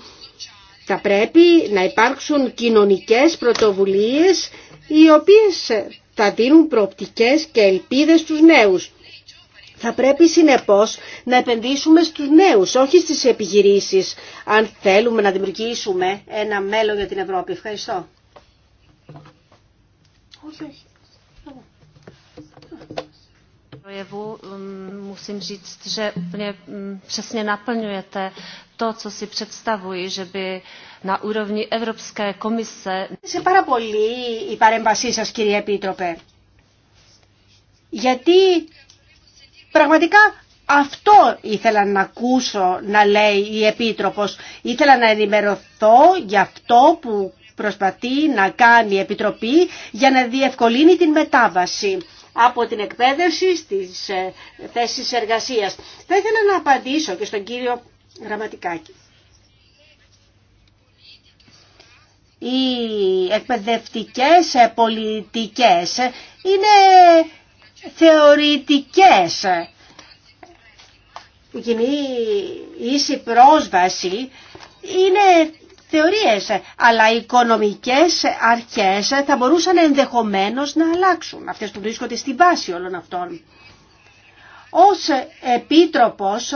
Θα πρέπει να υπάρξουν κοινωνικές πρωτοβουλίες οι οποίες θα δίνουν προοπτικές και ελπίδες στους νέους. Θα πρέπει συνεπώς να επενδύσουμε στους νέους, όχι στις επιχειρήσεις, αν θέλουμε να δημιουργήσουμε ένα μέλλον για την Ευρώπη. Ευχαριστώ. Όχι, um, musím říct, že mm, přesně naplňujete το co si představuji, že by na úrovni Evropské komise... πάρα πολύ η παρέμβασή σας, κύριε Επίτροπε. Γιατί πραγματικά αυτό ήθελα να ακούσω να λέει η Επίτροπος. Ήθελα να ενημερωθώ για αυτό που προσπαθεί να κάνει η Επιτροπή για να διευκολύνει την μετάβαση από την εκπαίδευση στις ε, θέσεις εργασίας. Θα ήθελα να απαντήσω και στον κύριο γραμματικάκι. Οι εκπαιδευτικές πολιτικές είναι θεωρητικές. Η κοινή ίση πρόσβαση είναι θεωρίες, αλλά οι οικονομικές αρχές θα μπορούσαν ενδεχομένως να αλλάξουν, αυτές που βρίσκονται στη βάση όλων αυτών. Ως επίτροπος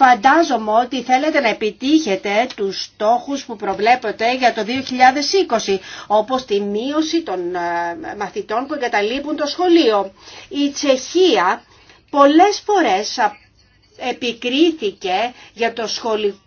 Φαντάζομαι ότι θέλετε να επιτύχετε τους στόχους που προβλέπετε για το 2020, όπως τη μείωση των ε, μαθητών που εγκαταλείπουν το σχολείο. Η Τσεχία πολλές φορές επικρίθηκε για το σχολικό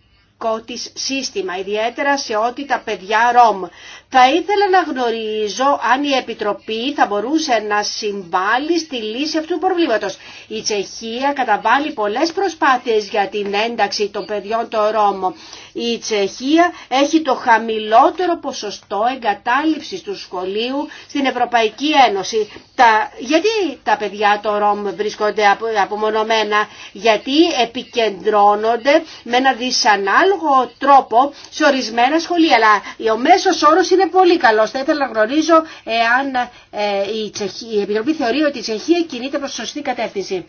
δικό της σύστημα, ιδιαίτερα σε ό,τι τα παιδιά Ρομ. Θα ήθελα να γνωρίζω αν η Επιτροπή θα μπορούσε να συμβάλλει στη λύση αυτού του προβλήματος. Η Τσεχία καταβάλει πολλές προσπάθειες για την ένταξη των παιδιών των Ρώμων η Τσεχία έχει το χαμηλότερο ποσοστό εγκατάλειψης του σχολείου στην Ευρωπαϊκή Ένωση. Τα, γιατί τα παιδιά των Ρώμ βρίσκονται απομονωμένα, γιατί επικεντρώνονται με ένα δυσανάλογο τρόπο σε ορισμένα σχολεία. Αλλά ο μέσος όρος είναι πολύ καλός. Θα ήθελα να γνωρίζω εάν ε, η, η Επιτροπή θεωρεί ότι η Τσεχία κινείται προς σωστή κατεύθυνση.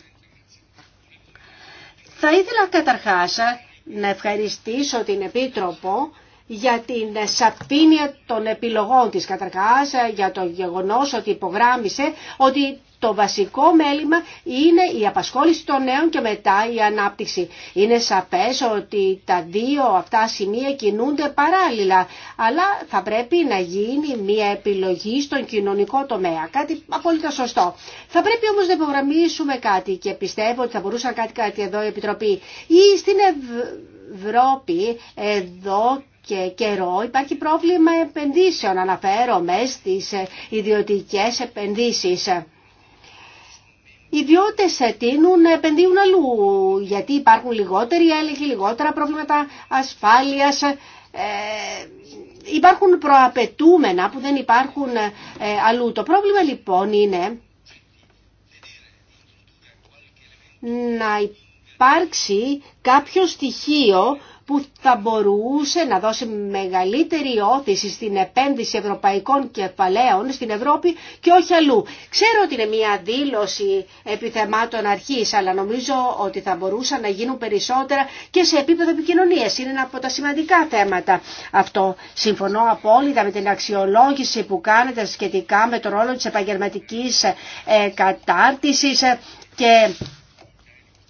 Θα ήθελα καταρχάς να ευχαριστήσω την Επίτροπο για την σαφήνεια των επιλογών της καταρχάς, για το γεγονός ότι υπογράμμισε ότι το βασικό μέλημα είναι η απασχόληση των νέων και μετά η ανάπτυξη. Είναι σαφές ότι τα δύο αυτά σημεία κινούνται παράλληλα, αλλά θα πρέπει να γίνει μια επιλογή στον κοινωνικό τομέα. Κάτι απόλυτα σωστό. Θα πρέπει όμως να υπογραμμίσουμε κάτι και πιστεύω ότι θα να κάτι, κάτι εδώ η Επιτροπή. Ή στην Ευρώπη εδώ και καιρό υπάρχει πρόβλημα επενδύσεων. Αναφέρομαι στις ιδιωτικές επενδύσεις ιδιώτες τείνουν επενδύουν αλλού, γιατί υπάρχουν λιγότεροι έλεγχοι, λιγότερα προβλήματα ασφάλειας, ε, υπάρχουν προαπαιτούμενα που δεν υπάρχουν ε, αλλού. Το πρόβλημα λοιπόν είναι να υπάρξει κάποιο στοιχείο που θα μπορούσε να δώσει μεγαλύτερη όθηση στην επένδυση ευρωπαϊκών κεφαλαίων στην Ευρώπη και όχι αλλού. Ξέρω ότι είναι μια δήλωση επιθεμάτων αρχής, αλλά νομίζω ότι θα μπορούσαν να γίνουν περισσότερα και σε επίπεδο επικοινωνία. Είναι ένα από τα σημαντικά θέματα αυτό. Συμφωνώ απόλυτα με την αξιολόγηση που κάνετε σχετικά με τον ρόλο της επαγγελματικής ε, κατάρτισης ε, και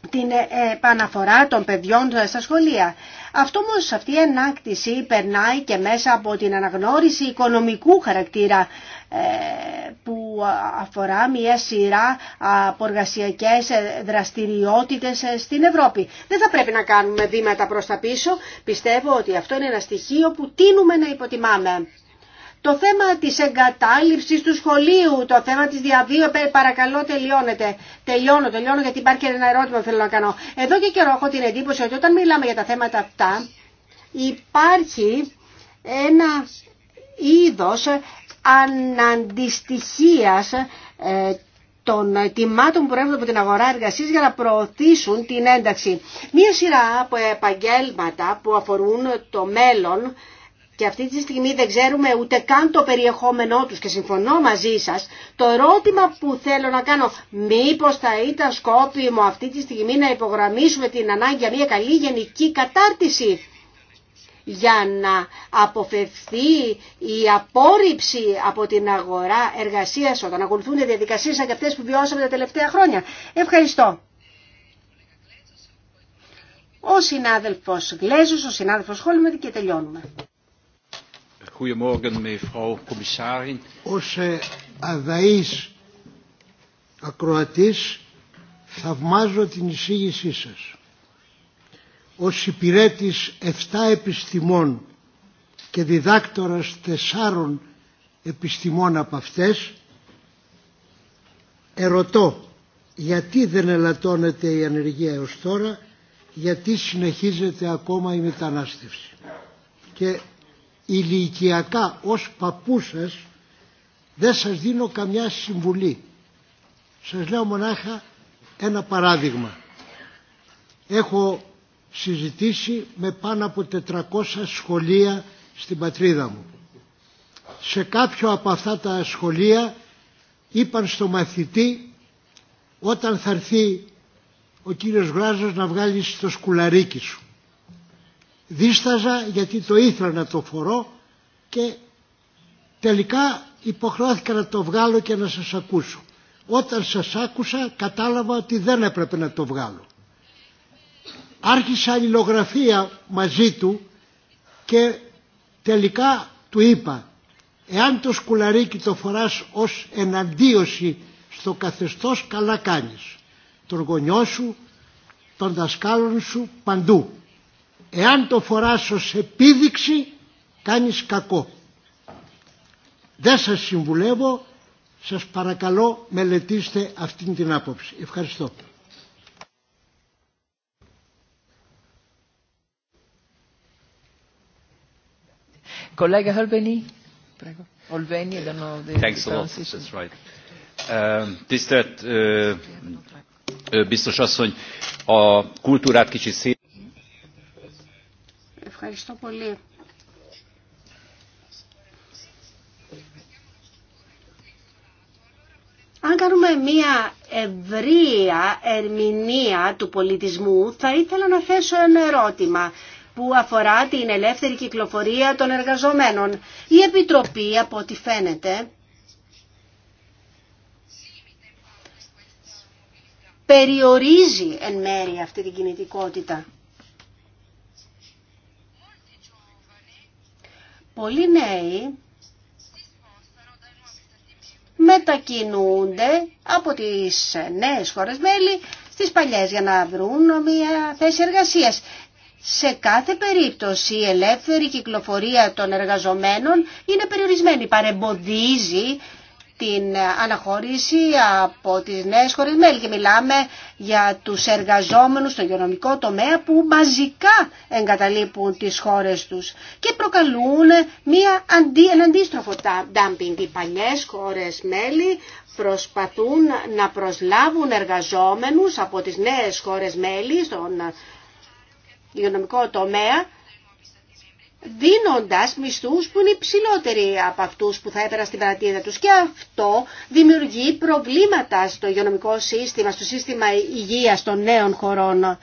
την ε, επαναφορά των παιδιών στα σχολεία. Αυτό όμω αυτή η ανάκτηση περνάει και μέσα από την αναγνώριση οικονομικού χαρακτήρα ε, που αφορά μια σειρά από εργασιακέ ε, δραστηριότητες στην Ευρώπη. Δεν θα πρέπει να κάνουμε βήματα προς τα πίσω. Πιστεύω ότι αυτό είναι ένα στοιχείο που τίνουμε να υποτιμάμε. Το θέμα της εγκατάλειψης του σχολείου, το θέμα της διαβίου, παρακαλώ τελειώνετε. Τελειώνω, τελειώνω γιατί υπάρχει ένα ερώτημα που θέλω να κάνω. Εδώ και καιρό έχω την εντύπωση ότι όταν μιλάμε για τα θέματα αυτά υπάρχει ένα είδος αναντιστοιχίας ε, των ετοιμάτων που προέρχονται από την αγορά εργασίας για να προωθήσουν την ένταξη. Μία σειρά από επαγγέλματα που αφορούν το μέλλον και αυτή τη στιγμή δεν ξέρουμε ούτε καν το περιεχόμενό τους και συμφωνώ μαζί σας, το ερώτημα που θέλω να κάνω, μήπως θα ήταν σκόπιμο αυτή τη στιγμή να υπογραμμίσουμε την ανάγκη για μια καλή γενική κατάρτιση για να αποφευθεί η απόρριψη από την αγορά εργασίας όταν ακολουθούν οι διαδικασίες σαν και αυτές που βιώσαμε τα τελευταία χρόνια. Ευχαριστώ. Ο συνάδελφος Γλέζος, ο συνάδελφος Χόλμερ και τελειώνουμε. Goedemorgen, mevrouw commissarin. Ως ε, αδαής ακροατής θαυμάζω την εισήγησή σας. Ως υπηρέτης 7 επιστημών και διδάκτορας 4 επιστημών από αυτές ερωτώ γιατί δεν ελαττώνεται η ανεργία έως τώρα, γιατί συνεχίζεται ακόμα η μετανάστευση. Και ηλικιακά ως σας δεν σας δίνω καμιά συμβουλή. Σας λέω μονάχα ένα παράδειγμα. Έχω συζητήσει με πάνω από 400 σχολεία στην πατρίδα μου. Σε κάποιο από αυτά τα σχολεία είπαν στο μαθητή όταν θα έρθει ο κύριος Γράζος να βγάλει το σκουλαρίκι σου δίσταζα γιατί το ήθελα να το φορώ και τελικά υποχρεώθηκα να το βγάλω και να σας ακούσω. Όταν σας άκουσα κατάλαβα ότι δεν έπρεπε να το βγάλω. Άρχισα αλληλογραφία μαζί του και τελικά του είπα εάν το σκουλαρίκι το φοράς ως εναντίωση στο καθεστώς καλά κάνεις. Τον γονιό σου, των δασκάλων σου, παντού. Εάν το φοράς ως επίδειξη κάνεις κακό. Δεν σας συμβουλεύω, σας παρακαλώ μελετήστε αυτήν την άποψη. Ευχαριστώ. Collega Holbeni, prego. Holbeni, I don't know the Thanks a lot. That's right. Tisztelt biztos asszony, a kultúrát kicsit szét Ευχαριστώ πολύ. Αν κάνουμε μία ευρεία ερμηνεία του πολιτισμού, θα ήθελα να θέσω ένα ερώτημα που αφορά την ελεύθερη κυκλοφορία των εργαζομένων. Η Επιτροπή, από ό,τι φαίνεται, περιορίζει εν μέρει αυτή την κινητικότητα. πολλοί νέοι μετακινούνται από τις νέες χώρες μέλη στις παλιές για να βρουν μια θέση εργασίας. Σε κάθε περίπτωση η ελεύθερη κυκλοφορία των εργαζομένων είναι περιορισμένη, παρεμποδίζει την αναχώρηση από τις νέες χώρες μέλη και μιλάμε για τους εργαζόμενους στο υγειονομικό τομέα που μαζικά εγκαταλείπουν τις χώρες τους και προκαλούν μια αντί, ένα αντίστροφο dumping. Οι παλιές χώρες μέλη προσπαθούν να προσλάβουν εργαζόμενους από τις νέες χώρες μέλη στον υγειονομικό τομέα δίνοντας μισθούς που είναι υψηλότεροι από αυτούς που θα έπαιρναν στην παρατήρα τους και αυτό δημιουργεί προβλήματα στο υγειονομικό σύστημα, στο σύστημα υγείας των νέων χωρών.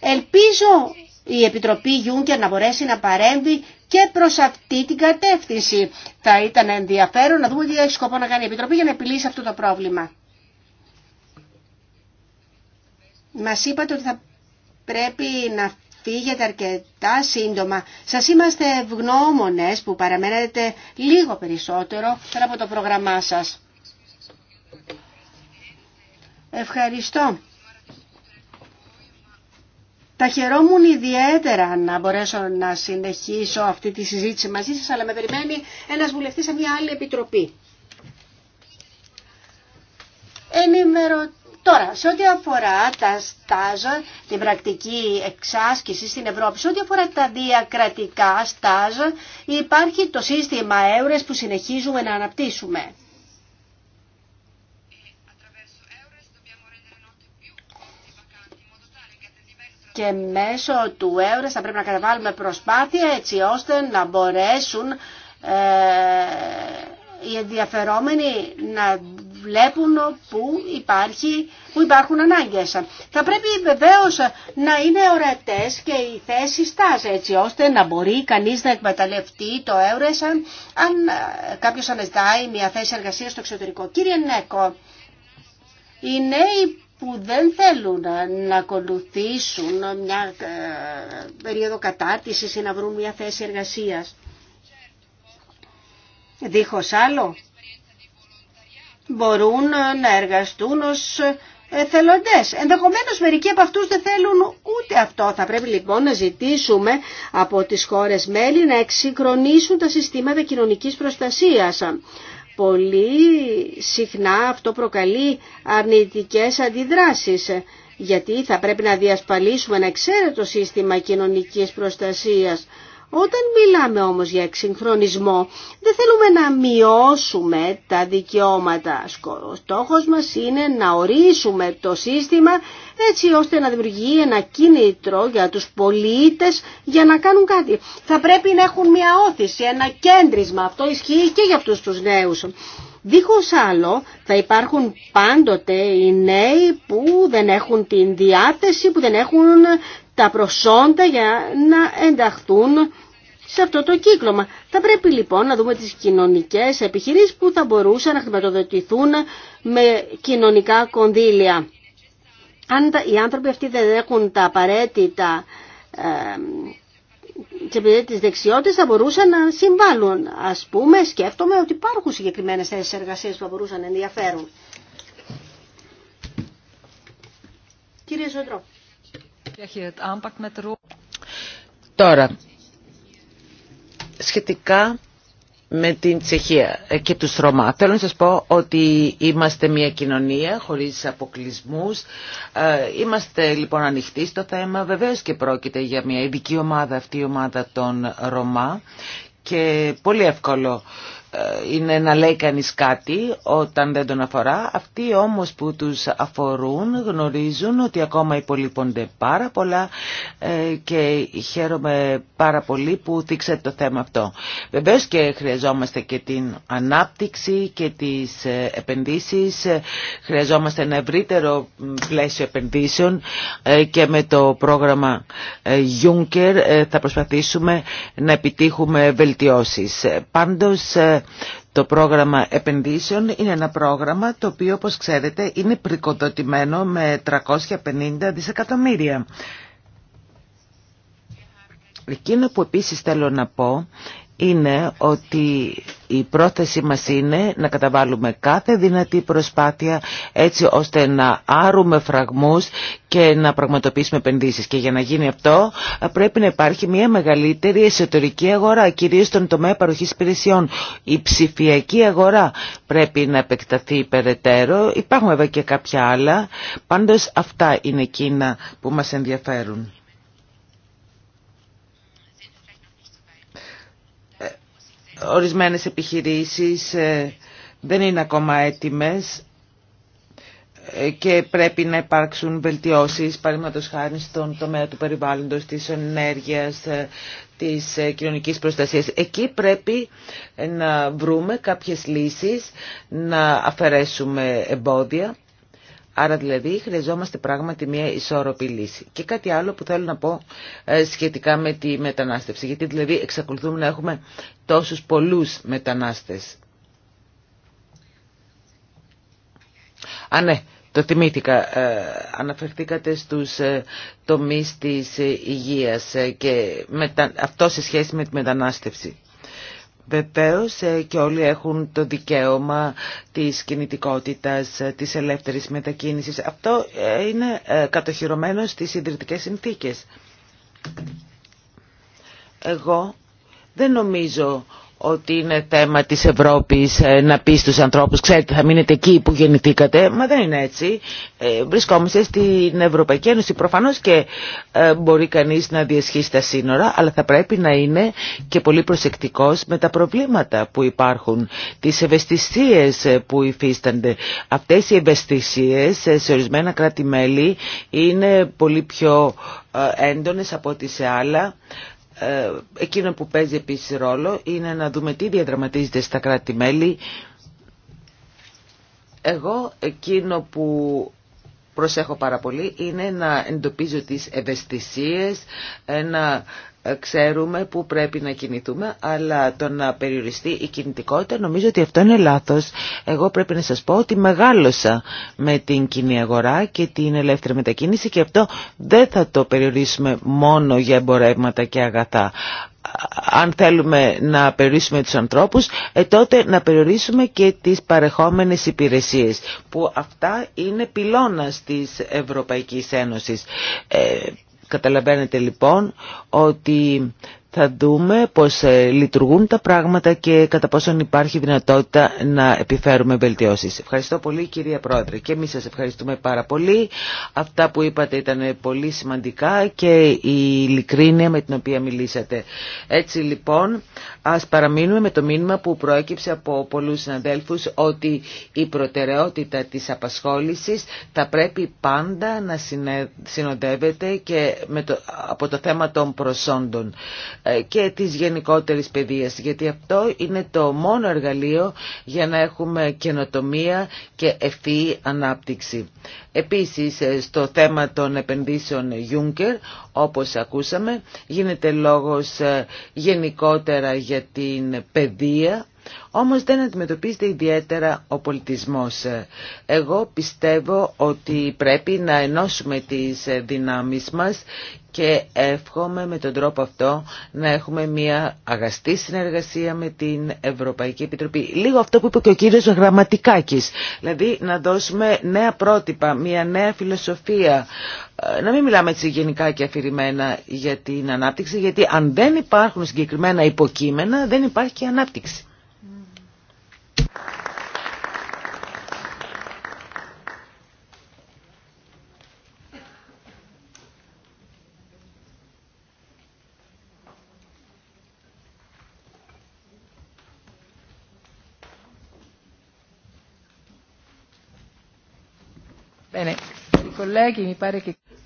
Ελπίζω η Επιτροπή Γιούγκερ να μπορέσει να παρέμβει και προς αυτή την κατεύθυνση. Θα ήταν ενδιαφέρον να δούμε τι έχει σκοπό να κάνει η Επιτροπή για να επιλύσει αυτό το πρόβλημα. Μας είπατε ότι θα πρέπει να φύγετε αρκετά σύντομα. Σας είμαστε ευγνώμονες που παραμένετε λίγο περισσότερο πέρα από το πρόγραμμά σας. Ευχαριστώ. Τα χαιρόμουν ιδιαίτερα να μπορέσω να συνεχίσω αυτή τη συζήτηση μαζί σας, αλλά με περιμένει ένας βουλευτής σε μια άλλη επιτροπή. Ενημερωτή Τώρα, σε ό,τι αφορά τα στάζ, την πρακτική εξάσκηση στην Ευρώπη, σε ό,τι αφορά τα διακρατικά στάζ, υπάρχει το σύστημα ΕΟΡΕΣ που συνεχίζουμε να αναπτύσσουμε. και μέσω του ΕΟΡΕΣ θα πρέπει να καταβάλουμε προσπάθεια έτσι ώστε να μπορέσουν ε, οι ενδιαφερόμενοι να βλέπουν που, υπάρχει, που υπάρχουν ανάγκες. Θα πρέπει βεβαίως να είναι ορατές και οι θέσει τάζ έτσι ώστε να μπορεί κανείς να εκμεταλλευτεί το έουρες αν, αν ε, κάποιος αναζητάει μια θέση εργασίας στο εξωτερικό. Κύριε Νέκο, οι νέοι που δεν θέλουν να ακολουθήσουν μια ε, περίοδο κατάρτισης ή να βρουν μια θέση εργασίας. Δίχως άλλο, μπορούν να εργαστούν ως εθελοντές. Ενδεχομένως μερικοί από αυτούς δεν θέλουν ούτε αυτό. Θα πρέπει λοιπόν να ζητήσουμε από τις χώρες μέλη να εξυγχρονίσουν τα συστήματα κοινωνικής προστασίας. Πολύ συχνά αυτό προκαλεί αρνητικές αντιδράσεις γιατί θα πρέπει να διασπαλίσουμε ένα εξαίρετο σύστημα κοινωνικής προστασίας όταν μιλάμε όμως για εξυγχρονισμό, δεν θέλουμε να μειώσουμε τα δικαιώματα. Ο στόχος μας είναι να ορίσουμε το σύστημα έτσι ώστε να δημιουργεί ένα κίνητρο για τους πολίτες για να κάνουν κάτι. Θα πρέπει να έχουν μια όθηση, ένα κέντρισμα. Αυτό ισχύει και για αυτούς τους νέους. Δίχως άλλο θα υπάρχουν πάντοτε οι νέοι που δεν έχουν την διάθεση, που δεν έχουν τα προσόντα για να ενταχθούν σε αυτό το κύκλωμα. Θα πρέπει λοιπόν να δούμε τις κοινωνικές επιχειρήσεις που θα μπορούσαν να χρηματοδοτηθούν με κοινωνικά κονδύλια. Αν οι άνθρωποι αυτοί δεν έχουν τα απαραίτητα ε, τις δεξιότητες θα μπορούσαν να συμβάλλουν. Ας πούμε σκέφτομαι ότι υπάρχουν συγκεκριμένες θέσεις εργασίας που θα μπορούσαν να ενδιαφέρουν. Κύριε Τώρα, σχετικά με την Τσεχία και τους Ρωμά. Θέλω να σας πω ότι είμαστε μια κοινωνία χωρίς αποκλεισμούς. Ε, είμαστε λοιπόν ανοιχτοί στο θέμα. Βεβαίως και πρόκειται για μια ειδική ομάδα αυτή η ομάδα των Ρωμά και πολύ εύκολο ε, είναι να λέει κανείς κάτι όταν δεν τον αφορά. Αυτοί όμως που τους αφορούν γνωρίζουν ότι ακόμα υπολείπονται πάρα πολλά ε, και χαίρομαι πάρα πολύ που δείξατε το θέμα αυτό. Βεβαίως και χρειαζόμαστε και την ανάπτυξη και τις ε, επενδύσεις. Χρειαζόμαστε ένα ευρύτερο πλαίσιο επενδύσεων και με το πρόγραμμα Juncker θα προσπαθήσουμε να επιτύχουμε βελτιώσεις. Πάντως το πρόγραμμα επενδύσεων είναι ένα πρόγραμμα το οποίο όπως ξέρετε είναι πρικοδοτημένο με 350 δισεκατομμύρια. Εκείνο που επίσης θέλω να πω είναι ότι η πρόθεσή μας είναι να καταβάλουμε κάθε δυνατή προσπάθεια έτσι ώστε να άρουμε φραγμούς και να πραγματοποιήσουμε επενδύσεις. Και για να γίνει αυτό πρέπει να υπάρχει μια μεγαλύτερη εσωτερική αγορά, κυρίως στον τομέα παροχής υπηρεσιών. Η ψηφιακή αγορά πρέπει να επεκταθεί περαιτέρω. Υπάρχουν βέβαια και κάποια άλλα. Πάντως αυτά είναι εκείνα που μας ενδιαφέρουν. Ορισμένες επιχειρήσεις ε, δεν είναι ακόμα έτοιμες ε, και πρέπει να υπάρξουν βελτιώσεις παραδείγματος χάρη στον τομέα του περιβάλλοντος, της ενέργειας, ε, της κοινωνικής προστασίας. Εκεί πρέπει να βρούμε κάποιες λύσεις, να αφαιρέσουμε εμπόδια Άρα δηλαδή χρειαζόμαστε πράγματι μια ισόρροπη λύση. Και κάτι άλλο που θέλω να πω ε, σχετικά με τη μετανάστευση. Γιατί δηλαδή εξακολουθούμε να έχουμε τόσους πολλούς μετανάστες. Α, ναι, το θυμήθηκα. Ε, αναφερθήκατε στους ε, τομείς της ε, υγείας ε, και μετα... αυτό σε σχέση με τη μετανάστευση. Βεβαίως ε, και όλοι έχουν το δικαίωμα της κινητικότητας, ε, της ελεύθερης μετακίνησης. Αυτό ε, είναι κατοχυρωμένο στις ιδρυτικές συνθήκες. Εγώ δεν νομίζω ότι είναι θέμα της Ευρώπης ε, να πει στους ανθρώπους «Ξέρετε, θα μείνετε εκεί που γεννηθήκατε». Μα δεν είναι έτσι. Ε, βρισκόμαστε στην Ευρωπαϊκή Ένωση. Προφανώς και ε, μπορεί κανείς να διασχίσει τα σύνορα, αλλά θα πρέπει να είναι και πολύ προσεκτικός με τα προβλήματα που υπάρχουν, τις ευαισθησίες που υφίστανται. Αυτές οι ευαισθησίες σε ορισμένα κράτη-μέλη είναι πολύ πιο έντονες από ό,τι σε άλλα. Ε, εκείνο που παίζει επίσης ρόλο είναι να δούμε τι διαδραματίζεται στα κράτη-μέλη. Εγώ εκείνο που προσέχω πάρα πολύ είναι να εντοπίζω τις ευαισθησίες, να ξέρουμε που πρέπει να κινηθούμε, αλλά το να περιοριστεί η κινητικότητα νομίζω ότι αυτό είναι λάθος. Εγώ πρέπει να σας πω ότι μεγάλωσα με την κοινή αγορά και την ελεύθερη μετακίνηση και αυτό δεν θα το περιορίσουμε μόνο για εμπορεύματα και αγαθά. Αν θέλουμε να περιορίσουμε τους ανθρώπους, ε, τότε να περιορίσουμε και τις παρεχόμενες υπηρεσίες, που αυτά είναι πυλώνας της Ευρωπαϊκής Ένωσης. Ε, Καταλαβαίνετε λοιπόν ότι θα δούμε πώς ε, λειτουργούν τα πράγματα και κατά πόσον υπάρχει δυνατότητα να επιφέρουμε βελτιώσεις. Ευχαριστώ πολύ κυρία Πρόεδρε και εμείς σας ευχαριστούμε πάρα πολύ. Αυτά που είπατε ήταν πολύ σημαντικά και η ειλικρίνεια με την οποία μιλήσατε. Έτσι λοιπόν ας παραμείνουμε με το μήνυμα που προέκυψε από πολλούς συναδέλφους ότι η προτεραιότητα της απασχόλησης θα πρέπει πάντα να συνοδεύεται και με το, από το θέμα των προσόντων. Ε, και της γενικότερης παιδείας γιατί αυτό είναι το μόνο εργαλείο για να έχουμε καινοτομία και ευθύη ανάπτυξη. Επίσης ε, στο θέμα των επενδύσεων Juncker όπως ακούσαμε γίνεται λόγος ε, γενικότερα για την παιδεία όμως δεν αντιμετωπίζεται ιδιαίτερα ο πολιτισμός. Εγώ πιστεύω ότι πρέπει να ενώσουμε τις δυνάμεις μας και εύχομαι με τον τρόπο αυτό να έχουμε μια αγαστή συνεργασία με την Ευρωπαϊκή Επιτροπή. Λίγο αυτό που είπε και ο κύριος Γραμματικάκης, δηλαδή να δώσουμε νέα πρότυπα, μια νέα φιλοσοφία, ε, να μην μιλάμε έτσι γενικά και αφηρημένα για την ανάπτυξη, γιατί αν δεν υπάρχουν συγκεκριμένα υποκείμενα δεν υπάρχει και ανάπτυξη.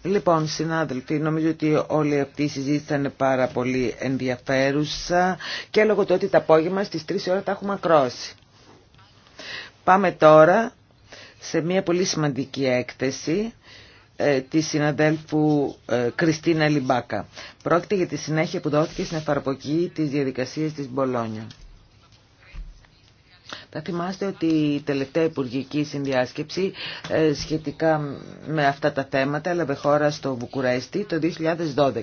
Λοιπόν, συνάδελφοι, νομίζω ότι όλη αυτή η συζήτηση πάρα πολύ ενδιαφέρουσα και λόγω του ότι τα απόγευμα στις 3 ώρα τα έχουμε ακρώσει. Πάμε τώρα σε μια πολύ σημαντική έκθεση ε, της συναδέλφου ε, Κριστίνα Λιμπάκα. Πρόκειται για τη συνέχεια που δόθηκε στην εφαρμογή της διαδικασίας της Μπολόνια. Θα θυμάστε ότι η τελευταία υπουργική συνδιάσκεψη ε, σχετικά με αυτά τα θέματα έλαβε χώρα στο Βουκουρέστι το 2012.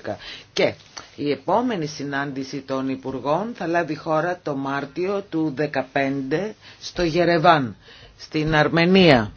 Και η επόμενη συνάντηση των υπουργών θα λάβει χώρα το Μάρτιο του 2015 στο Γερεβάν, στην Αρμενία.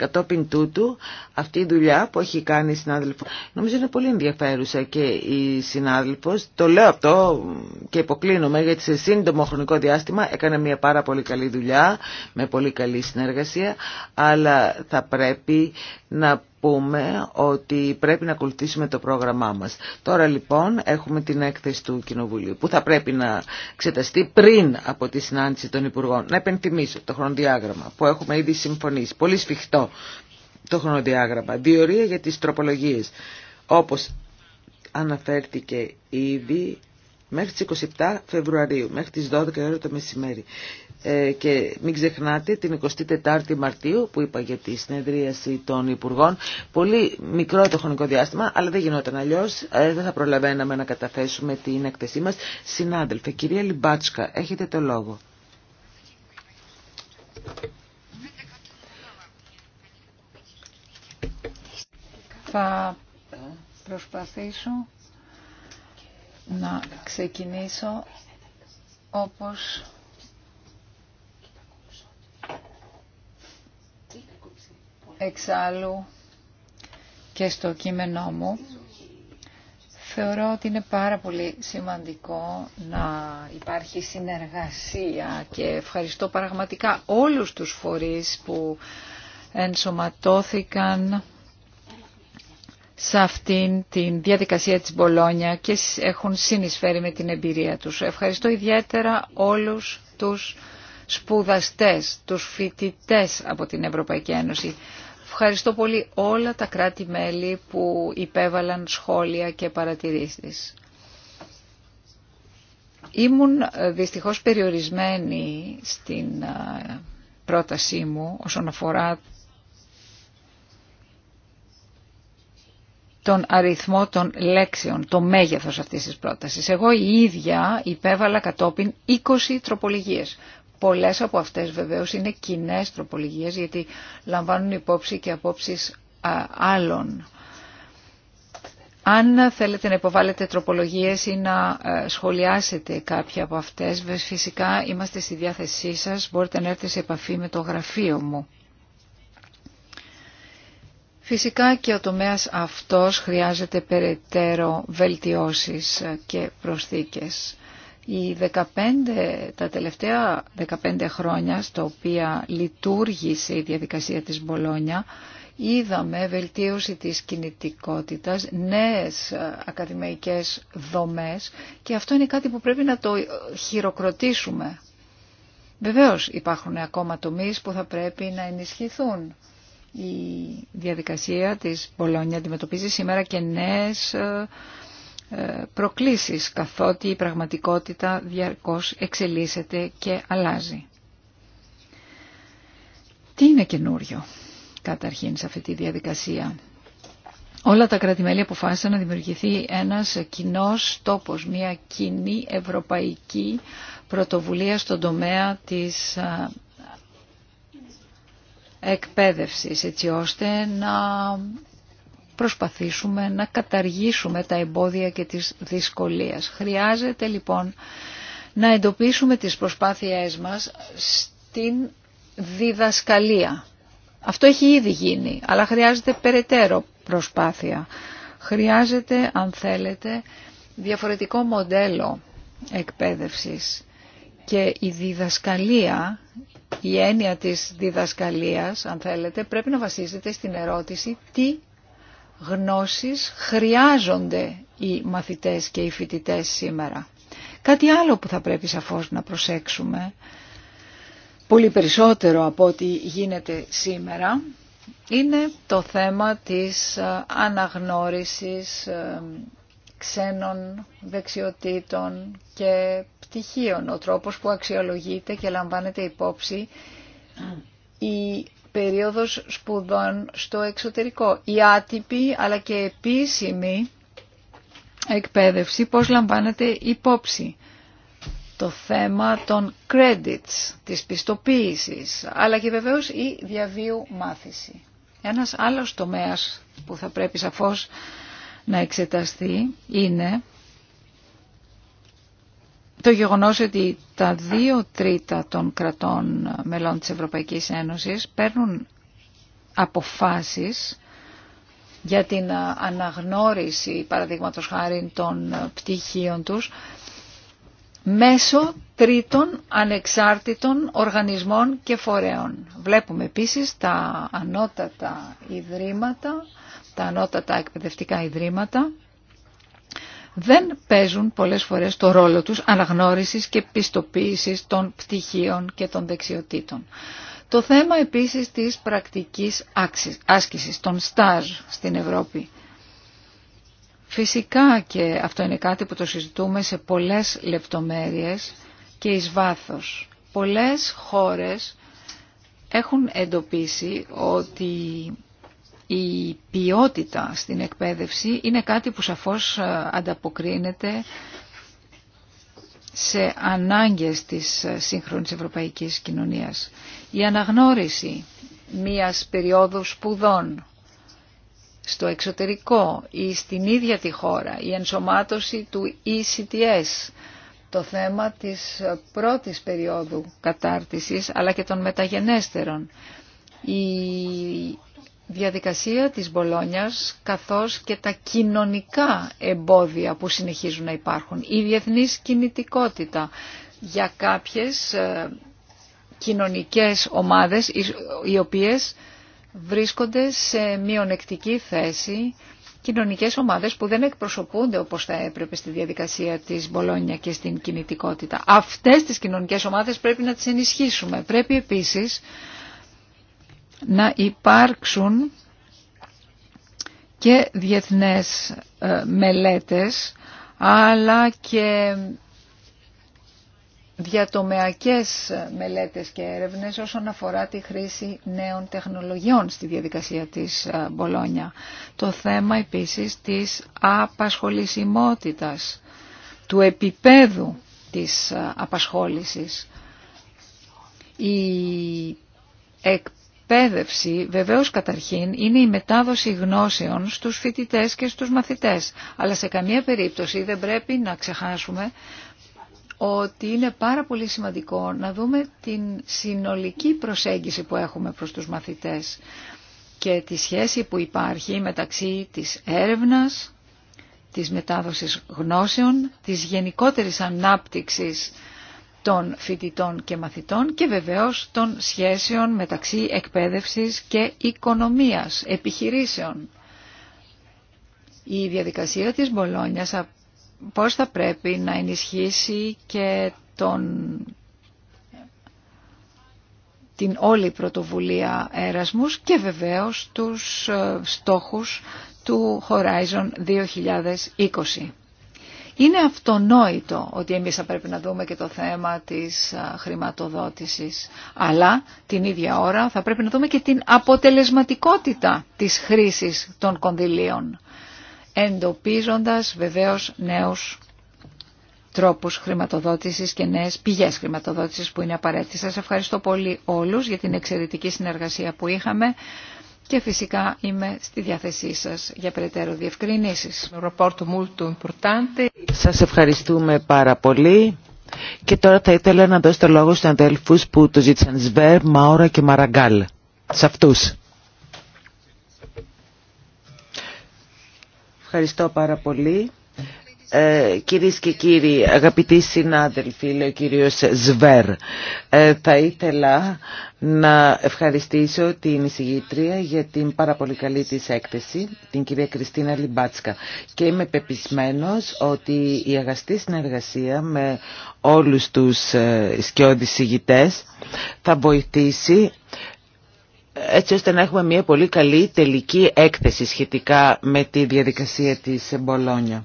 Κατόπιν τούτου, αυτή η δουλειά που έχει κάνει η συνάδελφο, νομίζω είναι πολύ ενδιαφέρουσα και η συνάδελφος, το λέω αυτό και υποκλίνομαι γιατί σε σύντομο χρονικό διάστημα έκανε μια πάρα πολύ καλή δουλειά, με πολύ καλή συνεργασία, αλλά θα πρέπει να πούμε ότι πρέπει να ακολουθήσουμε το πρόγραμμά μας. Τώρα λοιπόν έχουμε την έκθεση του Κοινοβουλίου που θα πρέπει να εξεταστεί πριν από τη συνάντηση των Υπουργών. Να επενθυμίσω το χρονοδιάγραμμα που έχουμε ήδη συμφωνήσει. Πολύ σφιχτό το χρονοδιάγραμμα. Διορία για τις τροπολογίες. Όπως αναφέρθηκε ήδη μέχρι τις 27 Φεβρουαρίου, μέχρι τις 12 το μεσημέρι. Ε, και μην ξεχνάτε την 24η Μαρτίου που είπα για τη συνεδρίαση των Υπουργών. Πολύ μικρό το χρονικό διάστημα, αλλά δεν γινόταν αλλιώ. Ε, δεν θα προλαβαίναμε να καταθέσουμε την έκθεσή μας. Συνάδελφε, κυρία Λιμπάτσκα, έχετε το λόγο. Θα προσπαθήσω να ξεκινήσω όπως Εξάλλου και στο κείμενό μου θεωρώ ότι είναι πάρα πολύ σημαντικό να υπάρχει συνεργασία και ευχαριστώ πραγματικά όλους τους φορείς που ενσωματώθηκαν σε αυτήν την διαδικασία της Μπολόνια και έχουν συνεισφέρει με την εμπειρία τους. Ευχαριστώ ιδιαίτερα όλους τους σπουδαστές, τους φοιτητές από την Ευρωπαϊκή Ένωση. Ευχαριστώ πολύ όλα τα κράτη-μέλη που υπέβαλαν σχόλια και παρατηρήσεις. Ήμουν ε, δυστυχώς περιορισμένη στην ε, πρότασή μου όσον αφορά τον αριθμό των λέξεων, το μέγεθος αυτής της πρότασης. Εγώ η ίδια υπέβαλα κατόπιν 20 τροπολογίες Πολλές από αυτές βεβαίως είναι κοινέ τροπολογίες γιατί λαμβάνουν υπόψη και απόψεις άλλων. Αν θέλετε να υποβάλλετε τροπολογίες ή να ε, σχολιάσετε κάποια από αυτές, φυσικά είμαστε στη διάθεσή σας, μπορείτε να έρθετε σε επαφή με το γραφείο μου. Φυσικά και ο τομέας αυτός χρειάζεται περαιτέρω βελτιώσεις και προσθήκες. Οι 15, τα τελευταία 15 χρόνια στα οποία λειτουργήσε η διαδικασία της Μπολόνια είδαμε βελτίωση της κινητικότητας, νέες ε, ακαδημαϊκές δομές και αυτό είναι κάτι που πρέπει να το χειροκροτήσουμε. Βεβαίως υπάρχουν ακόμα τομείς που θα πρέπει να ενισχυθούν. Η διαδικασία της Μπολόνια αντιμετωπίζει σήμερα και νέες ε, προκλήσεις καθότι η πραγματικότητα διαρκώς εξελίσσεται και αλλάζει. Τι είναι καινούριο καταρχήν σε αυτή τη διαδικασία. Όλα τα κρατημέλη αποφάσισαν να δημιουργηθεί ένας κοινός τόπος, μια κοινή ευρωπαϊκή πρωτοβουλία στον τομέα της εκπαίδευσης, έτσι ώστε να προσπαθήσουμε να καταργήσουμε τα εμπόδια και τις δυσκολίες. Χρειάζεται λοιπόν να εντοπίσουμε τις προσπάθειές μας στην διδασκαλία. Αυτό έχει ήδη γίνει, αλλά χρειάζεται περαιτέρω προσπάθεια. Χρειάζεται, αν θέλετε, διαφορετικό μοντέλο εκπαίδευσης και η διδασκαλία, η έννοια της διδασκαλίας, αν θέλετε, πρέπει να βασίζεται στην ερώτηση τι γνώσεις χρειάζονται οι μαθητές και οι φοιτητές σήμερα. Κάτι άλλο που θα πρέπει σαφώς να προσέξουμε, πολύ περισσότερο από ό,τι γίνεται σήμερα, είναι το θέμα της ε, αναγνώρισης ε, ξένων δεξιοτήτων και πτυχίων, ο τρόπος που αξιολογείται και λαμβάνεται υπόψη η περίοδος σπουδών στο εξωτερικό. Η άτυπη αλλά και επίσημη εκπαίδευση πώς λαμβάνεται υπόψη. Το θέμα των credits, της πιστοποίησης, αλλά και βεβαίως η διαβίου μάθηση. Ένας άλλος τομέας που θα πρέπει σαφώς να εξεταστεί είναι το γεγονός ότι τα δύο τρίτα των κρατών μελών της Ευρωπαϊκής Ένωσης παίρνουν αποφάσεις για την αναγνώριση, παραδείγματος χάρη, των πτυχίων τους μέσω τρίτων ανεξάρτητων οργανισμών και φορέων. Βλέπουμε επίσης τα ανώτατα ιδρύματα, τα ανώτατα εκπαιδευτικά ιδρύματα, δεν παίζουν πολλές φορές το ρόλο τους αναγνώρισης και πιστοποίησης των πτυχίων και των δεξιοτήτων. Το θέμα επίσης της πρακτικής άσκησης, των στάζ στην Ευρώπη. Φυσικά και αυτό είναι κάτι που το συζητούμε σε πολλές λεπτομέρειες και εις βάθος. Πολλές χώρες έχουν εντοπίσει ότι η ποιότητα στην εκπαίδευση είναι κάτι που σαφώς ε, ανταποκρίνεται σε ανάγκες της ε, σύγχρονης ευρωπαϊκής κοινωνίας. Η αναγνώριση μίας περίοδου σπουδών στο εξωτερικό ή στην ίδια τη χώρα, η ενσωμάτωση του ECTS, το θέμα της ε, πρώτης περίοδου κατάρτισης αλλά και των μεταγενέστερων, η διαδικασία της Μπολόνιας καθώς και τα κοινωνικά εμπόδια που συνεχίζουν να υπάρχουν. Η διεθνής κινητικότητα για κάποιες ε, κοινωνικές ομάδες οι οποίες βρίσκονται σε μειονεκτική θέση κοινωνικές ομάδες που δεν εκπροσωπούνται όπως θα έπρεπε στη διαδικασία της Μπολόνια και στην κινητικότητα. Αυτές τις κοινωνικές ομάδες πρέπει να τις ενισχύσουμε. Πρέπει επίσης να υπάρξουν και διεθνές ε, μελέτες αλλά και διατομεακές μελέτες και έρευνες όσον αφορά τη χρήση νέων τεχνολογιών στη διαδικασία της ε, Μπολόνια. Το θέμα επίσης της απασχολησιμότητας, του επίπεδου της ε, απασχόλησης. Η εκπαίδευση βεβαίως καταρχήν είναι η μετάδοση γνώσεων στους φοιτητές και στους μαθητές. Αλλά σε καμία περίπτωση δεν πρέπει να ξεχάσουμε ότι είναι πάρα πολύ σημαντικό να δούμε την συνολική προσέγγιση που έχουμε προς τους μαθητές και τη σχέση που υπάρχει μεταξύ της έρευνας, της μετάδοσης γνώσεων, της γενικότερης ανάπτυξης των φοιτητών και μαθητών και βεβαίως των σχέσεων μεταξύ εκπαίδευσης και οικονομίας, επιχειρήσεων. Η διαδικασία της Μπολόνιας πώς θα πρέπει να ενισχύσει και τον... την όλη πρωτοβουλία έρασμους και βεβαίως τους ε, στόχους του Horizon 2020. Είναι αυτονόητο ότι εμείς θα πρέπει να δούμε και το θέμα της χρηματοδότησης, αλλά την ίδια ώρα θα πρέπει να δούμε και την αποτελεσματικότητα της χρήσης των κονδυλίων, εντοπίζοντας βεβαίως νέους τρόπους χρηματοδότησης και νέες πηγές χρηματοδότησης που είναι απαραίτητες. Σας ευχαριστώ πολύ όλους για την εξαιρετική συνεργασία που είχαμε και φυσικά είμαι στη διάθεσή σας για περαιτέρω διευκρινήσεις. Σας ευχαριστούμε πάρα πολύ. Και τώρα θα ήθελα να δώσω το λόγο στους αδέλφους που το ζήτησαν Σβέρ, Μάουρα και Μαραγκάλ. Σε αυτούς. Ευχαριστώ πάρα πολύ. Ε, κυρίες και κύριοι, αγαπητοί συνάδελφοι, λέει ο κύριος Σβέρ, ε, θα ήθελα να ευχαριστήσω την εισηγήτρια για την πάρα πολύ καλή της έκθεση, την κυρία Κριστίνα Λιμπάτσκα. Και είμαι πεπισμένος ότι η αγαστή συνεργασία με όλους τους ε, σκιώδης θα βοηθήσει έτσι ώστε να έχουμε μια πολύ καλή τελική έκθεση σχετικά με τη διαδικασία της Μπολόνια.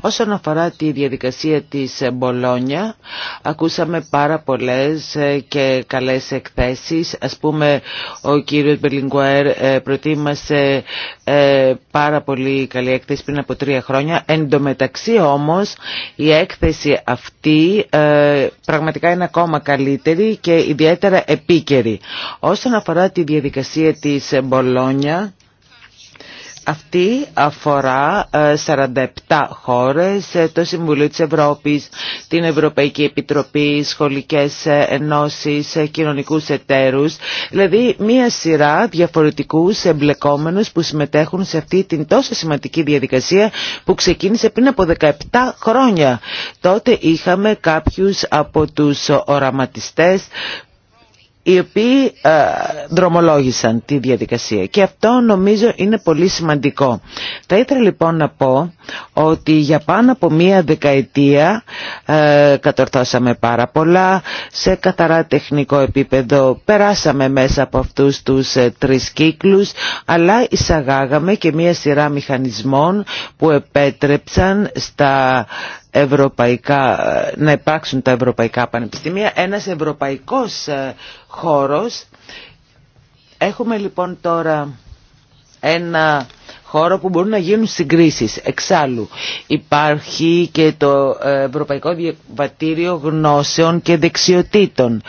Όσον αφορά τη διαδικασία της Μπολόνια, ακούσαμε πάρα πολλές ε, και καλές εκθέσεις. Ας πούμε, ο κύριος Μπελιγκουέρ ε, προτίμασε ε, πάρα πολύ καλή έκθεση πριν από τρία χρόνια. Εν τω μεταξύ όμως, η έκθεση αυτή πραγματικά είναι ακόμα καλύτερη και ιδιαίτερα επίκαιρη. Όσον αφορά τη διαδικασία της Μπολόνια, αυτή αφορά 47 ε, χώρες, ε, το Συμβουλίο της Ευρώπης, την Ευρωπαϊκή Επιτροπή, σχολικές ε, ενώσεις, κοινωνικούς εταίρους, δηλαδή μία σειρά διαφορετικούς εμπλεκόμενους που συμμετέχουν σε αυτή την τόσο σημαντική διαδικασία που ξεκίνησε πριν από 17 χρόνια. Τότε είχαμε κάποιους από τους οραματιστές οι οποίοι ε, δρομολόγησαν τη διαδικασία. Και αυτό νομίζω είναι πολύ σημαντικό. Θα ήθελα λοιπόν να πω ότι για πάνω από μία δεκαετία ε, κατορθώσαμε πάρα πολλά σε καθαρά τεχνικό επίπεδο. Περάσαμε μέσα από αυτούς τους ε, τρεις κύκλους αλλά εισαγάγαμε και μία σειρά μηχανισμών που επέτρεψαν στα ευρωπαϊκά, να υπάρξουν τα ευρωπαϊκά πανεπιστήμια, ένας ευρωπαϊκός ε, χώρος. Έχουμε λοιπόν τώρα ένα χώρο που μπορούν να γίνουν συγκρίσεις. Εξάλλου υπάρχει και το ε, Ευρωπαϊκό Διαβατήριο Γνώσεων και Δεξιοτήτων.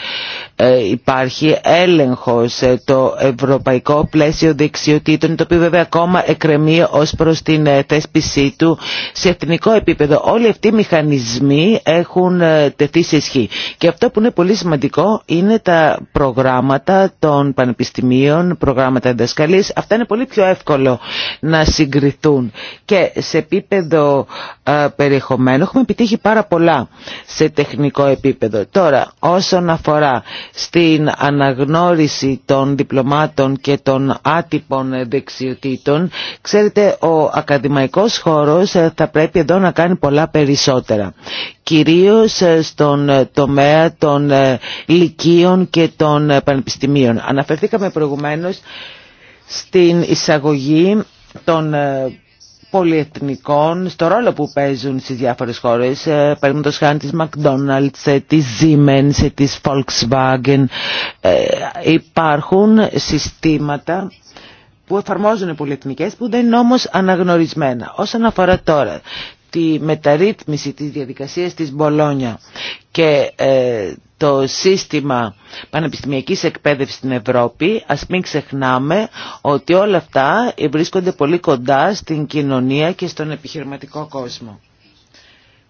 Ε, υπάρχει έλεγχος, ε, το ευρωπαϊκό πλαίσιο δεξιοτήτων, το οποίο βέβαια ακόμα εκκρεμεί ως προς την ε, θέσπισή του σε εθνικό επίπεδο. Όλοι αυτοί οι μηχανισμοί έχουν τεθεί σε ισχύ. Και αυτό που είναι πολύ σημαντικό είναι τα προγράμματα των πανεπιστημίων, προγράμματα εντασκαλής. Αυτά είναι πολύ πιο εύκολο να συγκριθούν. Και σε επίπεδο περιεχομένου έχουμε επιτύχει πάρα πολλά σε τεχνικό επίπεδο. Τώρα, όσον αφορά στην αναγνώριση των διπλωμάτων και των άτυπων δεξιοτήτων. Ξέρετε, ο ακαδημαϊκός χώρος ε, θα πρέπει εδώ να κάνει πολλά περισσότερα. Κυρίως ε, στον ε, τομέα των λυκείων και των πανεπιστημίων. Αναφερθήκαμε προηγουμένως στην εισαγωγή των πολυεθνικών στο ρόλο που παίζουν στις διάφορες χώρες ε, παραδείγματος χάνη της McDonald's, ε, της Siemens, ε, της Volkswagen υπάρχουν συστήματα που εφαρμόζουν πολυεθνικές που δεν είναι όμως αναγνωρισμένα. Όσον αφορά τώρα τη μεταρρύθμιση της διαδικασίας της Μπολόνια και το σύστημα πανεπιστημιακής εκπαίδευσης στην Ευρώπη, ας μην ξεχνάμε ότι όλα αυτά βρίσκονται πολύ κοντά στην κοινωνία και στον επιχειρηματικό κόσμο.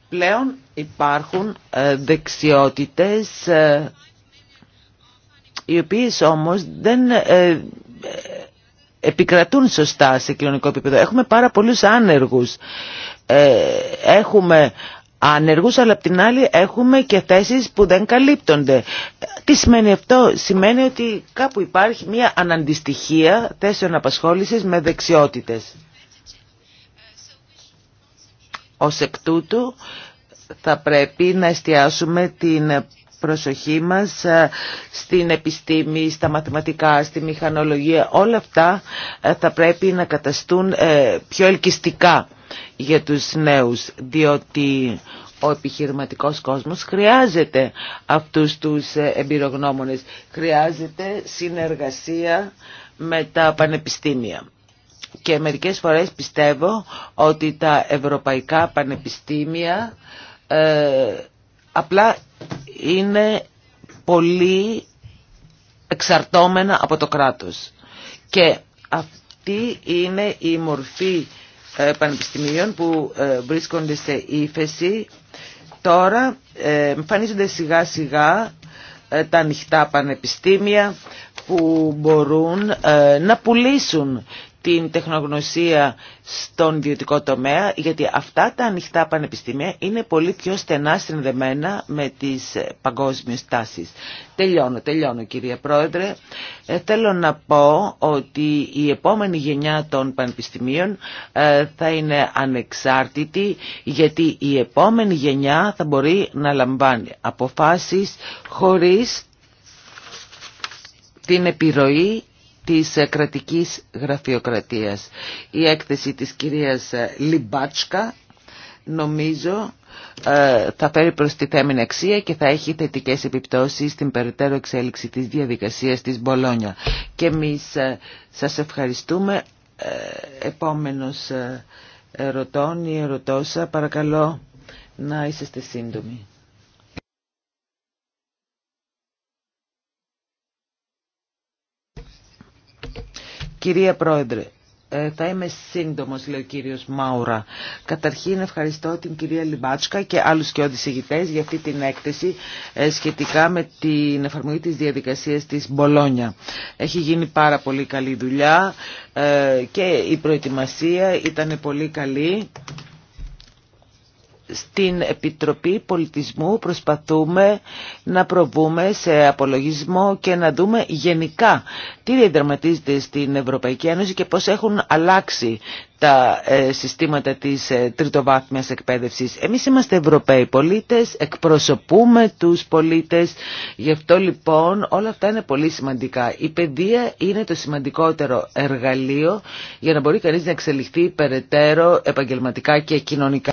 Πλέον υπάρχουν ε, δεξιότητες ε, οι οποίες όμως δεν ε, επικρατούν σωστά σε κοινωνικό επίπεδο. Έχουμε πάρα πολλούς άνεργους. Έχουμε ανεργούς αλλά απ' την άλλη έχουμε και θέσεις που δεν καλύπτονται. Τι σημαίνει αυτό. Σημαίνει ότι κάπου υπάρχει μια αναντιστοιχία θέσεων απασχόλησης με δεξιότητες. Ως εκ τούτου θα πρέπει να εστιάσουμε την προσοχή μας ε, στην επιστήμη, στα μαθηματικά, στη μηχανολογία. Όλα αυτά ε, θα πρέπει να καταστούν ε, πιο ελκυστικά για τους νέους, διότι ο επιχειρηματικός κόσμος χρειάζεται αυτούς τους εμπειρογνώμονες, χρειάζεται συνεργασία με τα πανεπιστήμια. Και μερικές φορές πιστεύω ότι τα ευρωπαϊκά πανεπιστήμια απλά είναι πολύ εξαρτώμενα από το κράτος. Και αυτή είναι η μορφή ε, πανεπιστημίων που ε, βρίσκονται σε ύφεση. Τώρα ε, εμφανίζονται σιγά σιγά τα ανοιχτά πανεπιστήμια που μπορούν να πουλήσουν την τεχνογνωσία στον ιδιωτικό τομέα, γιατί αυτά τα ανοιχτά πανεπιστήμια είναι πολύ πιο στενά συνδεμένα με τις παγκόσμιες τάσεις. Τελειώνω, τελειώνω κυρία Πρόεδρε. Ε, θέλω να πω ότι η επόμενη γενιά των πανεπιστημίων ε, θα είναι ανεξάρτητη, γιατί η επόμενη γενιά θα μπορεί να λαμβάνει αποφάσεις χωρίς την επιρροή της κρατικής γραφειοκρατίας. Η έκθεση της κυρίας Λιμπάτσκα νομίζω ε, θα φέρει προς τη θέμενη αξία και θα έχει θετικές επιπτώσεις στην περαιτέρω εξέλιξη της διαδικασίας της Μπολόνια. Και εμείς ε, σας ευχαριστούμε. Ε, επόμενος ερωτών ή ερωτώσα, παρακαλώ να είσαστε σύντομοι. Κυρία Πρόεδρε, ε, θα είμαι σύντομος, λέει ο κύριος Μάουρα. Καταρχήν ευχαριστώ την κυρία Λιμπάτσκα και άλλους και ηγητές για αυτή την έκθεση ε, σχετικά με την εφαρμογή της διαδικασίας της Μπολόνια. Έχει γίνει πάρα πολύ καλή δουλειά ε, και η προετοιμασία ήταν πολύ καλή στην Επιτροπή Πολιτισμού προσπαθούμε να προβούμε σε απολογισμό και να δούμε γενικά τι διαδραματίζεται στην Ευρωπαϊκή Ένωση και πώς έχουν αλλάξει τα ε, συστήματα της ε, τριτοβάθμιας εκπαίδευσης. Εμείς είμαστε Ευρωπαίοι πολίτες, εκπροσωπούμε τους πολίτες, γι' αυτό λοιπόν όλα αυτά είναι πολύ σημαντικά. Η παιδεία είναι το σημαντικότερο εργαλείο για να μπορεί κανείς να εξελιχθεί περαιτέρω επαγγελματικά και κοινωνικά.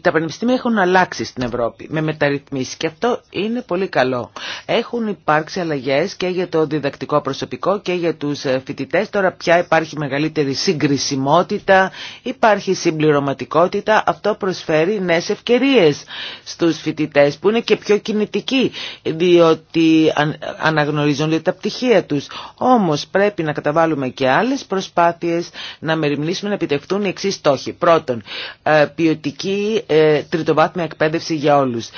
τα πανεπιστήμια έχουν αλλάξει στην Ευρώπη με μεταρρυθμίσεις και αυτό είναι πολύ καλό. Έχουν υπάρξει αλλαγές και για το διδακτικό προσωπικό και για τους ε, φοιτητές. Τώρα πια υπάρχει μεγαλύτερη συγκρισιμότητα, υπάρχει συμπληρωματικότητα. Αυτό προσφέρει νέες ευκαιρίες στους φοιτητές που είναι και πιο κινητικοί διότι αναγνωρίζουν τα πτυχία τους. Όμως πρέπει να καταβάλουμε και άλλες προσπάθειες να μεριμνήσουμε να επιτευχθούν οι εξή στόχοι. Πρώτον, ε, ε, τριτοβάθμια εκπαίδευση για όλους.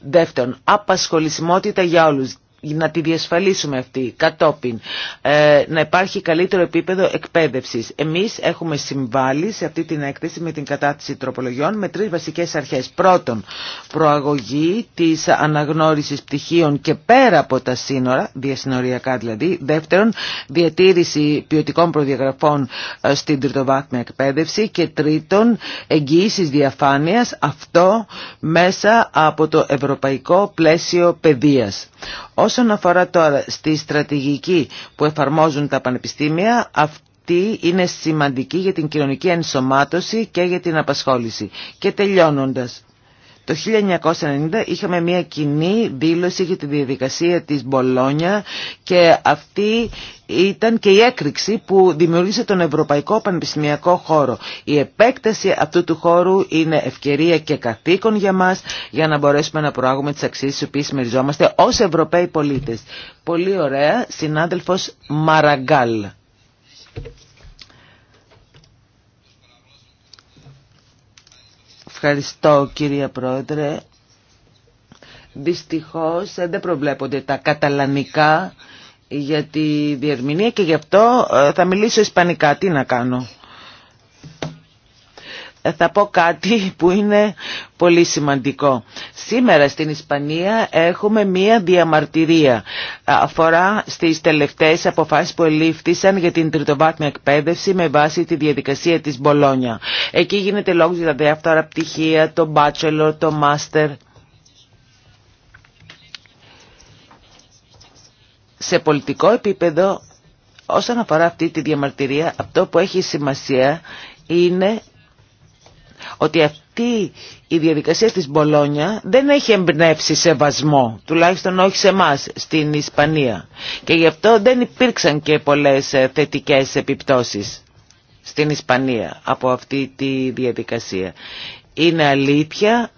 Δεύτερον, απασχολησιμότητα για όλους να τη διασφαλίσουμε αυτή κατόπιν, ε, να υπάρχει καλύτερο επίπεδο εκπαίδευσης. Εμείς έχουμε συμβάλει σε αυτή την έκθεση με την κατάθεση τροπολογιών με τρεις βασικές αρχές. Πρώτον, προαγωγή της αναγνώρισης πτυχίων και πέρα από τα σύνορα, διασυνοριακά δηλαδή. Δεύτερον, διατήρηση ποιοτικών προδιαγραφών ε, στην τριτοβάθμια εκπαίδευση. Και τρίτον, εγγυήσεις διαφάνειας, αυτό μέσα από το ευρωπαϊκό πλαίσιο παιδείας. Όσον αφορά τώρα στη στρατηγική που εφαρμόζουν τα πανεπιστήμια, αυτή είναι σημαντική για την κοινωνική ενσωμάτωση και για την απασχόληση. Και τελειώνοντας, το 1990 είχαμε μια κοινή δήλωση για τη διαδικασία της Μπολόνια και αυτή ήταν και η έκρηξη που δημιούργησε τον Ευρωπαϊκό Πανεπιστημιακό Χώρο. Η επέκταση αυτού του χώρου είναι ευκαιρία και καθήκον για μας για να μπορέσουμε να προάγουμε τις αξίες τις οποίες μεριζόμαστε ως Ευρωπαίοι πολίτες. Πολύ ωραία, συνάδελφος Μαραγκάλ. Ευχαριστώ κυρία Πρόεδρε. Δυστυχώς ε, δεν προβλέπονται τα καταλανικά για τη διερμηνία και γι' αυτό ε, θα μιλήσω ισπανικά. Τι να κάνω θα πω κάτι που είναι πολύ σημαντικό. Σήμερα στην Ισπανία έχουμε μία διαμαρτυρία. Αφορά στις τελευταίες αποφάσεις που ελήφθησαν για την τριτοβάθμια εκπαίδευση με βάση τη διαδικασία της Μπολόνια. Εκεί γίνεται λόγος για δηλαδή, τα διάφορα πτυχία, το bachelor, το master. Σε πολιτικό επίπεδο, όσον αφορά αυτή τη διαμαρτυρία, αυτό που έχει σημασία είναι ότι αυτή η διαδικασία της Μπολόνια δεν έχει εμπνεύσει σεβασμό, τουλάχιστον όχι σε εμά στην Ισπανία. Και γι' αυτό δεν υπήρξαν και πολλές ε, θετικές επιπτώσεις στην Ισπανία από αυτή τη διαδικασία. Είναι αλήθεια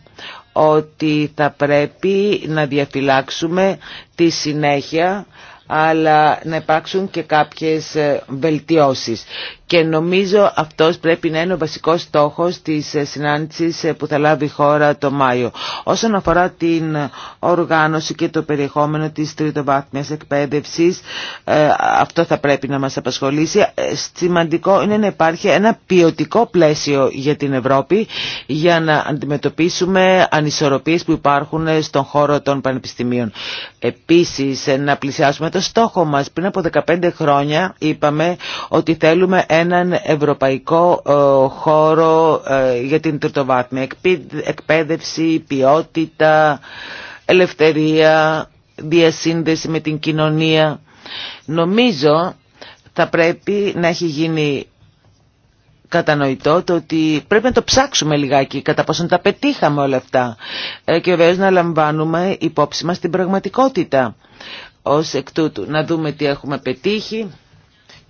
ότι θα πρέπει να διαφυλάξουμε τη συνέχεια αλλά να υπάρξουν και κάποιες ε, βελτιώσεις. Και νομίζω αυτός πρέπει να είναι ο βασικός στόχος της συνάντησης που θα λάβει η χώρα το Μάιο. Όσον αφορά την οργάνωση και το περιεχόμενο της τριτοβάθμιας εκπαίδευσης, ε, αυτό θα πρέπει να μας απασχολήσει. Ε, σημαντικό είναι να υπάρχει ένα ποιοτικό πλαίσιο για την Ευρώπη για να αντιμετωπίσουμε ανισορροπίες που υπάρχουν στον χώρο των πανεπιστημίων. Επίσης, να πλησιάσουμε το στόχο μας. Πριν από 15 χρόνια είπαμε ότι θέλουμε έναν ευρωπαϊκό ε, χώρο ε, για την τριτοβάθμια εκπαίδευση, ποιότητα, ελευθερία, διασύνδεση με την κοινωνία. Νομίζω θα πρέπει να έχει γίνει κατανοητό το ότι πρέπει να το ψάξουμε λιγάκι κατά πόσον τα πετύχαμε όλα αυτά ε, και βέβαια να λαμβάνουμε υπόψη μας την πραγματικότητα ως εκ τούτου. Να δούμε τι έχουμε πετύχει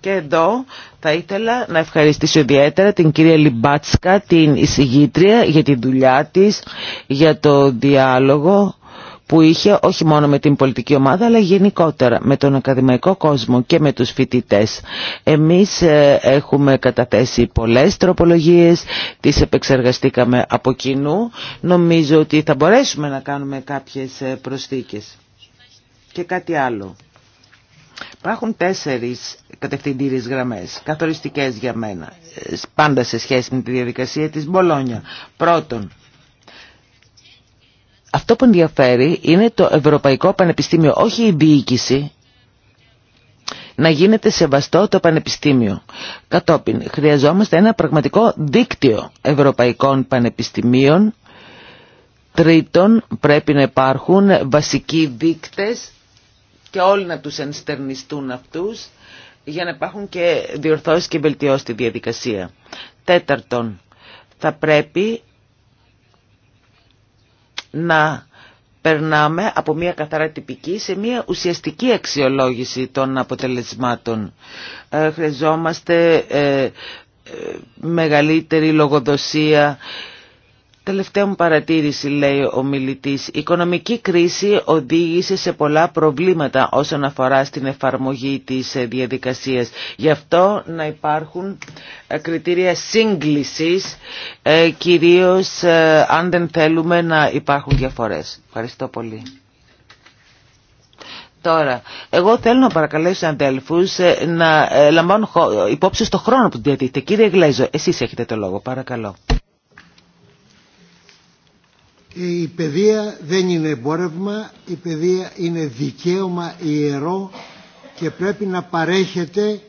και εδώ θα ήθελα να ευχαριστήσω ιδιαίτερα την κυρία Λιμπάτσκα, την εισηγήτρια, για τη δουλειά της, για το διάλογο που είχε όχι μόνο με την πολιτική ομάδα αλλά γενικότερα με τον ακαδημαϊκό κόσμο και με τους φοιτητές. Εμείς ε, έχουμε καταθέσει πολλές τροπολογίες, τις επεξεργαστήκαμε από κοινού. Νομίζω ότι θα μπορέσουμε να κάνουμε κάποιες ε, προσθήκες. Και κάτι άλλο. Υπάρχουν τέσσερις κατευθυντήριες γραμμές, καθοριστικές για μένα, ε, πάντα σε σχέση με τη διαδικασία της Μπολόνια. Πρώτον, αυτό που ενδιαφέρει είναι το Ευρωπαϊκό Πανεπιστήμιο, όχι η διοίκηση, να γίνεται σεβαστό το Πανεπιστήμιο. Κατόπιν, χρειαζόμαστε ένα πραγματικό δίκτυο Ευρωπαϊκών Πανεπιστημίων. Τρίτον, πρέπει να υπάρχουν βασικοί δείκτες και όλοι να τους ενστερνιστούν αυτούς για να υπάρχουν και διορθώσεις και βελτιώσεις στη διαδικασία. Τέταρτον, θα πρέπει να περνάμε από μια καθαρά τυπική σε μια ουσιαστική αξιολόγηση των αποτελεσμάτων. Ε, χρειαζόμαστε ε, ε, μεγαλύτερη λογοδοσία Τελευταία μου παρατήρηση, λέει ο μιλητής, η οικονομική κρίση οδήγησε σε πολλά προβλήματα όσον αφορά στην εφαρμογή της διαδικασίας. Γι' αυτό να υπάρχουν ε, κριτήρια σύγκλησης, ε, κυρίως ε, αν δεν θέλουμε να υπάρχουν διαφορές. Ευχαριστώ πολύ. Τώρα, εγώ θέλω να παρακαλέσω του αντέλφου να λαμβάνουν υπόψη στο χρόνο που διατηρείτε. Κύριε Γλέζο, εσείς έχετε το λόγο, παρακαλώ. Ε, η παιδεία δεν είναι εμπόρευμα, η παιδεία είναι δικαίωμα ιερό και πρέπει να παρέχεται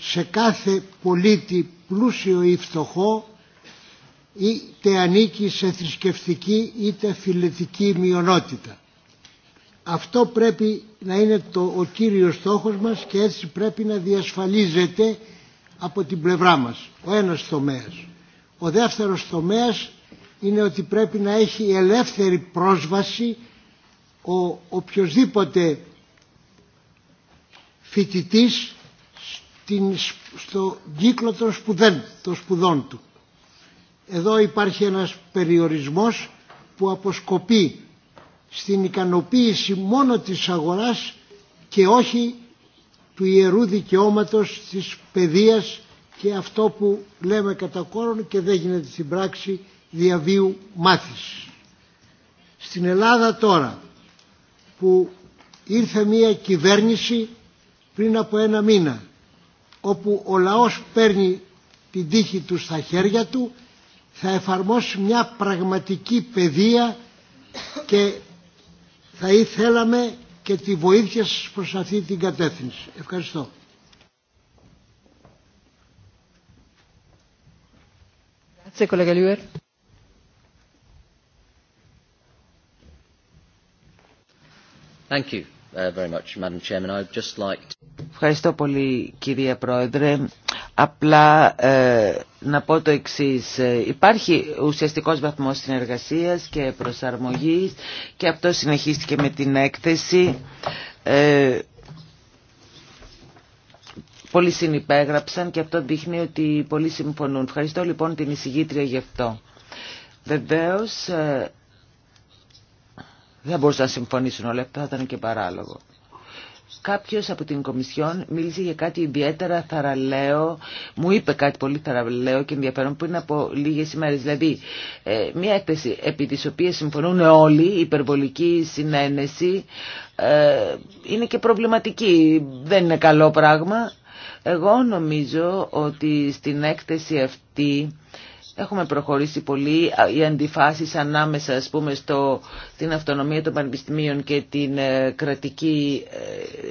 σε κάθε πολίτη πλούσιο ή φτωχό είτε ανήκει σε θρησκευτική είτε φιλετική μειονότητα. Αυτό πρέπει να είναι το, ο κύριος στόχος μας και έτσι πρέπει να διασφαλίζεται από την πλευρά μας, ο ένας τομέας. Ο δεύτερος τομέας είναι ότι πρέπει να έχει ελεύθερη πρόσβαση ο οποιοσδήποτε φοιτητής στο κύκλο των, των σπουδών του. Εδώ υπάρχει ένας περιορισμός που αποσκοπεί στην ικανοποίηση μόνο της αγοράς και όχι του ιερού δικαιώματο της παιδείας και αυτό που λέμε κατά κόρον και δεν γίνεται στην πράξη διαβίου μάθησης. Στην Ελλάδα τώρα που ήρθε μια κυβέρνηση πριν από ένα μήνα όπου ο λαός παίρνει την τύχη του στα χέρια του θα εφαρμόσει μια πραγματική παιδεία και θα ήθελαμε και τη βοήθεια σας προς αυτή την κατεύθυνση. Ευχαριστώ. Grazie collega Ευχαριστώ πολύ κυρία Πρόεδρε. Απλά ε, να πω το εξής. Ε, υπάρχει ουσιαστικός βαθμός συνεργασίας και προσαρμογής και αυτό συνεχίστηκε με την έκθεση. Ε, πολλοί συνυπέγραψαν και αυτό δείχνει ότι πολλοί συμφωνούν. Ευχαριστώ λοιπόν την εισηγήτρια γι' αυτό. Βεβαίως... Ε, δεν μπορούσαν να συμφωνήσουν όλα αυτά, θα ήταν και παράλογο. Κάποιος από την Κομισιόν μίλησε για κάτι ιδιαίτερα θαραλέο, μου είπε κάτι πολύ θαραλέο και ενδιαφέρον που είναι από λίγες ημέρες. Δηλαδή, ε, μια έκθεση επί της οποίας συμφωνούν όλοι, η υπερβολική συνένεση, ε, είναι και προβληματική, δεν είναι καλό πράγμα. Εγώ νομίζω ότι στην έκθεση αυτή Έχουμε προχωρήσει πολύ. Οι αντιφάσεις ανάμεσα ας πούμε, στο, στην αυτονομία των πανεπιστημίων και την ε, κρατική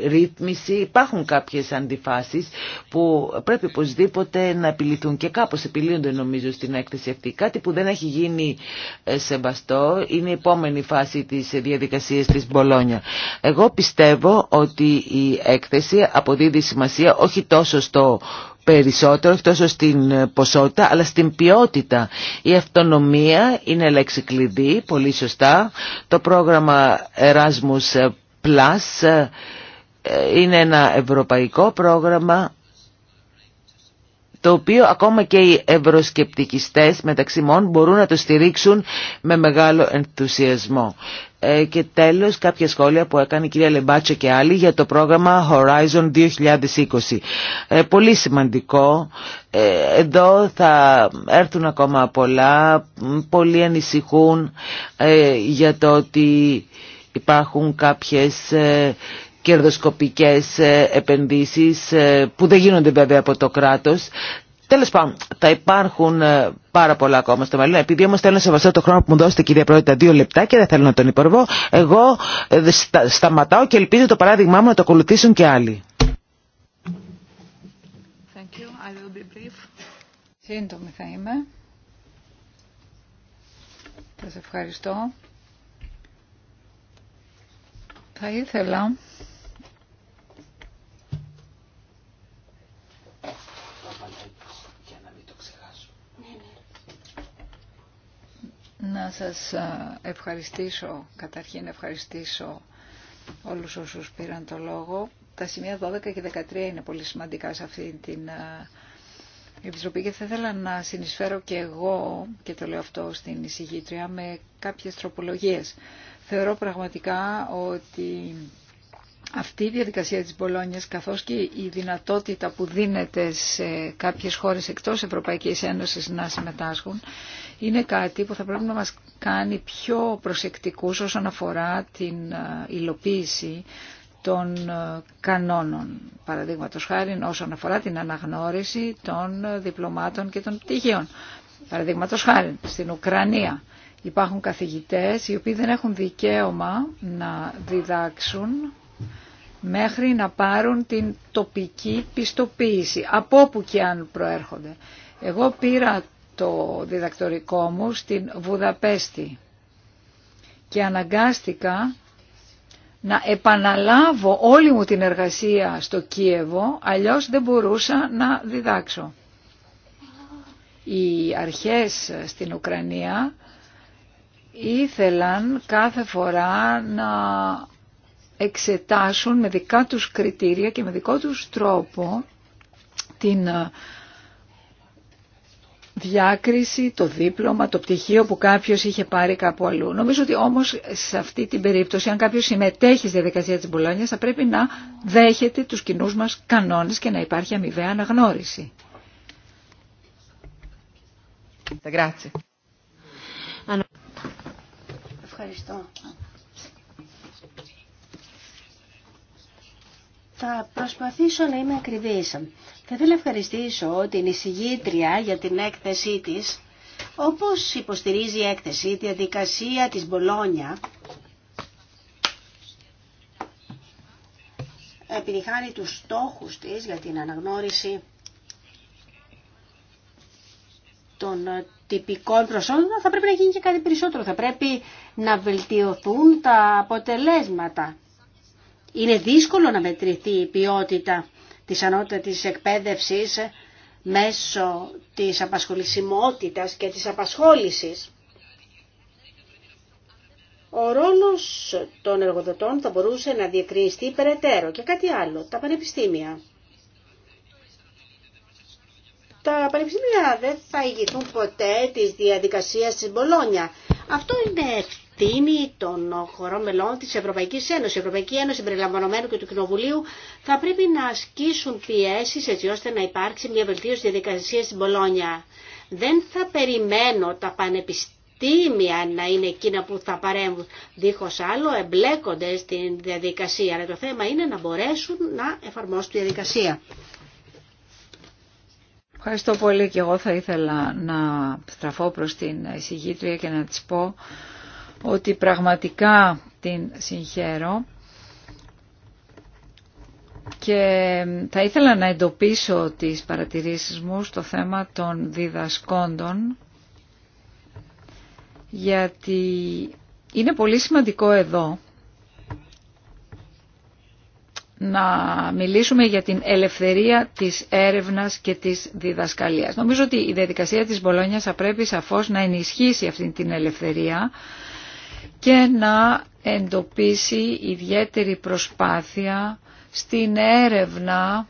ε, ρύθμιση υπάρχουν κάποιες αντιφάσεις που πρέπει οπωσδήποτε να επιληθούν και κάπως επιλύονται νομίζω στην έκθεση αυτή. Κάτι που δεν έχει γίνει ε, σεβαστό είναι η επόμενη φάση της διαδικασίας της Μπολόνια. Εγώ πιστεύω ότι η έκθεση αποδίδει σημασία όχι τόσο στο περισσότερο, όχι στην ποσότητα, αλλά στην ποιότητα. Η αυτονομία είναι λέξη κλειδί, πολύ σωστά. Το πρόγραμμα Erasmus Plus ε, είναι ένα ευρωπαϊκό πρόγραμμα το οποίο ακόμα και οι ευρωσκεπτικιστές μεταξύ μόν μπορούν να το στηρίξουν με μεγάλο ενθουσιασμό. Ε, και τέλος κάποια σχόλια που έκανε η κυρία Λεμπάτσο και άλλοι για το πρόγραμμα Horizon 2020. Ε, πολύ σημαντικό. Ε, εδώ θα έρθουν ακόμα πολλά. Πολλοί ανησυχούν για το ότι υπάρχουν κάποιες κερδοσκοπικές επενδύσεις που δεν γίνονται βέβαια από το κράτος. Τέλο πάντων, θα υπάρχουν ε, πάρα πολλά ακόμα στο μέλλον. Επειδή όμω θέλω να σεβαστώ το χρόνο που μου δώσετε, κυρία Πρόεδρε, τα δύο λεπτά και δεν θέλω να τον υπορβώ, εγώ ε, σταματάω και ελπίζω το παράδειγμά μου να το ακολουθήσουν και άλλοι. Thank Σύντομη θα είμαι. ευχαριστώ. Θα ήθελα Να σας ε, ευχαριστήσω, καταρχήν ευχαριστήσω όλους όσους πήραν το λόγο. Τα σημεία 12 και 13 είναι πολύ σημαντικά σε αυτή την ε, Επιτροπή και θα ήθελα να συνεισφέρω και εγώ, και το λέω αυτό στην εισηγήτρια, με κάποιες τροπολογίες. Θεωρώ πραγματικά ότι αυτή η διαδικασία της Μπολόνιας καθώς και η δυνατότητα που δίνεται σε κάποιες χώρες εκτός Ευρωπαϊκής Ένωσης να συμμετάσχουν είναι κάτι που θα πρέπει να μας κάνει πιο προσεκτικούς όσον αφορά την ε, υλοποίηση των ε, κανόνων, παραδείγματο χάρη όσον αφορά την αναγνώριση των ε, διπλωμάτων και των πτυχίων. Παραδείγματο χάρη στην Ουκρανία υπάρχουν καθηγητές οι οποίοι δεν έχουν δικαίωμα να διδάξουν μέχρι να πάρουν την τοπική πιστοποίηση, από όπου και αν προέρχονται. Εγώ πήρα το διδακτορικό μου στην Βουδαπέστη και αναγκάστηκα να επαναλάβω όλη μου την εργασία στο Κίεβο, αλλιώς δεν μπορούσα να διδάξω. Οι αρχές στην Ουκρανία ήθελαν κάθε φορά να εξετάσουν με δικά τους κριτήρια και με δικό τους τρόπο την διάκριση, το δίπλωμα, το πτυχίο που κάποιος είχε πάρει κάπου αλλού. Νομίζω ότι όμως σε αυτή την περίπτωση, αν κάποιος συμμετέχει στη διαδικασία της Μπολόνιας, θα πρέπει να δέχεται τους κοινού μας κανόνες και να υπάρχει αμοιβαία αναγνώριση. Ευχαριστώ. Θα προσπαθήσω να είμαι ακριβής. Θα ήθελα να ευχαριστήσω την εισηγήτρια για την έκθεσή της. Όπως υποστηρίζει η έκθεση, η διαδικασία της Μπολόνια επιτυχάνει τους στόχους της για την αναγνώριση των τυπικών προσόντων, θα πρέπει να γίνει και κάτι περισσότερο. Θα πρέπει να βελτιωθούν τα αποτελέσματα. Είναι δύσκολο να μετρηθεί η ποιότητα της ανώτατης εκπαίδευσης μέσω της απασχολησιμότητας και της απασχόλησης. Ο ρόλος των εργοδοτών θα μπορούσε να διεκρινιστεί περαιτέρω και κάτι άλλο, τα πανεπιστήμια. Τα πανεπιστήμια δεν θα ηγηθούν ποτέ της διαδικασίας της Μπολόνια αυτό είναι ευθύνη των χωρών μελών της Ευρωπαϊκής Ένωσης. Η Ευρωπαϊκή Ένωση περιλαμβανομένου και του Κοινοβουλίου θα πρέπει να ασκήσουν πιέσεις έτσι ώστε να υπάρξει μια βελτίωση διαδικασία στην Πολόνια. Δεν θα περιμένω τα πανεπιστήμια να είναι εκείνα που θα παρέμβουν. Δίχως άλλο εμπλέκονται στην διαδικασία. Αλλά το θέμα είναι να μπορέσουν να εφαρμόσουν τη διαδικασία. Ευχαριστώ πολύ και εγώ θα ήθελα να στραφώ προς την εισηγήτρια και να της πω ότι πραγματικά την συγχαίρω και θα ήθελα να εντοπίσω τις παρατηρήσεις μου στο θέμα των διδασκόντων γιατί είναι πολύ σημαντικό εδώ να μιλήσουμε για την ελευθερία της έρευνας και της διδασκαλίας. Νομίζω ότι η διαδικασία της Μπολόνιας θα πρέπει σαφώς να ενισχύσει αυτή την ελευθερία και να εντοπίσει ιδιαίτερη προσπάθεια στην έρευνα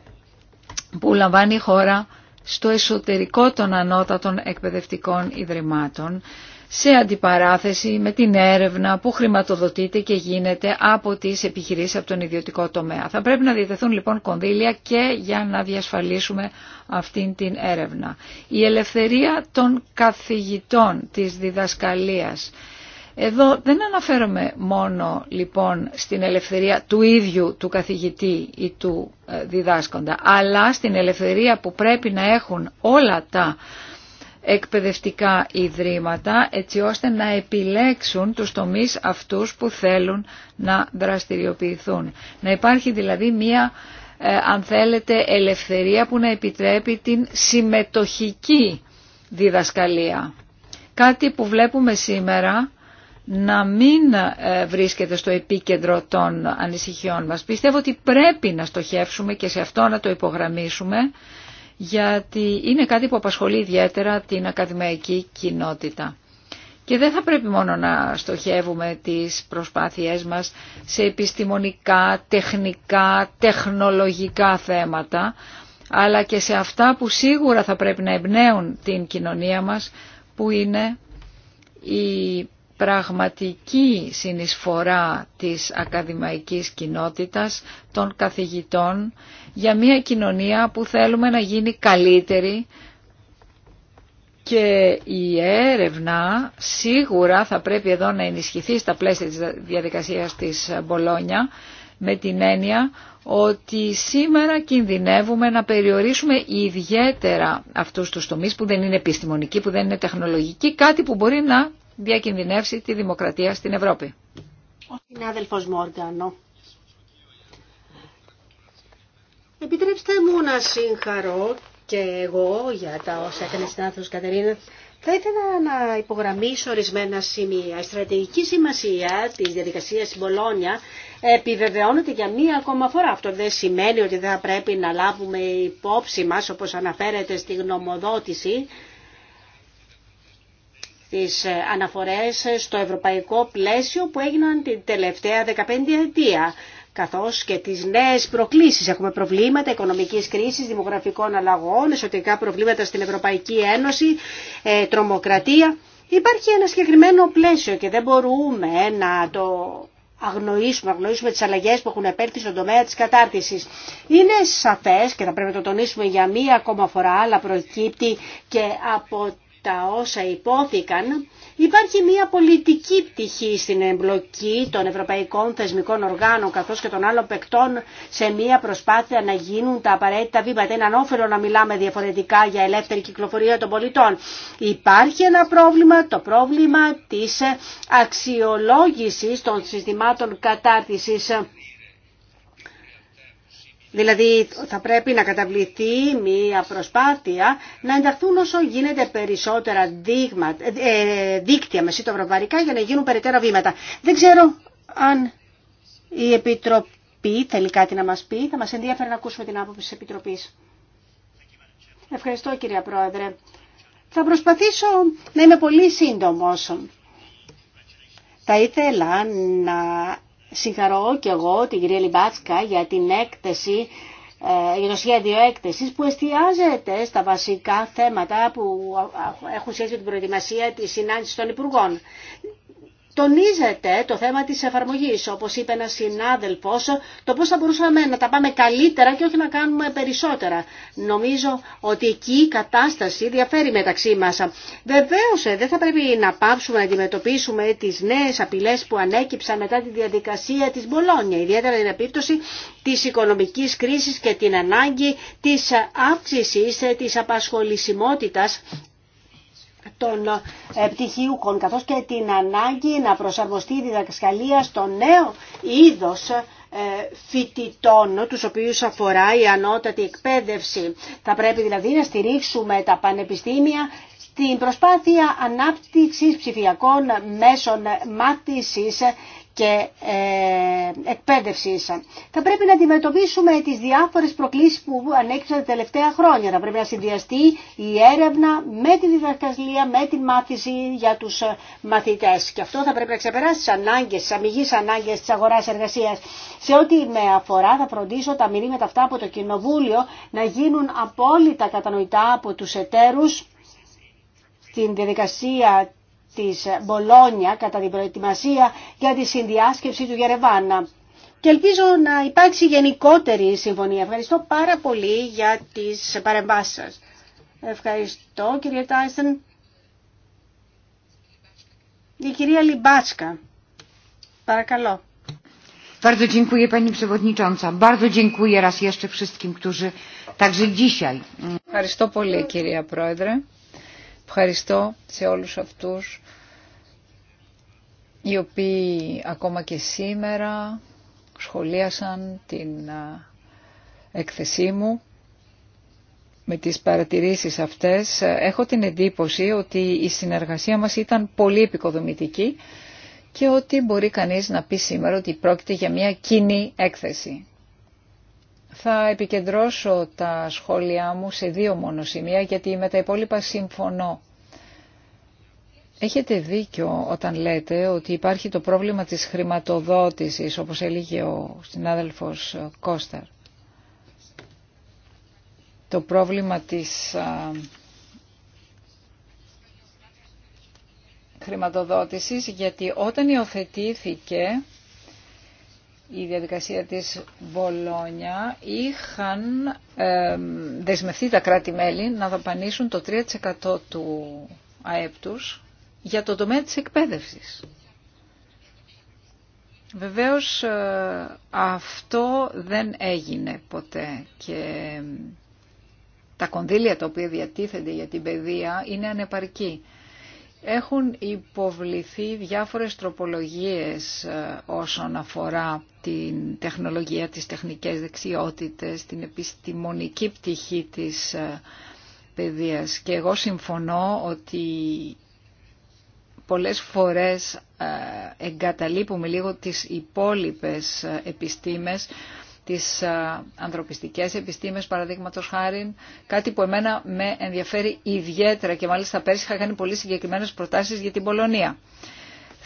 που λαμβάνει η χώρα στο εσωτερικό των ανώτατων εκπαιδευτικών ιδρυμάτων σε αντιπαράθεση με την έρευνα που χρηματοδοτείται και γίνεται από τις επιχειρήσεις από τον ιδιωτικό τομέα. Θα πρέπει να διατεθούν λοιπόν κονδύλια και για να διασφαλίσουμε αυτήν την έρευνα. Η ελευθερία των καθηγητών της διδασκαλίας. Εδώ δεν αναφέρομαι μόνο λοιπόν στην ελευθερία του ίδιου του καθηγητή ή του ε, διδάσκοντα, αλλά στην ελευθερία που πρέπει να έχουν όλα τα εκπαιδευτικά ιδρύματα έτσι ώστε να επιλέξουν τους τομείς αυτούς που θέλουν να δραστηριοποιηθούν. Να υπάρχει δηλαδή μία ε, αν θέλετε ελευθερία που να επιτρέπει την συμμετοχική διδασκαλία. Κάτι που βλέπουμε σήμερα να μην ε, βρίσκεται στο επίκεντρο των ανησυχιών μας. Πιστεύω ότι πρέπει να στοχεύσουμε και σε αυτό να το υπογραμμίσουμε γιατί είναι κάτι που απασχολεί ιδιαίτερα την ακαδημαϊκή κοινότητα. Και δεν θα πρέπει μόνο να στοχεύουμε τις προσπάθειές μας σε επιστημονικά, τεχνικά, τεχνολογικά θέματα, αλλά και σε αυτά που σίγουρα θα πρέπει να εμπνέουν την κοινωνία μας, που είναι η πραγματική συνεισφορά της ακαδημαϊκής κοινότητας των καθηγητών για μια κοινωνία που θέλουμε να γίνει καλύτερη και η έρευνα σίγουρα θα πρέπει εδώ να ενισχυθεί στα πλαίσια της διαδικασίας της Μπολόνια με την έννοια ότι σήμερα κινδυνεύουμε να περιορίσουμε ιδιαίτερα αυτούς τους τομείς που δεν είναι επιστημονικοί, που δεν είναι τεχνολογικοί, κάτι που μπορεί να διακινδυνεύσει τη δημοκρατία στην Ευρώπη. Ο συνάδελφος Μόργανο. Επιτρέψτε μου να συγχαρώ και εγώ για τα όσα έκανε άνθρωση Κατερίνα. Θα ήθελα να υπογραμμίσω ορισμένα σημεία. Η στρατηγική σημασία της διαδικασίας στην Πολόνια επιβεβαιώνεται για μία ακόμα φορά. Αυτό δεν σημαίνει ότι δεν θα πρέπει να λάβουμε υπόψη μας, όπως αναφέρεται στη γνωμοδότηση, τις ε, αναφορές στο ευρωπαϊκό πλαίσιο που έγιναν την τελευταία 15 ετία καθώς και τις νέες προκλήσεις. Έχουμε προβλήματα οικονομικής κρίσης, δημογραφικών αλλαγών, εσωτερικά προβλήματα στην Ευρωπαϊκή Ένωση, ε, τρομοκρατία. Υπάρχει ένα συγκεκριμένο πλαίσιο και δεν μπορούμε να το αγνοήσουμε, αγνοήσουμε τις αλλαγές που έχουν επέλθει στον τομέα της κατάρτισης. Είναι σαφές και θα πρέπει να το τονίσουμε για μία ακόμα φορά, αλλά προκύπτει και από τα όσα υπόθηκαν, υπάρχει μια πολιτική πτυχή στην εμπλοκή των ευρωπαϊκών θεσμικών οργάνων καθώς και των άλλων παικτών σε μια προσπάθεια να γίνουν τα απαραίτητα βήματα. Είναι ανώφελο να μιλάμε διαφορετικά για ελεύθερη κυκλοφορία των πολιτών. Υπάρχει ένα πρόβλημα, το πρόβλημα της αξιολόγησης των συστημάτων κατάρτισης Δηλαδή θα πρέπει να καταβληθεί μια προσπάθεια να ενταχθούν όσο γίνεται περισσότερα δείγμα, ε, ε, δίκτυα μεσίτοβροβαρικά για να γίνουν περαιτέρω βήματα. Δεν ξέρω αν η Επιτροπή θέλει κάτι να μας πει. Θα μας ενδιαφέρει να ακούσουμε την άποψη της Επιτροπής. Ευχαριστώ κυρία Πρόεδρε. Θα προσπαθήσω να είμαι πολύ σύντομος. Θα ήθελα να συγχαρώ και εγώ την κυρία Λιμπάτσκα για την έκθεση ε, για το σχέδιο έκθεσης που εστιάζεται στα βασικά θέματα που έχουν σχέση με την προετοιμασία της συνάντησης των Υπουργών τονίζεται το θέμα της εφαρμογής, όπως είπε ένας συνάδελφος, το πώς θα μπορούσαμε να τα πάμε καλύτερα και όχι να κάνουμε περισσότερα. Νομίζω ότι εκεί η κατάσταση διαφέρει μεταξύ μας. Βεβαίως ε, δεν θα πρέπει να πάψουμε να αντιμετωπίσουμε τις νέες απειλές που ανέκυψαν μετά τη διαδικασία της Μπολόνια, ιδιαίτερα την επίπτωση της οικονομικής κρίσης και την ανάγκη της αύξησης ε, της απασχολησιμότητας των ε, πτυχίουκων καθώς και την ανάγκη να προσαρμοστεί η διδασκαλία στο νέο είδος ε, φοιτητών, τους οποίους αφορά η ανώτατη εκπαίδευση. Θα πρέπει δηλαδή να στηρίξουμε τα πανεπιστήμια στην προσπάθεια ανάπτυξης ψηφιακών μέσων μάθησης και ε, Θα πρέπει να αντιμετωπίσουμε τις διάφορες προκλήσεις που ανέκυψαν τα τελευταία χρόνια. Θα πρέπει να συνδυαστεί η έρευνα με τη διδασκαλία, με τη μάθηση για τους ε, μαθητές. Και αυτό θα πρέπει να ξεπεράσει τις ανάγκες, τις αμυγείς ανάγκες της αγοράς εργασίας. Σε ό,τι με αφορά θα φροντίσω τα μηνύματα αυτά από το Κοινοβούλιο να γίνουν απόλυτα κατανοητά από τους εταίρους στην διαδικασία της Μπολόνια κατά την προετοιμασία για τη συνδιάσκεψη του Γερεβάνα. Και ελπίζω να υπάρξει γενικότερη συμφωνία. Ευχαριστώ πάρα πολύ για τις παρεμβάσεις σας. Ευχαριστώ κύριε Τάισεν. Η κυρία Λιμπάτσκα. Παρακαλώ. Bardzo dziękuję Pani Przewodnicząca. Bardzo dziękuję raz jeszcze wszystkim, którzy także dzisiaj. Ευχαριστώ πολύ κυρία Πρόεδρε. Ευχαριστώ σε όλους αυτούς οι οποίοι ακόμα και σήμερα σχολίασαν την έκθεσή μου με τις παρατηρήσεις αυτές. Έχω την εντύπωση ότι η συνεργασία μας ήταν πολύ επικοδομητική και ότι μπορεί κανείς να πει σήμερα ότι πρόκειται για μια κοινή έκθεση. Θα επικεντρώσω τα σχόλιά μου σε δύο μόνο σημεία, γιατί με τα υπόλοιπα συμφωνώ. Έχετε δίκιο όταν λέτε ότι υπάρχει το πρόβλημα της χρηματοδότησης, όπως έλεγε ο συνάδελφος Κώσταρ. Το πρόβλημα της χρηματοδότησης, γιατί όταν υιοθετήθηκε η διαδικασία της Μπολόνια είχαν ε, δεσμευτεί τα κράτη-μέλη να δαπανίσουν το 3% του ΑΕΠ τους για το τομέα της εκπαίδευσης. Βεβαίως ε, αυτό δεν έγινε ποτέ και τα κονδύλια τα οποία διατίθενται για την παιδεία είναι ανεπαρκή. Έχουν υποβληθεί διάφορες τροπολογίες ε, όσον αφορά την τεχνολογία, τις τεχνικές δεξιότητες, την επιστημονική πτυχή της ε, παιδείας. Και εγώ συμφωνώ ότι πολλές φορές ε, εγκαταλείπουμε λίγο τις υπόλοιπες επιστήμες τις ανθρωπιστικές επιστήμες παραδείγματος χάρη, κάτι που εμένα με ενδιαφέρει ιδιαίτερα και μάλιστα πέρσι είχα κάνει πολύ συγκεκριμένες προτάσεις για την Πολωνία.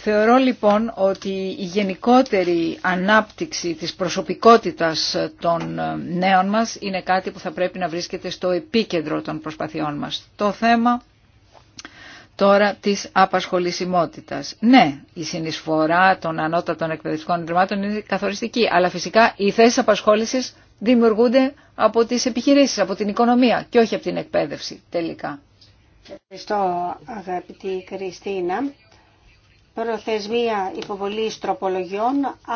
Θεωρώ λοιπόν ότι η γενικότερη ανάπτυξη της προσωπικότητας των ε, νέων μας είναι κάτι που θα πρέπει να βρίσκεται στο επίκεντρο των προσπαθειών μας. Το θέμα τώρα της απασχολησιμότητας. Ναι, η συνεισφορά των ανώτατων εκπαιδευτικών ιδρυμάτων είναι καθοριστική, αλλά φυσικά οι θέσει απασχόλησης δημιουργούνται από τις επιχειρήσεις, από την οικονομία και όχι από την εκπαίδευση τελικά. Ευχαριστώ αγαπητή Κριστίνα. Προθεσμία υποβολής τροπολογιών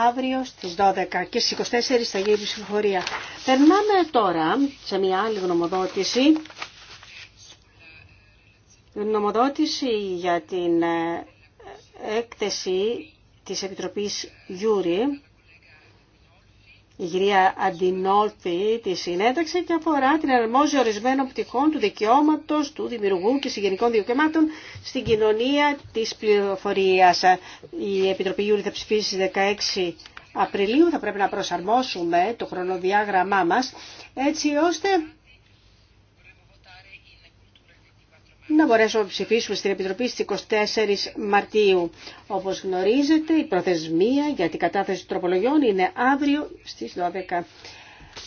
αύριο στις 12 και στις 24 θα γίνει ψηφοφορία. Περνάμε τώρα σε μια άλλη γνωμοδότηση Νομοδότηση για την ε, έκθεση της Επιτροπής Γιούρη η γυρία Αντινόλφη τη συνέταξε και αφορά την αρμόζη ορισμένων πτυχών του δικαιώματο του δημιουργού και συγγενικών δικαιωμάτων στην κοινωνία τη πληροφορία. Η Επιτροπή Γιούρη θα ψηφίσει 16 Απριλίου. Θα πρέπει να προσαρμόσουμε το χρονοδιάγραμμά μα έτσι ώστε να μπορέσουμε να ψηφίσουμε στην Επιτροπή στις 24 Μαρτίου. Όπως γνωρίζετε, η προθεσμία για την κατάθεση τροπολογιών είναι αύριο στις 12.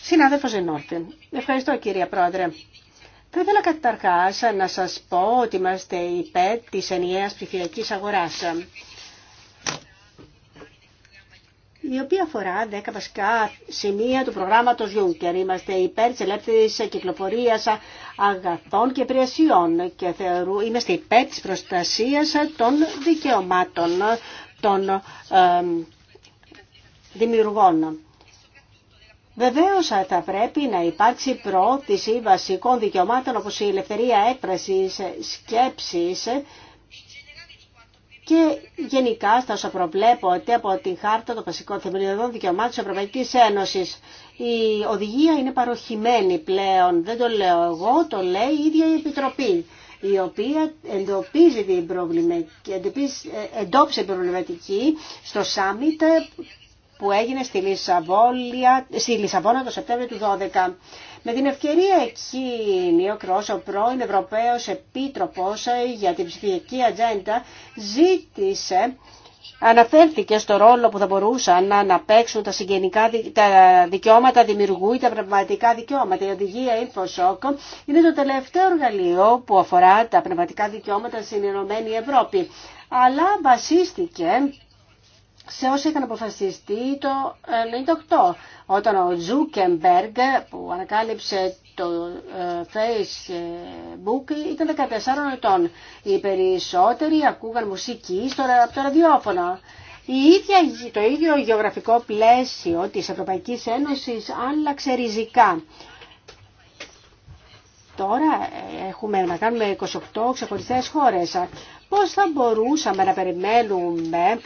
Συνάδελφος Ενόρτη. Ευχαριστώ κυρία Πρόεδρε. Θα ήθελα καταρχάς να σας πω ότι είμαστε υπέρ της ενιαίας ψηφιακής αγοράς η οποία αφορά 10 βασικά σημεία του προγράμματος Juncker. Είμαστε υπέρ της ελεύθερης κυκλοφορίας αγαθών και υπηρεσιών και θεωρού, είμαστε υπέρ της προστασίας των δικαιωμάτων των δημιουργών. Βεβαίως θα πρέπει να υπάρξει πρόθεση βασικών δικαιωμάτων όπως η ελευθερία έκφρασης, σκέψης και γενικά στα όσα προβλέπονται από την Χάρτα των Βασικών Θεμελιωδών Δικαιωμάτων της Ευρωπαϊκής Ένωσης. Η οδηγία είναι παροχημένη πλέον, δεν το λέω εγώ, το λέει η ίδια η Επιτροπή η οποία εντοπίζει την ε, εντόπισε την προβληματική στο σάμιτ που έγινε στη, στη Λισαβόνα το Σεπτέμβριο του 2012. Με την ευκαιρία εκείνη, ο Κρός, ο πρώην Ευρωπαίος Επίτροπος για την ψηφιακή ατζέντα, ζήτησε Αναφέρθηκε στο ρόλο που θα μπορούσαν να αναπέξουν τα, συγγενικά, δικαιώματα δημιουργού ή τα πνευματικά δικαιώματα. Η οδηγία InfoSoc είναι το τελευταίο εργαλείο που αφορά τα πνευματικά δικαιώματα στην Ηνωμένη Ευρώπη. Αλλά βασίστηκε σε όσα είχαν αποφασιστεί το 1998, ε, όταν ο Ζούκεμπεργκ που ανακάλυψε το ε, Facebook ήταν 14 ετών. Οι περισσότεροι ακούγαν μουσική στο, ε, από το ραδιόφωνο. Η ίδια, το ίδιο γεωγραφικό πλαίσιο της Ευρωπαϊκής Ένωσης άλλαξε ριζικά. Τώρα έχουμε να κάνουμε 28 ξεχωριστές χώρες. Πώς θα μπορούσαμε να περιμένουμε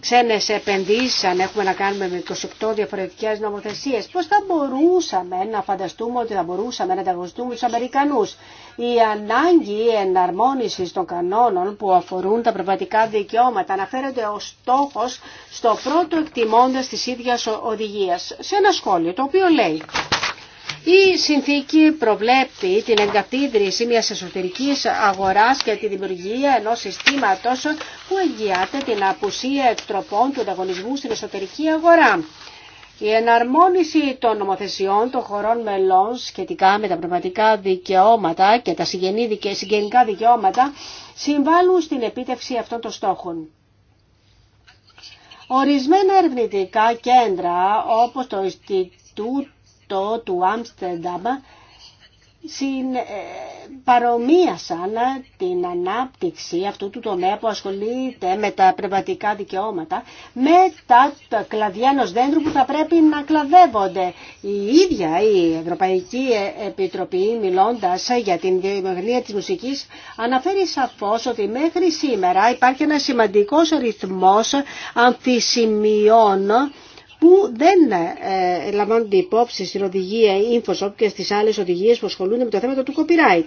ξένες επενδύσεις, αν έχουμε να κάνουμε με 28 διαφορετικές νομοθεσίες, πώς θα μπορούσαμε να φανταστούμε ότι θα μπορούσαμε να ανταγωνιστούμε τους Αμερικανούς. Η ανάγκη εναρμόνιση των κανόνων που αφορούν τα πνευματικά δικαιώματα αναφέρεται ως στόχος στο πρώτο εκτιμώντας της ίδιας οδηγίας, σε ένα σχόλιο το οποίο λέει η συνθήκη προβλέπει την εγκαθίδρυση μιας εσωτερικής αγοράς και τη δημιουργία ενός συστήματος που εγγυάται την απουσία εκτροπών του ανταγωνισμού στην εσωτερική αγορά. Η εναρμόνιση των νομοθεσιών των χωρών μελών σχετικά με τα πνευματικά δικαιώματα και τα συγγενικά δικαιώματα συμβάλλουν στην επίτευξη αυτών των στόχων. Ορισμένα ερευνητικά κέντρα όπως το αυτό του Άμστερνταμ ε, παρομοίασαν την ανάπτυξη αυτού του τομέα που ασχολείται με τα πνευματικά δικαιώματα με τα κλαδιά ενό δέντρου που θα πρέπει να κλαδεύονται. Η ίδια η Ευρωπαϊκή ε, Επιτροπή μιλώντας για την βιομηχανία της μουσικής αναφέρει σαφώς ότι μέχρι σήμερα υπάρχει ένα σημαντικός ρυθμός αμφισημιών που δεν ε, ε, λαμβάνονται υπόψη στην οδηγία InfoShop και στις άλλες οδηγίες που ασχολούνται με το θέμα του copyright.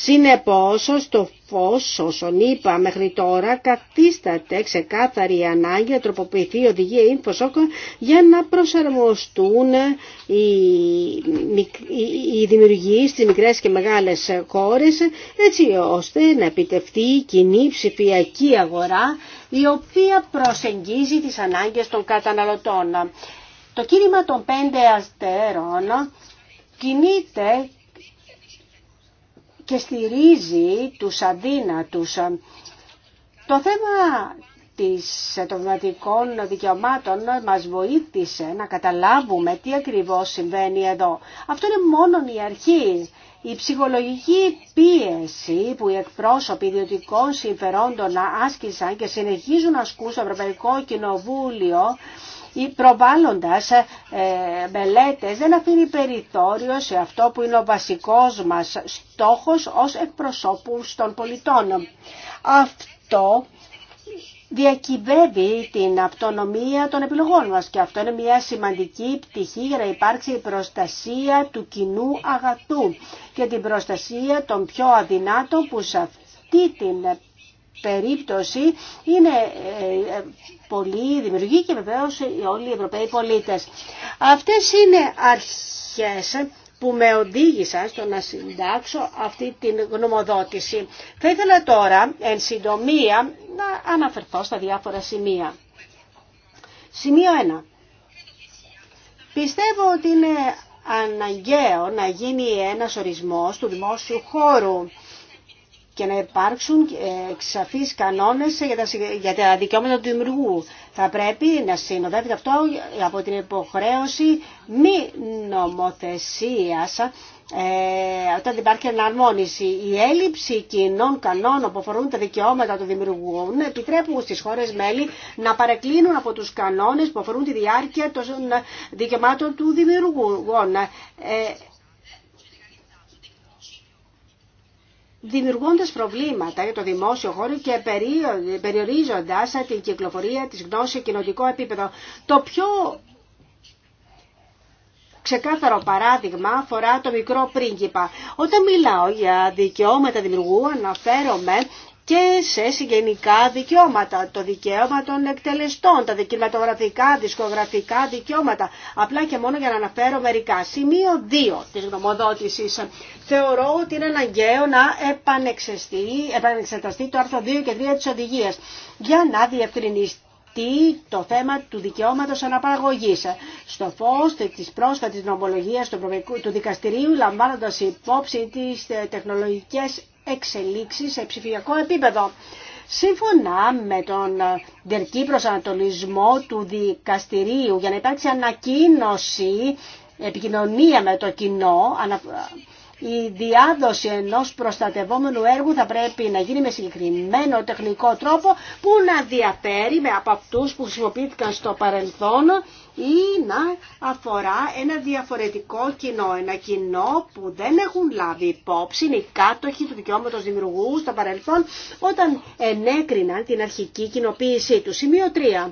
Συνεπώς, στο φως όσων είπα μέχρι τώρα, καθίσταται ξεκάθαρη η ανάγκη να τροποποιηθεί η οδηγία InfoSoc για να προσαρμοστούν οι, οι δημιουργοί στις μικρές και μεγάλες χώρες, έτσι ώστε να επιτευθεί η κοινή ψηφιακή αγορά, η οποία προσεγγίζει τις ανάγκες των καταναλωτών. Το κίνημα των πέντε αστέρων κινείται και στηρίζει τους αδύνατους. Το θέμα της, των δημοτικών δικαιωμάτων μας βοήθησε να καταλάβουμε τι ακριβώς συμβαίνει εδώ. Αυτό είναι μόνο η αρχή. Η ψυχολογική πίεση που οι εκπρόσωποι ιδιωτικών συμφερόντων άσκησαν και συνεχίζουν να ασκούν στο Ευρωπαϊκό Κοινοβούλιο ή προβάλλοντας ε, μελέτες δεν αφήνει περιθώριο σε αυτό που είναι ο βασικός μας στόχος ως εκπροσώπου των πολιτών. Αυτό διακυβεύει την αυτονομία των επιλογών μας και αυτό είναι μια σημαντική πτυχή για να υπάρξει η προστασία του κοινού αγαθού και την προστασία των πιο αδυνάτων που σε αυτή την περίπτωση είναι ε, ε, πολύ δημιουργή και βεβαίως όλοι οι Ευρωπαίοι πολίτες. Αυτές είναι αρχές που με οδήγησαν στο να συντάξω αυτή την γνωμοδότηση. Θα ήθελα τώρα, εν συντομία, να αναφερθώ στα διάφορα σημεία. Σημείο 1. Πιστεύω ότι είναι αναγκαίο να γίνει ένας ορισμός του δημόσιου χώρου και να υπάρξουν εξαφεί κανόνε για τα, δικαιώματα του δημιουργού. Θα πρέπει να συνοδεύεται αυτό από την υποχρέωση μη νομοθεσία. ε, όταν υπάρχει εναρμόνιση. Η έλλειψη κοινών κανόνων που αφορούν τα δικαιώματα του δημιουργού επιτρέπουν στις χώρε μέλη να παρεκκλίνουν από τους κανόνες που αφορούν τη διάρκεια των δικαιωμάτων του δημιουργού. Ε, δημιουργώντας προβλήματα για το δημόσιο χώρο και περιορίζοντας την κυκλοφορία της γνώσης σε κοινωνικό επίπεδο. Το πιο ξεκάθαρο παράδειγμα αφορά το μικρό πρίγκιπα. Όταν μιλάω για δικαιώματα δημιουργού αναφέρομαι και σε συγγενικά δικαιώματα, το δικαίωμα των εκτελεστών, τα δικαιωματογραφικά, δισκογραφικά δικαιώματα. Απλά και μόνο για να αναφέρω μερικά. Σημείο 2 της γνωμοδότησης. Θεωρώ ότι είναι αναγκαίο να επανεξεταστεί το άρθρο 2 και 3 της οδηγίας για να διευκρινιστεί το θέμα του δικαιώματο αναπαραγωγή. Στο φω τη πρόσφατη νομολογία του Δικαστηρίου, λαμβάνοντα υπόψη τι τεχνολογικέ Εξελίξει σε ψηφιακό επίπεδο. Σύμφωνα με τον Δερκή προσανατολισμό του δικαστηρίου για να υπάρξει ανακοίνωση, επικοινωνία με το κοινό, η διάδοση ενός προστατευόμενου έργου θα πρέπει να γίνει με συγκεκριμένο τεχνικό τρόπο που να διαφέρει από αυτούς που χρησιμοποιήθηκαν στο παρελθόν ή να αφορά ένα διαφορετικό κοινό. Ένα κοινό που δεν έχουν λάβει υπόψη οι κάτοχοι του δικαιώματος δημιουργού στο παρελθόν όταν ενέκριναν την αρχική κοινοποίησή του. Σημείο 3.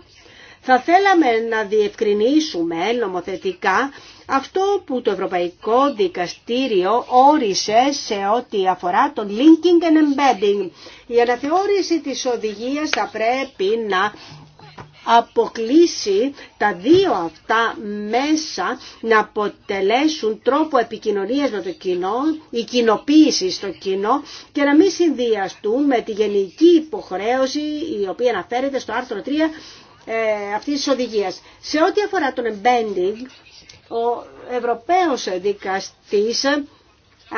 Θα θέλαμε να διευκρινίσουμε νομοθετικά αυτό που το Ευρωπαϊκό Δικαστήριο όρισε σε ό,τι αφορά το linking and embedding. Η αναθεώρηση της οδηγίας θα πρέπει να αποκλείσει τα δύο αυτά μέσα να αποτελέσουν τρόπο επικοινωνίας με το κοινό, η κοινοποίηση στο κοινό και να μην συνδυαστούν με τη γενική υποχρέωση η οποία αναφέρεται στο άρθρο 3 ε, αυτής της οδηγίας. Σε ό,τι αφορά τον embedding, ο Ευρωπαίος δικαστής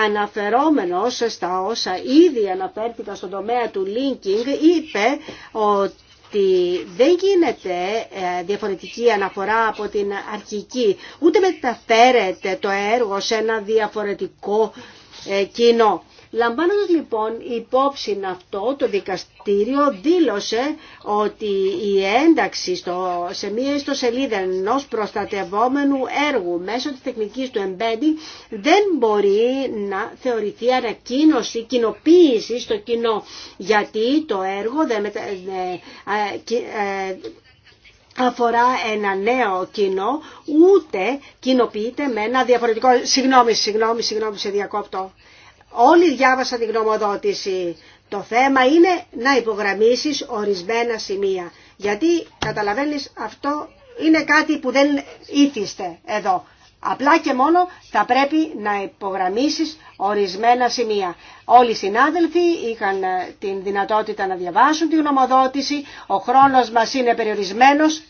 αναφερόμενος στα όσα ήδη αναφέρθηκαν στον τομέα του linking είπε ότι ότι δεν γίνεται ε, διαφορετική αναφορά από την αρχική, ούτε μεταφέρεται το έργο σε ένα διαφορετικό ε, κοινό. Λαμβάνοντας λοιπόν υπόψη αυτό, το δικαστήριο δήλωσε ότι η ένταξη στο, σε μία ιστοσελίδα ενό προστατευόμενου έργου μέσω της τεχνικής του embedding δεν μπορεί να θεωρηθεί ανακοίνωση, κοινοποίηση στο κοινό, γιατί το έργο δεν ε, ε, αφορά ένα νέο κοινό, ούτε κοινοποιείται με ένα διαφορετικό... Συγγνώμη, συγγνώμη, συγγνώμη, σε διακόπτω. Όλοι διάβασαν την γνωμοδότηση. Το θέμα είναι να υπογραμμίσεις ορισμένα σημεία. Γιατί καταλαβαίνεις αυτό είναι κάτι που δεν ήθιστε εδώ. Απλά και μόνο θα πρέπει να υπογραμμίσεις ορισμένα σημεία. Όλοι οι συνάδελφοι είχαν ε, την δυνατότητα να διαβάσουν την γνωμοδότηση. Ο χρόνος μας είναι περιορισμένος.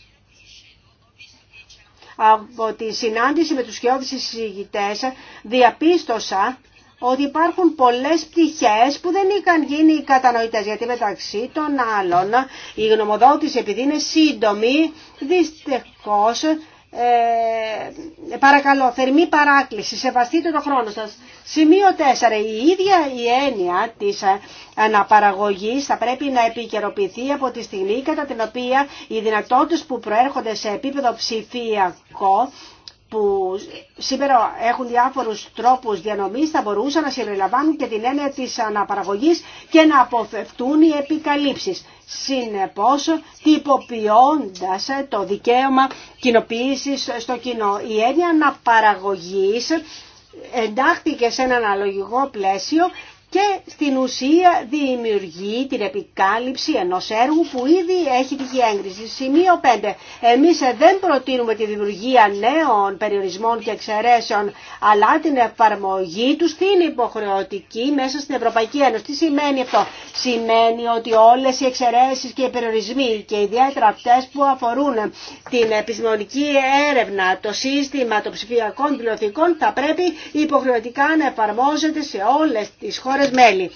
Από τη συνάντηση με τους χειώδεις συζητητές διαπίστωσα ότι υπάρχουν πολλές πτυχές που δεν είχαν γίνει κατανοητές, γιατί μεταξύ των άλλων η γνωμοδότηση επειδή είναι σύντομη, δυστυχώς ε, παρακαλώ, θερμή παράκληση, σεβαστείτε το χρόνο σας. Σημείο 4. Η ίδια η έννοια της αναπαραγωγής θα πρέπει να επικαιροποιηθεί από τη στιγμή κατά την οποία οι δυνατότητες που προέρχονται σε επίπεδο ψηφιακό που σήμερα έχουν διάφορους τρόπους διανομής θα μπορούσαν να συμπεριλαμβάνουν και την έννοια της αναπαραγωγής και να αποφευτούν οι επικαλύψεις. Συνεπώς, τυποποιώντας το δικαίωμα κοινοποίησης στο κοινό. Η έννοια αναπαραγωγής εντάχθηκε σε ένα αναλογικό πλαίσιο και στην ουσία δημιουργεί την επικάλυψη ενός έργου που ήδη έχει τη έγκριση. Σημείο 5. Εμείς δεν προτείνουμε τη δημιουργία νέων περιορισμών και εξαιρέσεων, αλλά την εφαρμογή τους στην υποχρεωτική μέσα στην Ευρωπαϊκή Ένωση. Τι σημαίνει αυτό. Σημαίνει ότι όλες οι εξαιρέσεις και οι περιορισμοί και ιδιαίτερα αυτέ που αφορούν την επιστημονική έρευνα, το σύστημα των ψηφιακών πληροθηκών θα πρέπει υποχρεωτικά να εφαρμόζεται σε όλες τις χώρες μέλη.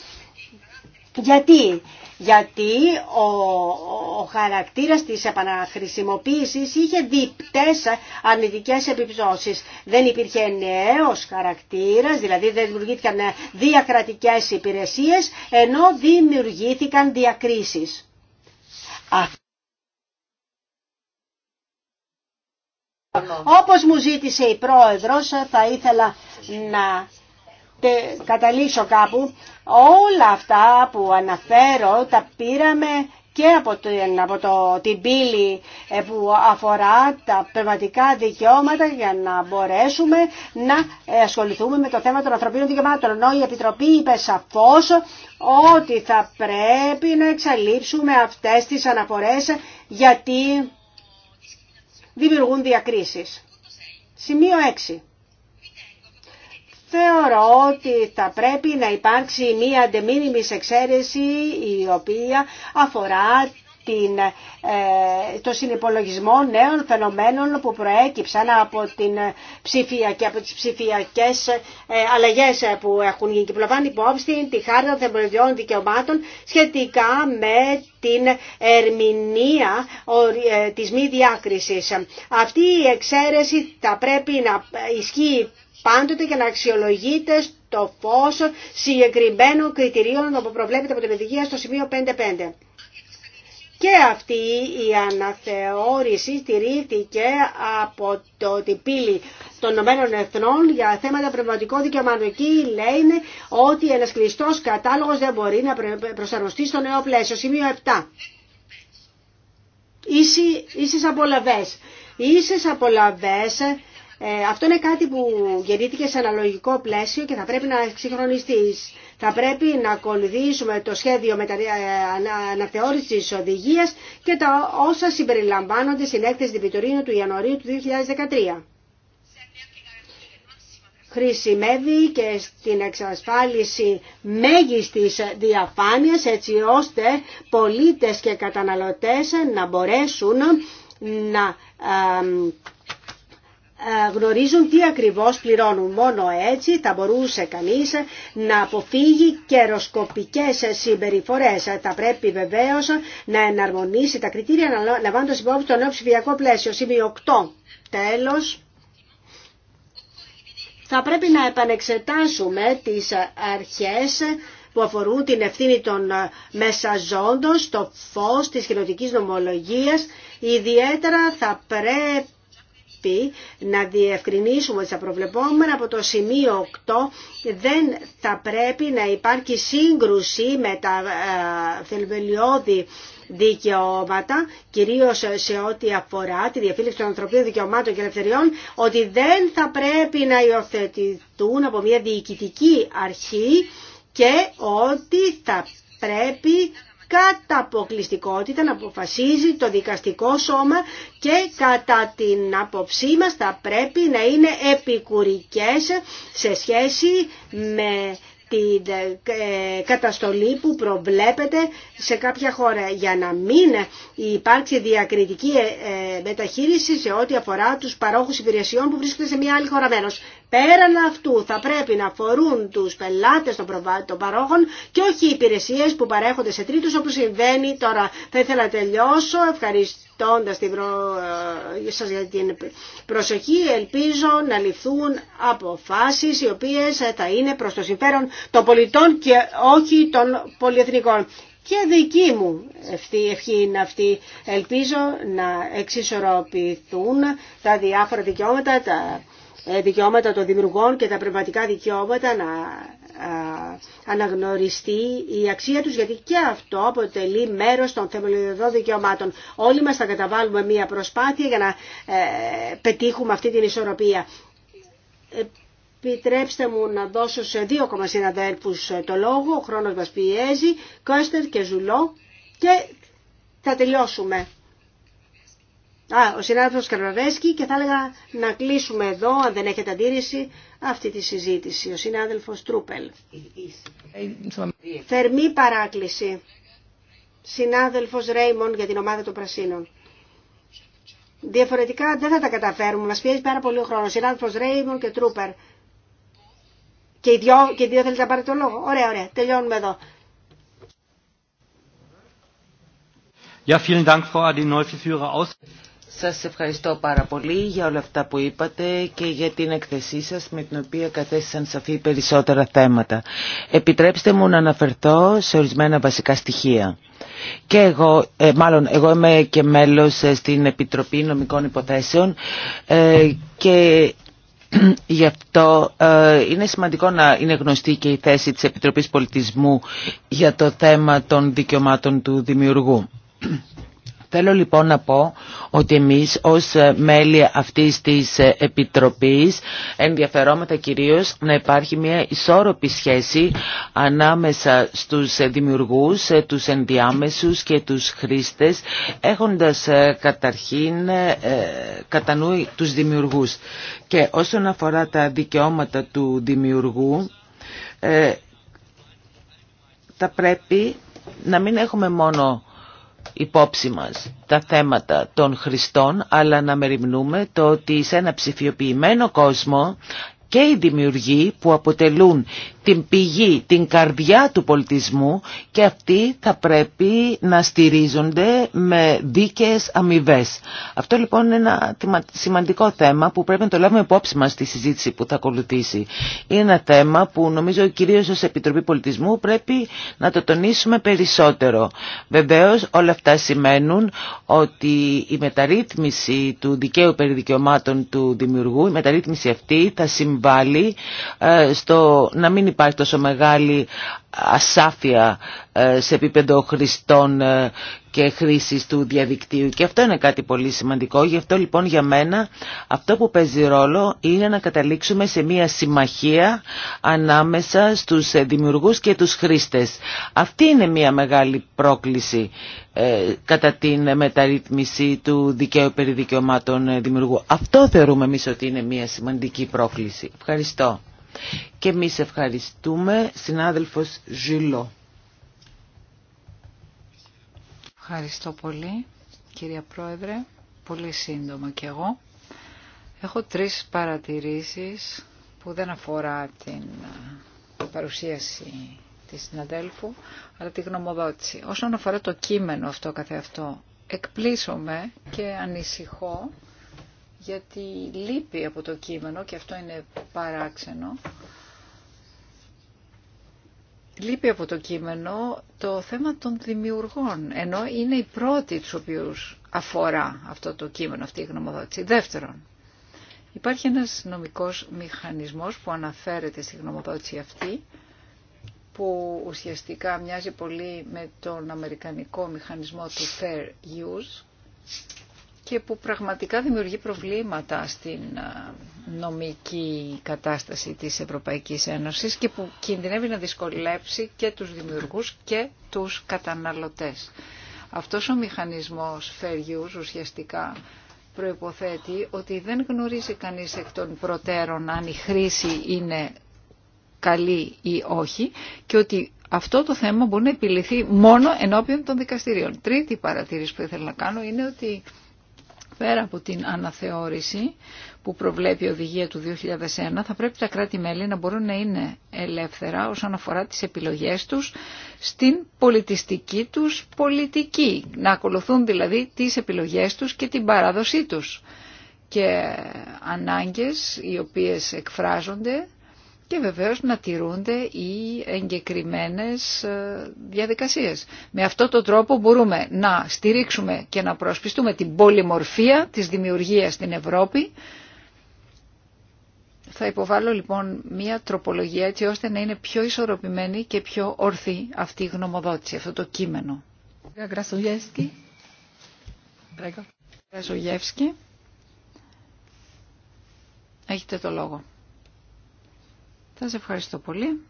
Γιατί, γιατί ο, ο, ο χαρακτήρας της επαναχρησιμοποίησης είχε διπτές αρνητικές επιπτώσεις. Δεν υπήρχε νέος χαρακτήρας, δηλαδή δεν δημιουργήθηκαν διακρατικές υπηρεσίες, ενώ δημιουργήθηκαν διακρίσεις. Όπως μου ζήτησε η πρόεδρος, θα ήθελα να καταλήξω κάπου. Όλα αυτά που αναφέρω τα πήραμε και από, την, από το, την πύλη ε, που αφορά τα πνευματικά δικαιώματα για να μπορέσουμε να ε, ασχοληθούμε με το θέμα των ανθρωπίνων δικαιωμάτων. Ενώ η Επιτροπή είπε σαφώ ότι θα πρέπει να εξαλείψουμε αυτές τις αναφορές γιατί δημιουργούν διακρίσεις. Σημείο 6. Θεωρώ ότι θα πρέπει να υπάρξει μία αντεμήνυμης εξαίρεση η οποία αφορά την, ε, το συνυπολογισμό νέων φαινομένων που προέκυψαν από, την ψηφία και από τις ψηφιακές ε, αλλαγές που έχουν γίνει. Κυκλοβάνει υπόψη τη χάρτα των θεμελιωδιών δικαιωμάτων σχετικά με την ερμηνεία ε, της μη διάκρισης. Αυτή η εξαίρεση θα πρέπει να ισχύει πάντοτε για να αξιολογείται στο φως συγκεκριμένων κριτηρίων που προβλέπεται από την οδηγία στο σημείο 55. Και αυτή η αναθεώρηση στηρίχθηκε από το την πύλη των Ηνωμένων Εθνών για θέματα πνευματικών δικαιωμάτων. Εκεί λένε ότι ένα κλειστό κατάλογο δεν μπορεί να προσαρμοστεί στο νέο πλαίσιο. Σημείο 7. ίσες απολαβές. απολαβές ε, αυτό είναι κάτι που γεννήθηκε σε αναλογικό πλαίσιο και θα πρέπει να εξυγχρονιστεί. Θα πρέπει να ακολουθήσουμε το σχέδιο μετα... Ε, αναθεώρηση της και τα όσα συμπεριλαμβάνονται στην έκθεση Διπιτορίνου του Ιανουαρίου του 2013 χρησιμεύει και στην εξασφάλιση μέγιστης διαφάνειας έτσι ώστε πολίτες και καταναλωτές να μπορέσουν να ε, ε, γνωρίζουν τι ακριβώς πληρώνουν. Μόνο έτσι θα μπορούσε κανείς να αποφύγει καιροσκοπικές συμπεριφορές. Θα πρέπει βεβαίως να εναρμονίσει τα κριτήρια να υπόψη το νέο ψηφιακό πλαίσιο. Σημείο 8. Τέλος. Θα πρέπει να επανεξετάσουμε τις αρχές που αφορούν την ευθύνη των μεσαζόντων στο φως της κοινωτικής νομολογίας. Ιδιαίτερα θα πρέπει να διευκρινίσουμε ότι προβλεπόμενα από το σημείο 8 δεν θα πρέπει να υπάρχει σύγκρουση με τα ε, θελμελιώδη δικαιώματα, κυρίως σε ό,τι αφορά τη διαφύλαξη των ανθρωπίνων δικαιωμάτων και ελευθεριών, ότι δεν θα πρέπει να υιοθετηθούν από μια διοικητική αρχή και ότι θα πρέπει κατά αποκλειστικότητα να αποφασίζει το δικαστικό σώμα και κατά την άποψή μας θα πρέπει να είναι επικουρικές σε σχέση με την ε, καταστολή που προβλέπεται σε κάποια χώρα για να μην υπάρξει διακριτική ε, ε, μεταχείριση σε ό,τι αφορά τους παρόχους υπηρεσιών που βρίσκονται σε μια άλλη χώρα μέρος. Πέραν αυτού θα πρέπει να αφορούν τους πελάτες των παρόχων και όχι οι υπηρεσίες που παρέχονται σε τρίτους όπως συμβαίνει τώρα. Θα ήθελα να τελειώσω. Ευχαριστώ ζητώντας την προ... Ε, για την προσοχή ελπίζω να ληφθούν αποφάσεις οι οποίες θα είναι προς το συμφέρον των πολιτών και όχι των πολυεθνικών. Και δική μου ευχή είναι αυτή. Ελπίζω να εξισορροπηθούν τα διάφορα δικαιώματα, τα ε, δικαιώματα των δημιουργών και τα πνευματικά δικαιώματα να αναγνωριστεί η αξία τους γιατί και αυτό αποτελεί μέρος των θεμελιωδών δικαιωμάτων. Όλοι μας θα καταβάλουμε μία προσπάθεια για να ε, πετύχουμε αυτή την ισορροπία. Επιτρέψτε μου να δώσω σε δύο ακόμα συναδέλφους ε, το λόγο. Ο χρόνος μας πιέζει. Κώστερ και Ζουλό. Και θα τελειώσουμε. Α, ο συνάδελφος Καρβαρέσκη και θα έλεγα να κλείσουμε εδώ, αν δεν έχετε αντίρρηση, αυτή τη συζήτηση. Ο συνάδελφος Τρούπελ. Θερμή παράκληση. Συνάδελφος Ρέιμον για την ομάδα των Πρασίνων. Διαφορετικά δεν θα τα καταφέρουμε. Μας πιέζει πάρα πολύ ο χρόνος. Συνάδελφος Ρέιμον και Τρούπερ. Και οι δυο, και οι θέλετε να πάρετε το λόγο. Ωραία, ωραία. Τελειώνουμε εδώ. Ja, vielen Dank, σας ευχαριστώ πάρα πολύ για όλα αυτά που είπατε και για την εκθεσή σας με την οποία κατέστησαν σαφή περισσότερα θέματα. Επιτρέψτε μου να αναφερθώ σε ορισμένα βασικά στοιχεία. Και εγώ, ε, μάλλον εγώ είμαι και μέλος ε, στην Επιτροπή Νομικών Υποθέσεων ε, και Γι' αυτό είναι σημαντικό να είναι γνωστή και η θέση της Επιτροπής Πολιτισμού για το θέμα των δικαιωμάτων του δημιουργού. Θέλω λοιπόν να πω ότι εμείς ως ε, μέλη αυτής της ε, Επιτροπής ενδιαφερόμεθα κυρίως να υπάρχει μια ισόρροπη σχέση ανάμεσα στους ε, δημιουργούς, τους ενδιάμεσους και τους χρήστες έχοντας καταρχήν κατά νου τους δημιουργούς. Και όσον αφορά τα δικαιώματα του δημιουργού θα πρέπει να μην έχουμε μόνο υπόψη μας τα θέματα των Χριστών, αλλά να μεριμνούμε το ότι σε ένα ψηφιοποιημένο κόσμο και οι δημιουργοί που αποτελούν την πηγή, την καρδιά του πολιτισμού και αυτοί θα πρέπει να στηρίζονται με δίκαιες αμοιβέ. Αυτό λοιπόν είναι ένα σημαντικό θέμα που πρέπει να το λάβουμε υπόψη μας στη συζήτηση που θα ακολουθήσει. Είναι ένα θέμα που νομίζω κυρίως ως Επιτροπή Πολιτισμού πρέπει να το τονίσουμε περισσότερο. Βεβαίως όλα αυτά σημαίνουν ότι η μεταρρύθμιση του δικαίου περί του δημιουργού, η μεταρρύθμιση αυτή θα συμβάλλει ε, στο να μην υπάρχει τόσο μεγάλη ασάφεια ε, σε επίπεδο χρηστών ε, και χρήσης του διαδικτύου και αυτό είναι κάτι πολύ σημαντικό γι' αυτό λοιπόν για μένα αυτό που παίζει ρόλο είναι να καταλήξουμε σε μια συμμαχία ανάμεσα στους δημιουργούς και τους χρήστες αυτή είναι μια μεγάλη πρόκληση ε, κατά την μεταρρύθμιση του δικαίου περί δικαιωμάτων δημιουργού αυτό θεωρούμε εμεί ότι είναι μια σημαντική πρόκληση Ευχαριστώ και εμείς ευχαριστούμε, συνάδελφος Ζηλό. Ευχαριστώ πολύ, κυρία Πρόεδρε. Πολύ σύντομα κι εγώ. Έχω τρεις παρατηρήσεις που δεν αφορά την ε, παρουσίαση της συναδέλφου, αλλά τη γνωμοδότηση. Όσον αφορά το κείμενο αυτό καθεαυτό, εκπλήσωμαι και ανησυχώ γιατί λείπει από το κείμενο και αυτό είναι παράξενο. Λείπει από το κείμενο το θέμα των δημιουργών, ενώ είναι η πρώτη του οποίους αφορά αυτό το κείμενο, αυτή η γνωμοδότηση. Δεύτερον, υπάρχει ένας νομικός μηχανισμός που αναφέρεται στη γνωμοδότηση αυτή, που ουσιαστικά μοιάζει πολύ με τον αμερικανικό μηχανισμό του Fair Use, και που πραγματικά δημιουργεί προβλήματα στην νομική κατάσταση της Ευρωπαϊκής Ένωσης και που κινδυνεύει να δυσκολέψει και τους δημιουργούς και τους καταναλωτές. Αυτός ο μηχανισμός fair ουσιαστικά προϋποθέτει ότι δεν γνωρίζει κανείς εκ των προτέρων αν η χρήση είναι καλή ή όχι και ότι αυτό το θέμα μπορεί να επιληθεί μόνο ενώπιον των δικαστηρίων. Τρίτη παρατήρηση που ήθελα να κάνω είναι ότι πέρα από την αναθεώρηση που προβλέπει η οδηγία του 2001, θα πρέπει τα κράτη-μέλη να μπορούν να είναι ελεύθερα όσον αφορά τις επιλογές τους στην πολιτιστική τους πολιτική. Να ακολουθούν δηλαδή τις επιλογές τους και την παράδοσή τους και ανάγκες οι οποίες εκφράζονται και βεβαίως να τηρούνται οι εγκεκριμένες ε, διαδικασίες. Με αυτόν τον τρόπο μπορούμε να στηρίξουμε και να προσπιστούμε την πολυμορφία της δημιουργίας στην Ευρώπη. Θα υποβάλω λοιπόν μία τροπολογία έτσι ώστε να είναι πιο ισορροπημένη και πιο ορθή αυτή η γνωμοδότηση, αυτό το κείμενο. Έχετε το λόγο. Σας ευχαριστώ πολύ.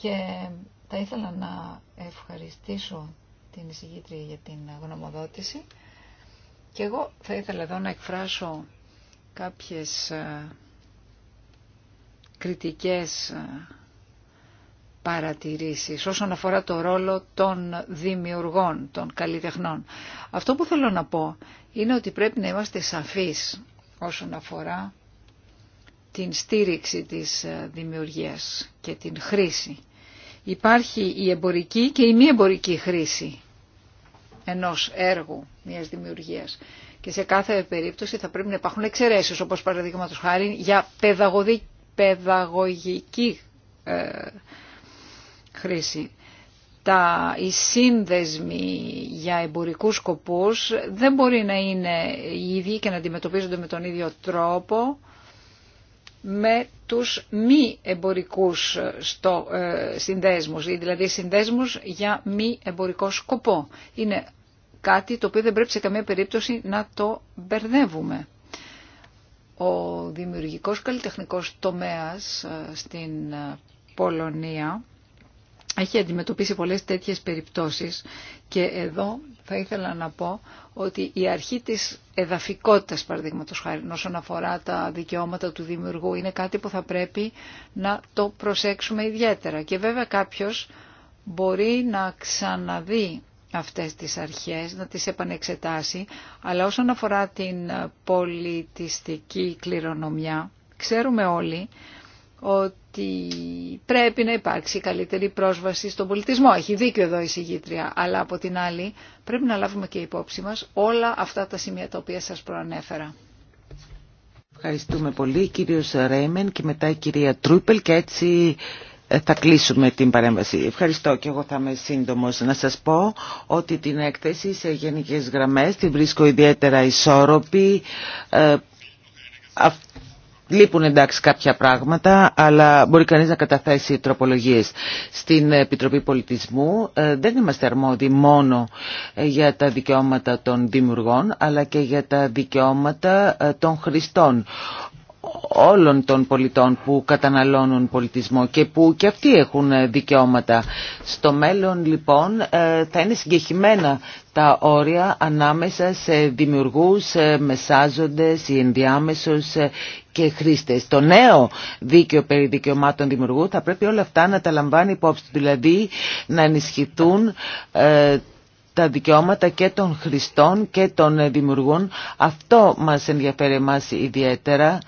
Και θα ήθελα να ευχαριστήσω την εισηγήτρια για την γνωμοδότηση. Και εγώ θα ήθελα εδώ να εκφράσω κάποιες ε, κριτικές ε, παρατηρήσεις όσον αφορά το ρόλο των δημιουργών, των καλλιτεχνών. Αυτό που θέλω να πω είναι ότι πρέπει να είμαστε σαφείς όσον αφορά την στήριξη της ε, δημιουργίας και την χρήση. Υπάρχει η εμπορική και η μη εμπορική χρήση ενός έργου, μιας δημιουργίας. Και σε κάθε περίπτωση θα πρέπει να υπάρχουν εξαιρέσεις, όπως παραδείγματος χάρη, για παιδαγωγική ε, χρήση. Τα, οι σύνδεσμοι για εμπορικούς σκοπούς δεν μπορεί να είναι οι ίδιοι και να αντιμετωπίζονται με τον ίδιο τρόπο με τους μη εμπορικούς στο, ε, συνδέσμους, δηλαδή συνδέσμους για μη εμπορικό σκοπό. Είναι κάτι το οποίο δεν πρέπει σε καμία περίπτωση να το μπερδεύουμε. Ο δημιουργικός καλλιτεχνικός τομέας ε, στην ε, Πολωνία έχει αντιμετωπίσει πολλές τέτοιες περιπτώσεις και εδώ θα ήθελα να πω ότι η αρχή της εδαφικότητας παραδείγματος χάρη όσον αφορά τα δικαιώματα του δημιουργού είναι κάτι που θα πρέπει να το προσέξουμε ιδιαίτερα και βέβαια κάποιος μπορεί να ξαναδεί αυτές τις αρχές, να τις επανεξετάσει, αλλά όσον αφορά την πολιτιστική κληρονομιά, ξέρουμε όλοι ότι πρέπει να υπάρξει καλύτερη πρόσβαση στον πολιτισμό. Έχει δίκιο εδώ η συγγήτρια, αλλά από την άλλη πρέπει να λάβουμε και υπόψη μας όλα αυτά τα σημεία τα οποία σας προανέφερα. Ευχαριστούμε πολύ κύριος Ρέιμεν και μετά η κυρία Τρούπελ και έτσι ε, θα κλείσουμε την παρέμβαση. Ευχαριστώ και εγώ θα είμαι σύντομο να σας πω ότι την έκθεση σε γενικές γραμμές την βρίσκω ιδιαίτερα ισόρροπη. Ε, Λείπουν εντάξει κάποια πράγματα, αλλά μπορεί κανείς να καταθέσει τροπολογίες. Στην Επιτροπή Πολιτισμού ε, δεν είμαστε αρμόδιοι μόνο ε, για τα δικαιώματα των δημιουργών, αλλά και για τα δικαιώματα ε, των χρηστών όλων των πολιτών που καταναλώνουν πολιτισμό και που και αυτοί έχουν δικαιώματα. Στο μέλλον λοιπόν θα είναι συγκεχημένα τα όρια ανάμεσα σε δημιουργούς, μεσάζοντες ή ενδιάμεσους και Το νέο δίκαιο περί δικαιωμάτων δημιουργού θα πρέπει όλα αυτά να τα λαμβάνει υπόψη, δηλαδή να ενισχυθούν ε, τα δικαιώματα και των χρηστών και των δημιουργών. Αυτό μας ενδιαφέρει εμάς ιδιαίτερα.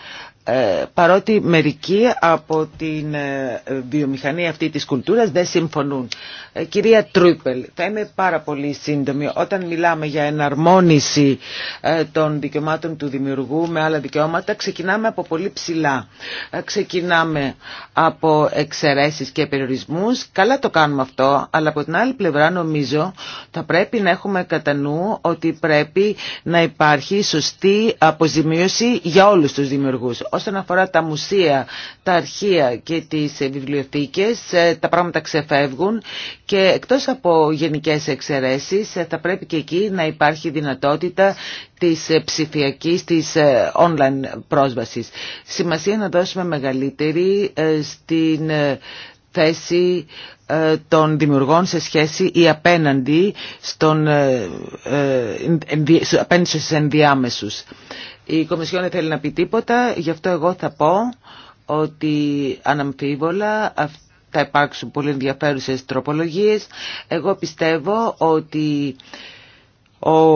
Ε, παρότι μερικοί από την ε, βιομηχανία αυτή της κουλτούρας δεν συμφωνούν. Ε, κυρία Τρούπελ, θα είμαι πάρα πολύ σύντομη. Όταν μιλάμε για εναρμόνιση των δικαιωμάτων του δημιουργού με άλλα δικαιώματα, ξεκινάμε από πολύ ψηλά. Ξεκινάμε από εξαιρέσεις και περιορισμούς. Καλά το κάνουμε αυτό, αλλά από την άλλη πλευρά νομίζω θα πρέπει να έχουμε κατά νου ότι πρέπει να υπάρχει σωστή αποζημίωση για όλους τους δημιουργούς Όσον αφορά τα μουσεία, τα αρχεία και τις βιβλιοθήκες, ε, τα πράγματα ξεφεύγουν και εκτός από γενικές εξαιρέσεις ε, θα πρέπει και εκεί να υπάρχει δυνατότητα της ε, ψηφιακής, της online πρόσβασης. Σημασία να δώσουμε μεγαλύτερη στην θέση των δημιουργών σε σχέση ή απέναντι, στον, απέναντι στους ενδιάμεσους. Η Κομισιόν δεν θέλει να πει τίποτα, γι' αυτό εγώ θα πω ότι αναμφίβολα θα υπάρξουν πολύ ενδιαφέρουσες τροπολογίες. Εγώ πιστεύω ότι ο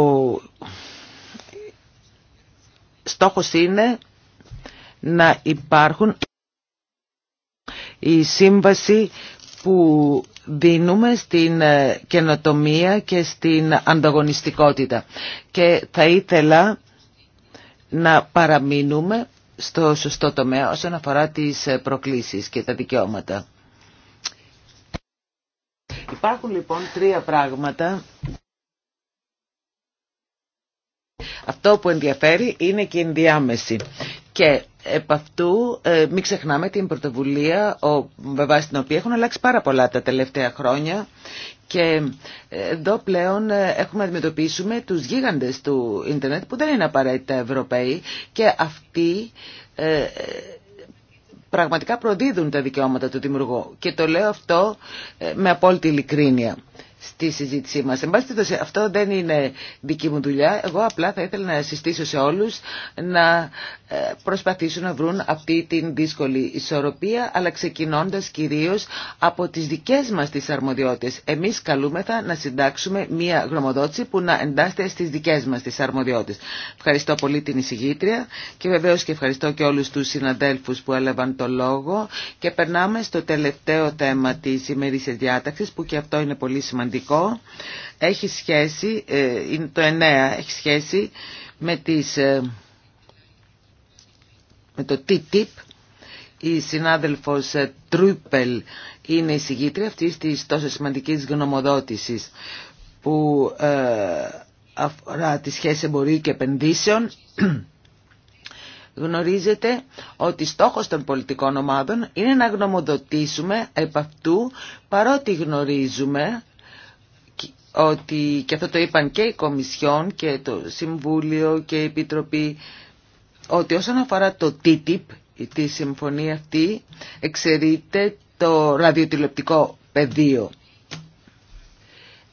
στόχος είναι να υπάρχουν η σύμβαση που δίνουμε στην ε, καινοτομία και στην ανταγωνιστικότητα. Και θα ήθελα να παραμείνουμε στο σωστό τομέα όσον αφορά τις ε, προκλήσεις και τα δικαιώματα. Υπάρχουν λοιπόν τρία πράγματα. Αυτό που ενδιαφέρει είναι και η ενδιάμεση. Και επ' αυτού ε, μην ξεχνάμε την πρωτοβουλία ο, με την οποία έχουν αλλάξει πάρα πολλά τα τελευταία χρόνια και ε, εδώ πλέον ε, έχουμε να αντιμετωπίσουμε τους γίγαντες του ίντερνετ που δεν είναι απαραίτητα Ευρωπαίοι και αυτοί ε, πραγματικά προδίδουν τα δικαιώματα του δημιουργού. Και το λέω αυτό με απόλυτη ειλικρίνεια στη συζήτησή μας. Εν πάση αυτό δεν είναι δική μου δουλειά. Εγώ απλά θα ήθελα να συστήσω σε όλους να ε, προσπαθήσουν να βρουν αυτή την δύσκολη ισορροπία αλλά ξεκινώντας κυρίως από τις δικές μας τις αρμοδιότητες. Εμείς καλούμεθα να συντάξουμε μία γνωμοδότηση που να εντάσσεται στις δικές μας τις αρμοδιότητες. Ευχαριστώ πολύ την εισηγήτρια και βεβαίως και ευχαριστώ και όλους τους συναδέλφους που έλαβαν το λόγο και περνάμε στο τελευταίο θέμα της ημερήσια διάταξης που και αυτό είναι πολύ σημαντικό. Έχει σχέση, ε, είναι το 9, έχει σχέση με τις ε, με το TTIP. Η συνάδελφος Τρούπελ είναι η συγγήτρια αυτής της τόσο σημαντικής γνωμοδότησης που ε, αφορά τη σχέση εμπορίου και επενδύσεων. Γνωρίζετε ότι στόχος των πολιτικών ομάδων είναι να γνωμοδοτήσουμε επ' αυτού παρότι γνωρίζουμε ότι, και αυτό το είπαν και η Κομισιόν και το Συμβούλιο και η Επιτροπή ότι όσον αφορά το TTIP, τη συμφωνία αυτή, εξαιρείται το ραδιοτηλεπτικό πεδίο.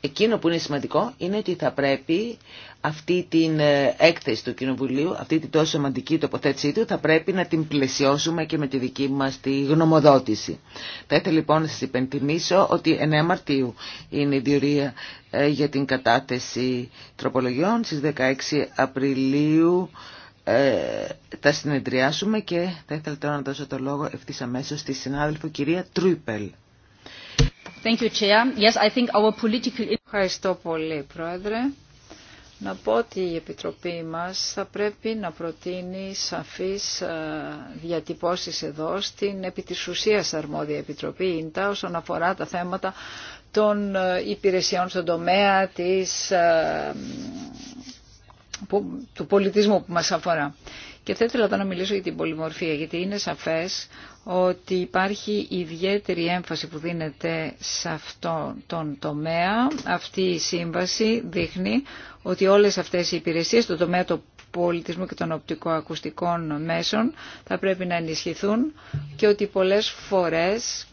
Εκείνο που είναι σημαντικό είναι ότι θα πρέπει αυτή την ε, έκθεση του Κοινοβουλίου, αυτή την τόσο σημαντική τοποθέτησή του, θα πρέπει να την πλαισιώσουμε και με τη δική μας τη γνωμοδότηση. Θα ήθελα λοιπόν να σας υπενθυμίσω ότι 9 Μαρτίου είναι η διορία ε, για την κατάθεση τροπολογιών. Στις 16 Απριλίου ε, τα συνεδριάσουμε και θα ήθελα τώρα να δώσω το λόγο ευθύ αμέσω στη συνάδελφο κυρία Τρούιπελ. Ευχαριστώ πολύ, Πρόεδρε. Να πω ότι η Επιτροπή μας θα πρέπει να προτείνει σαφείς ε, διατυπώσεις εδώ στην επί της ουσίας αρμόδια Επιτροπή ΙΝΤΑ όσον αφορά τα θέματα των ε, υπηρεσιών στον τομέα της ε, του πολιτισμού που μας αφορά. Και θα ήθελα εδώ να μιλήσω για την πολυμορφία, γιατί είναι σαφές ότι υπάρχει ιδιαίτερη έμφαση που δίνεται σε αυτό τον τομέα. Αυτή η σύμβαση δείχνει ότι όλες αυτές οι υπηρεσίες στον τομέα του πολιτισμού και των οπτικοακουστικών μέσων θα πρέπει να ενισχυθούν και ότι πολλές φορές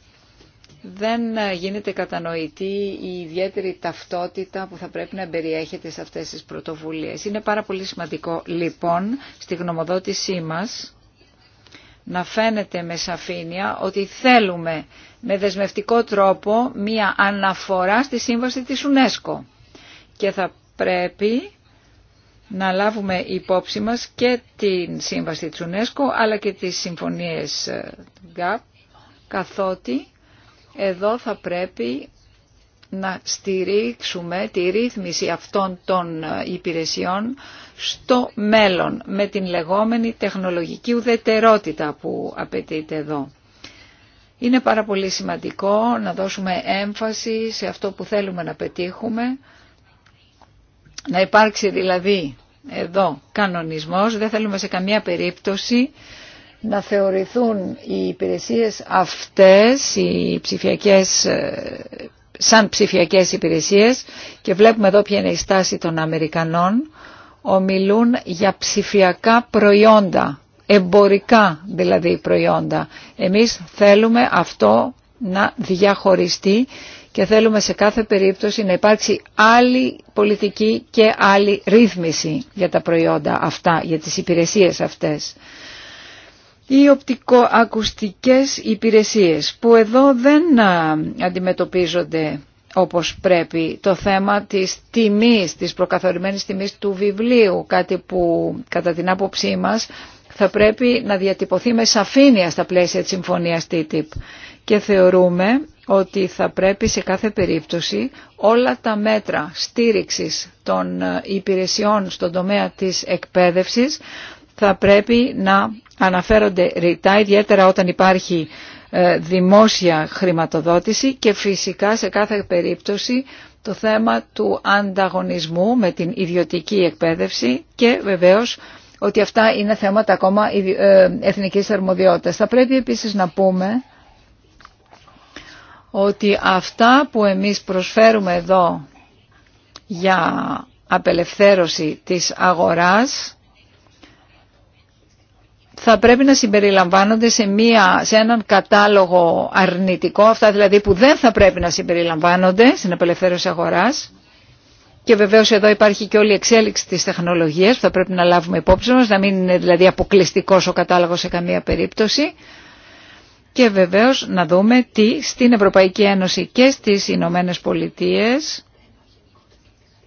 δεν γίνεται κατανοητή η ιδιαίτερη ταυτότητα που θα πρέπει να περιέχεται σε αυτές τις πρωτοβουλίες. Είναι πάρα πολύ σημαντικό λοιπόν στη γνωμοδότησή μας να φαίνεται με σαφήνεια ότι θέλουμε με δεσμευτικό τρόπο μία αναφορά στη σύμβαση της UNESCO και θα πρέπει να λάβουμε υπόψη μας και την σύμβαση της UNESCO αλλά και τις συμφωνίες GAP καθότι εδώ θα πρέπει να στηρίξουμε τη ρύθμιση αυτών των ε, υπηρεσιών στο μέλλον με την λεγόμενη τεχνολογική ουδετερότητα που απαιτείται εδώ. Είναι πάρα πολύ σημαντικό να δώσουμε έμφαση σε αυτό που θέλουμε να πετύχουμε, να υπάρξει δηλαδή εδώ κανονισμός, δεν θέλουμε σε καμία περίπτωση να θεωρηθούν οι υπηρεσίες αυτές, οι ψηφιακές, ε, σαν ψηφιακές υπηρεσίες και βλέπουμε εδώ ποια είναι η στάση των Αμερικανών, ομιλούν για ψηφιακά προϊόντα, εμπορικά δηλαδή προϊόντα. Εμείς θέλουμε αυτό να διαχωριστεί και θέλουμε σε κάθε περίπτωση να υπάρξει άλλη πολιτική και άλλη ρύθμιση για τα προϊόντα αυτά, για τις υπηρεσίες αυτές οι οπτικοακουστικές υπηρεσίες που εδώ δεν αντιμετωπίζονται όπως πρέπει το θέμα της τιμής, της προκαθορισμένης τιμής του βιβλίου, κάτι που κατά την άποψή μας θα πρέπει να διατυπωθεί με σαφήνεια στα πλαίσια της συμφωνίας TTIP. Και θεωρούμε ότι θα πρέπει σε κάθε περίπτωση όλα τα μέτρα στήριξης των ε, υπηρεσιών στον τομέα της εκπαίδευσης θα πρέπει να αναφέρονται ρητά, ιδιαίτερα όταν υπάρχει ε, δημόσια χρηματοδότηση και φυσικά σε κάθε περίπτωση το θέμα του ανταγωνισμού με την ιδιωτική εκπαίδευση και βεβαίως ότι αυτά είναι θέματα ακόμα ε, εθνικής αρμοδιότητας. Θα πρέπει επίσης να πούμε ότι αυτά που εμείς προσφέρουμε εδώ για απελευθέρωση της αγοράς θα πρέπει να συμπεριλαμβάνονται σε, μία, σε έναν κατάλογο αρνητικό, αυτά δηλαδή που δεν θα πρέπει να συμπεριλαμβάνονται στην απελευθέρωση αγοράς. Και βεβαίως εδώ υπάρχει και όλη η εξέλιξη της τεχνολογίας που θα πρέπει να λάβουμε υπόψη μας, να μην είναι δηλαδή αποκλειστικός ο κατάλογος σε καμία περίπτωση. Και βεβαίως να δούμε τι στην Ευρωπαϊκή Ένωση και στις Ηνωμένε Πολιτείες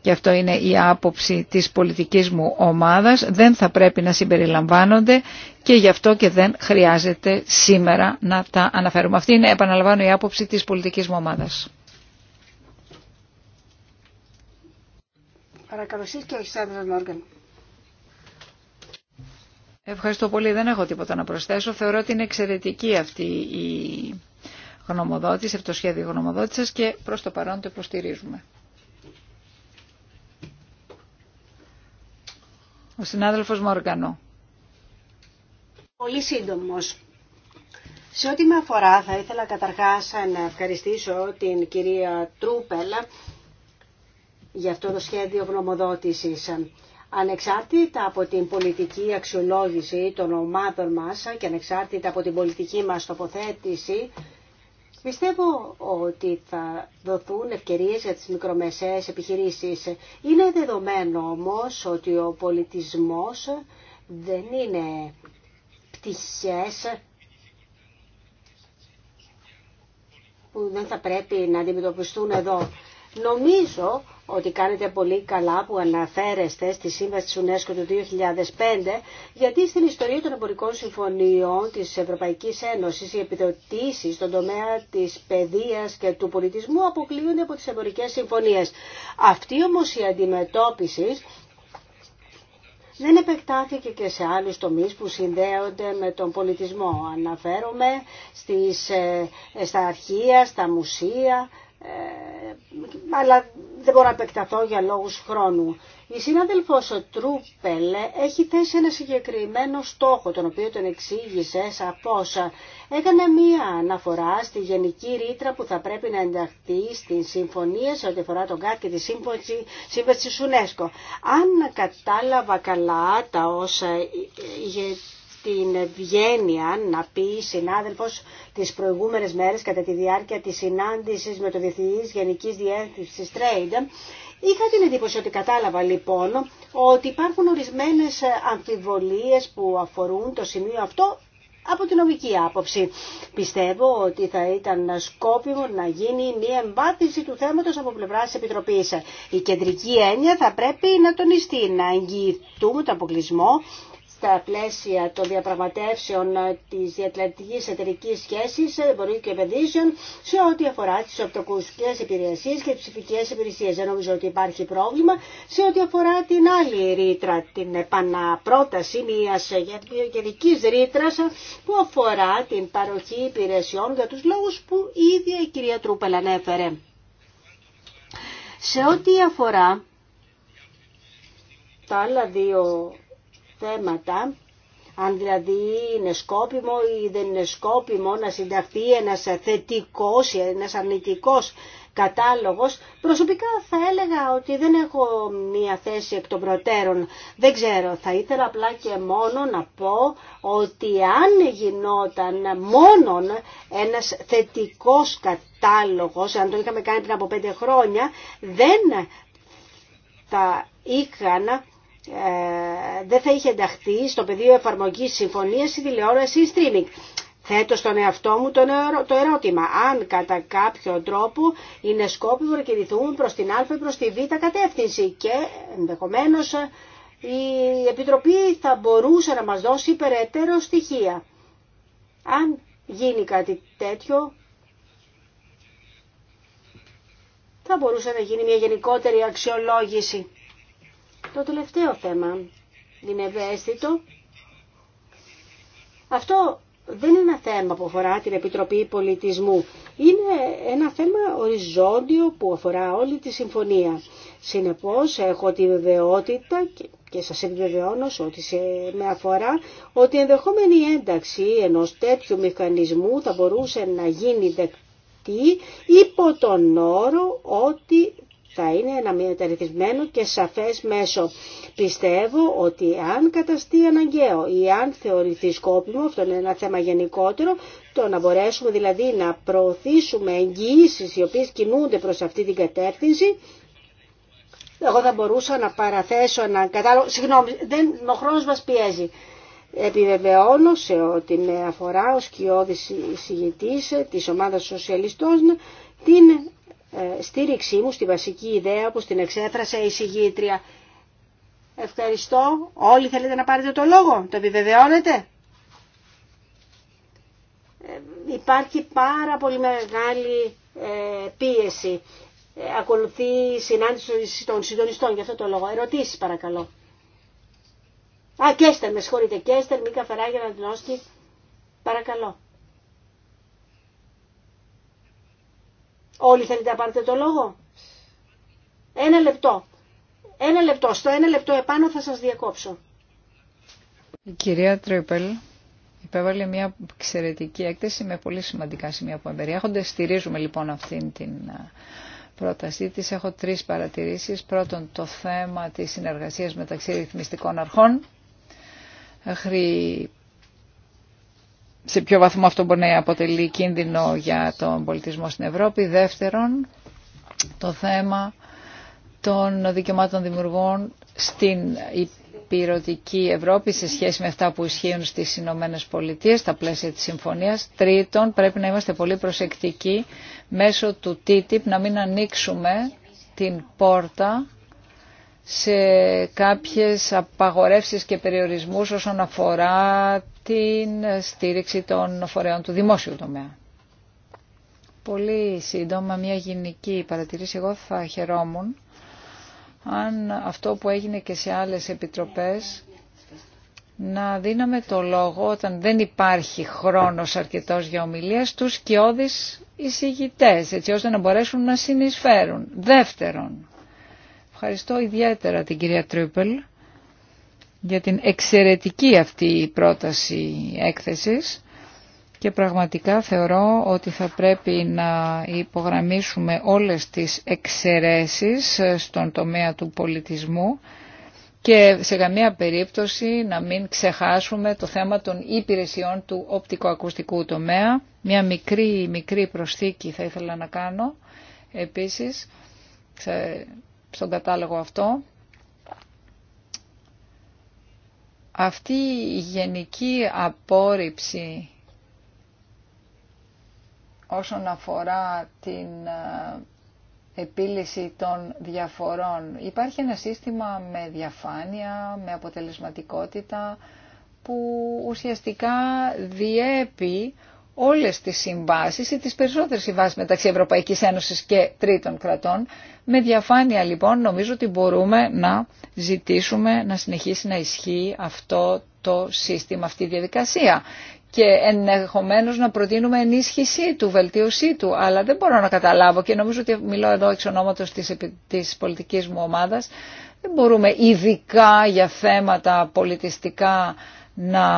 και αυτό είναι η άποψη της πολιτικής μου ομάδας, δεν θα πρέπει να συμπεριλαμβάνονται και γι' αυτό και δεν χρειάζεται σήμερα να τα αναφέρουμε. Αυτή είναι, επαναλαμβάνω, η άποψη της πολιτικής μου ομάδας. Ευχαριστώ πολύ. Δεν έχω τίποτα να προσθέσω. Θεωρώ ότι είναι εξαιρετική αυτή η γνωμοδότηση, αυτό το σχέδιο γνωμοδότησης και προς το παρόν το υποστηρίζουμε. Ο συνάδελφος Μόργανο. Πολύ σύντομος. Σε ό,τι με αφορά θα ήθελα καταρχάς να ευχαριστήσω την κυρία Τρούπελ για αυτό το σχέδιο γνωμοδότησης. Ανεξάρτητα από την πολιτική αξιολόγηση των ομάδων μας και ανεξάρτητα από την πολιτική μας τοποθέτηση, Πιστεύω ότι θα δοθούν ευκαιρίες για τις μικρομεσαίες επιχειρήσεις. Είναι δεδομένο όμως ότι ο πολιτισμός δεν είναι πτυχές που δεν θα πρέπει να αντιμετωπιστούν εδώ. Νομίζω ότι κάνετε πολύ καλά που αναφέρεστε στη σύμβαση της UNESCO του 2005, γιατί στην ιστορία των εμπορικών συμφωνιών της Ευρωπαϊκής Ένωσης οι επιδοτήσεις στον τομέα της παιδείας και του πολιτισμού αποκλείονται από τις εμπορικές συμφωνίες. Αυτή όμως η αντιμετώπιση δεν επεκτάθηκε και σε άλλους τομείς που συνδέονται με τον πολιτισμό. Αναφέρομαι στις, ε, στα αρχεία, στα μουσεία, ε, αλλά δεν μπορώ να επεκταθώ για λόγους χρόνου. Η συνάδελφος Τρούπελ έχει θέσει ένα συγκεκριμένο στόχο, τον οποίο τον εξήγησε όσα. Έκανε μία αναφορά στη γενική ρήτρα που θα πρέπει να ενταχθεί στην συμφωνία σε ό,τι αφορά τον ΚΑΤ και τη σύμβαση, σύμβαση UNESCO. Αν κατάλαβα καλά τα όσα την ευγένεια να πει συνάδελφος τις προηγούμενες μέρες κατά τη διάρκεια της συνάντησης με το Διευθυντή Γενική Γενικής Διεύθυνσης Trade. Είχα την εντύπωση ότι κατάλαβα λοιπόν ότι υπάρχουν ορισμένες αμφιβολίες που αφορούν το σημείο αυτό από την νομική άποψη. Πιστεύω ότι θα ήταν σκόπιμο να γίνει μια εμβάθυνση του θέματος από πλευρά τη Επιτροπής. Η κεντρική έννοια θα πρέπει να τονιστεί, να εγγυηθούμε τον αποκλεισμό στα πλαίσια των διαπραγματεύσεων της διατλαντικής εταιρικής σχέσης, εμπορίου και επενδύσεων, σε ό,τι αφορά τις οπτοκουστικέ υπηρεσίες και τις ψηφικές υπηρεσίες. Δεν νομίζω ότι υπάρχει πρόβλημα σε ό,τι αφορά την άλλη ρήτρα, την επαναπρόταση μιας γενικής ρήτρα που αφορά την παροχή υπηρεσιών για τους λόγους που η ίδια η κυρία Τρούπελ ανέφερε. Σε ό,τι αφορά τα άλλα δύο θέματα αν δηλαδή είναι σκόπιμο ή δεν είναι σκόπιμο να συνταχθεί ένας θετικός ή ένας αρνητικός κατάλογος. Προσωπικά θα έλεγα ότι δεν έχω μία θέση εκ των προτέρων. Δεν ξέρω, θα ήθελα απλά και μόνο να πω ότι αν γινόταν μόνον ένας θετικός κατάλογος, αν το είχαμε κάνει πριν από πέντε χρόνια, δεν θα είχαν ε, δεν θα είχε ενταχθεί στο πεδίο εφαρμογή συμφωνία η τηλεόραση ή streaming. Θέτω στον εαυτό μου το ερώτημα αν κατά κάποιο τρόπο είναι σκόπιμο να κινηθούμε προς την α ή προς τη β κατεύθυνση και ενδεχομένως ε, η Επιτροπή θα μπορούσε να μας δώσει περαιτέρω στοιχεία. Αν γίνει κάτι τέτοιο θα μπορούσε να γίνει μια γενικότερη αξιολόγηση το τελευταίο θέμα είναι ευαίσθητο. Αυτό δεν είναι ένα θέμα που αφορά την Επιτροπή Πολιτισμού. Είναι ένα θέμα οριζόντιο που αφορά όλη τη συμφωνία. Συνεπώς έχω τη βεβαιότητα και σας επιβεβαιώνω ότι σε, με αφορά ότι η ενδεχόμενη ένταξη ενός τέτοιου μηχανισμού θα μπορούσε να γίνει δεκτή υπό τον όρο ότι θα είναι ένα μεταρρυθμισμένο και σαφές μέσο. Πιστεύω ότι αν καταστεί αναγκαίο ή αν θεωρηθεί σκόπιμο, αυτό είναι ένα θέμα γενικότερο, το να μπορέσουμε δηλαδή να προωθήσουμε εγγυήσεις οι οποίες κινούνται προς αυτή την κατεύθυνση, εγώ θα μπορούσα να παραθέσω ένα κατάλογο. Συγγνώμη, δεν, ο χρόνος μας πιέζει. Επιβεβαιώνω σε ό,τι με αφορά ο σκιώδης εισηγητής της ομάδας σοσιαλιστών την ε, στήριξή μου στη βασική ιδέα που την εξέφρασε η συγγήτρια. Ευχαριστώ. Όλοι θέλετε να πάρετε το λόγο. Το επιβεβαιώνετε. Ε, υπάρχει πάρα πολύ μεγάλη ε, πίεση. Ακολουθεί η συνάντηση των συντονιστών για αυτό το λόγο. Ερωτήσεις παρακαλώ. Α, Κέστερ, με συγχωρείτε. Κέστερ, Μίκα Φεράγια, Αντινόσκη. Παρακαλώ. Όλοι θέλετε να πάρετε το λόγο. Ένα λεπτό. Ένα λεπτό. Στο ένα λεπτό επάνω θα σας διακόψω. Η κυρία Τρίπελ υπέβαλε μια εξαιρετική έκθεση με πολύ σημαντικά σημεία που εμπεριέχονται. Στηρίζουμε λοιπόν αυτήν την πρότασή της. Έχω τρεις παρατηρήσεις. Πρώτον, το θέμα της συνεργασίας μεταξύ ρυθμιστικών αρχών σε ποιο βαθμό αυτό μπορεί να αποτελεί κίνδυνο για τον πολιτισμό στην Ευρώπη. Δεύτερον, το θέμα των δικαιωμάτων δημιουργών στην υπηρετική Ευρώπη σε σχέση με αυτά που ισχύουν στις Ηνωμένε Πολιτείες στα πλαίσια της συμφωνίας. Τρίτον, πρέπει να είμαστε πολύ προσεκτικοί μέσω του TTIP να μην ανοίξουμε την πόρτα σε κάποιες απαγορεύσεις και περιορισμούς όσον αφορά την στήριξη των φορέων του δημόσιου τομέα. Πολύ σύντομα μια γενική παρατηρήση. Εγώ θα χαιρόμουν αν αυτό που έγινε και σε άλλες επιτροπές να δίναμε το λόγο όταν δεν υπάρχει χρόνος αρκετός για ομιλία στους κοιόδης εισηγητές, έτσι ώστε να μπορέσουν να συνεισφέρουν. Δεύτερον, ευχαριστώ ιδιαίτερα την κυρία Τρίπελ για την εξαιρετική αυτή πρόταση έκθεσης και πραγματικά θεωρώ ότι θα πρέπει να υπογραμμίσουμε όλες τις εξαιρέσεις στον τομέα του πολιτισμού και σε καμία περίπτωση να μην ξεχάσουμε το θέμα των υπηρεσιών του οπτικοακουστικού τομέα. Μια μικρή, μικρή προσθήκη θα ήθελα να κάνω επίσης στον κατάλογο αυτό Αυτή η γενική απόρριψη όσον αφορά την ε, επίλυση των διαφορών. Υπάρχει ένα σύστημα με διαφάνεια, με αποτελεσματικότητα που ουσιαστικά διέπει όλες τις συμβάσεις ή τις περισσότερες συμβάσεις μεταξύ Ευρωπαϊκής Ένωσης και τρίτων κρατών. Με διαφάνεια λοιπόν νομίζω ότι μπορούμε να ζητήσουμε να συνεχίσει να ισχύει αυτό το σύστημα, αυτή η διαδικασία και ενδεχομένω να προτείνουμε ενίσχυσή του, βελτίωσή του. Αλλά δεν μπορώ να καταλάβω και νομίζω ότι μιλώ εδώ εξ ονοματο της, πολιτικη μου ομάδα. Δεν μπορούμε ειδικά για θέματα πολιτιστικά να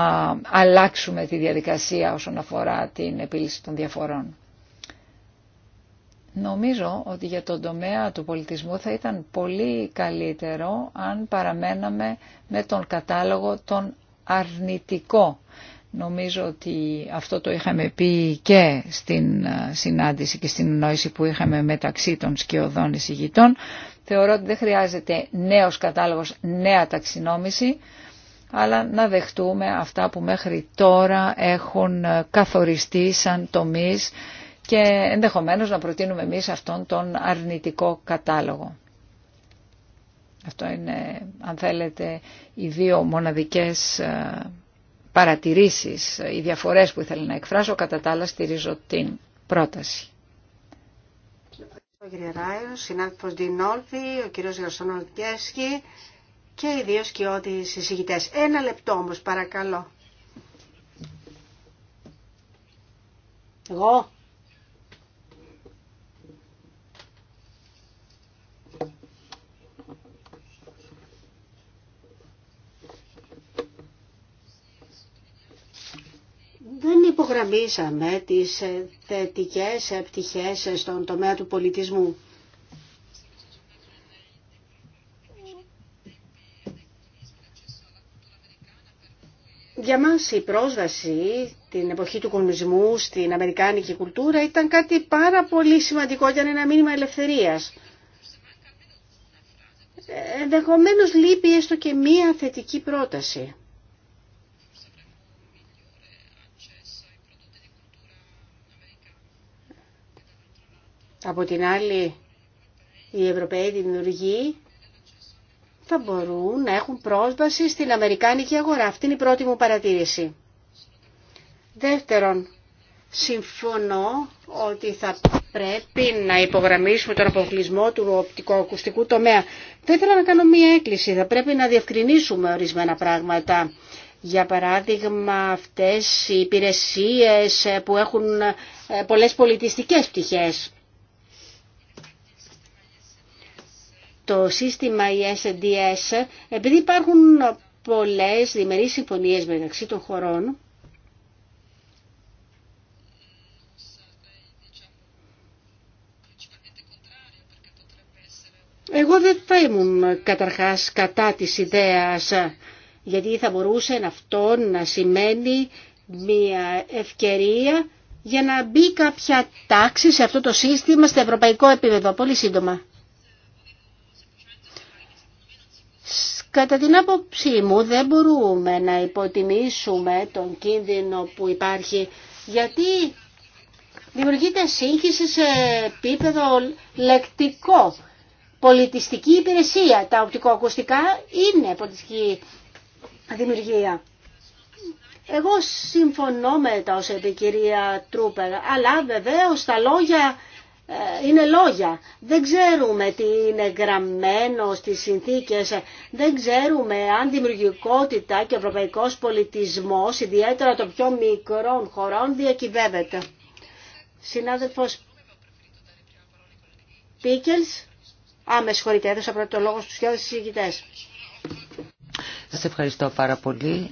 αλλάξουμε τη διαδικασία όσον αφορά την επίλυση των διαφορών. Νομίζω ότι για τον τομέα του πολιτισμού θα ήταν πολύ καλύτερο αν παραμέναμε με τον κατάλογο τον αρνητικό. Νομίζω ότι αυτό το είχαμε πει και στην ε, συνάντηση και στην νόηση που είχαμε μεταξύ των σκιωδών εισηγητών. Θεωρώ ότι δεν χρειάζεται νέος κατάλογος, νέα ταξινόμηση αλλά να δεχτούμε αυτά που μέχρι τώρα έχουν καθοριστεί σαν τομείς και ενδεχομένως να προτείνουμε εμείς αυτόν τον αρνητικό κατάλογο. Αυτό είναι, αν θέλετε, οι δύο μοναδικές ε, παρατηρήσεις, ε, οι διαφορές που ήθελα να εκφράσω, κατά τα άλλα στηρίζω την πρόταση. Ο κύριε Ράιος, συνάδελφος Ντινόλφη, ο κύριος και οι δύο σκιώδεις συζητητές. Ένα λεπτό όμως παρακαλώ. Εγώ. Δεν υπογραμμίσαμε τις θετικές επιτυχίες στον τομέα του πολιτισμού. Για μας η πρόσβαση την εποχή του κομμουνισμού στην αμερικάνικη κουλτούρα ήταν κάτι πάρα πολύ σημαντικό, ήταν ένα μήνυμα ελευθερίας. Ενδεχομένω λείπει έστω και μία θετική πρόταση. Από την άλλη, η Ευρωπαίοι δημιουργοί θα μπορούν να έχουν πρόσβαση στην Αμερικάνικη αγορά. Αυτή είναι η πρώτη μου παρατήρηση. Δεύτερον, συμφωνώ ότι θα πρέπει να υπογραμμίσουμε τον αποκλεισμό του οπτικο-ακουστικού τομέα. Θα ήθελα να κάνω μία έκκληση. Θα πρέπει να διευκρινίσουμε ορισμένα πράγματα. Για παράδειγμα, αυτές οι υπηρεσίες που έχουν ε, πολλές πολιτιστικές πτυχές. το σύστημα ESDS, επειδή υπάρχουν πολλές διμερείς συμφωνίες μεταξύ των χωρών, Εγώ δεν θα ήμουν καταρχάς κατά της ιδέας, γιατί θα μπορούσε αυτό να σημαίνει μια ευκαιρία για να μπει κάποια τάξη σε αυτό το σύστημα στο ευρωπαϊκό επίπεδο. Πολύ σύντομα. Κατά την άποψή μου δεν μπορούμε να υποτιμήσουμε τον κίνδυνο που υπάρχει γιατί δημιουργείται σύγχυση σε επίπεδο λεκτικό. Πολιτιστική υπηρεσία, τα οπτικοακουστικά είναι πολιτιστική δημιουργία. Εγώ συμφωνώ με τα όσα είπε η κυρία Τρούπερ, αλλά βεβαίως τα λόγια ε, είναι λόγια. Δεν ξέρουμε τι είναι γραμμένο στις συνθήκες. Δεν ξέρουμε αν δημιουργικότητα και ευρωπαϊκός πολιτισμός, ιδιαίτερα των πιο μικρών χωρών, διακυβεύεται. Συνάδελφος Πίκελς. Α, με συγχωρείτε, έδωσα πρώτο λόγο στους χιλιάδες συζητητές. Σας ευχαριστώ πάρα πολύ.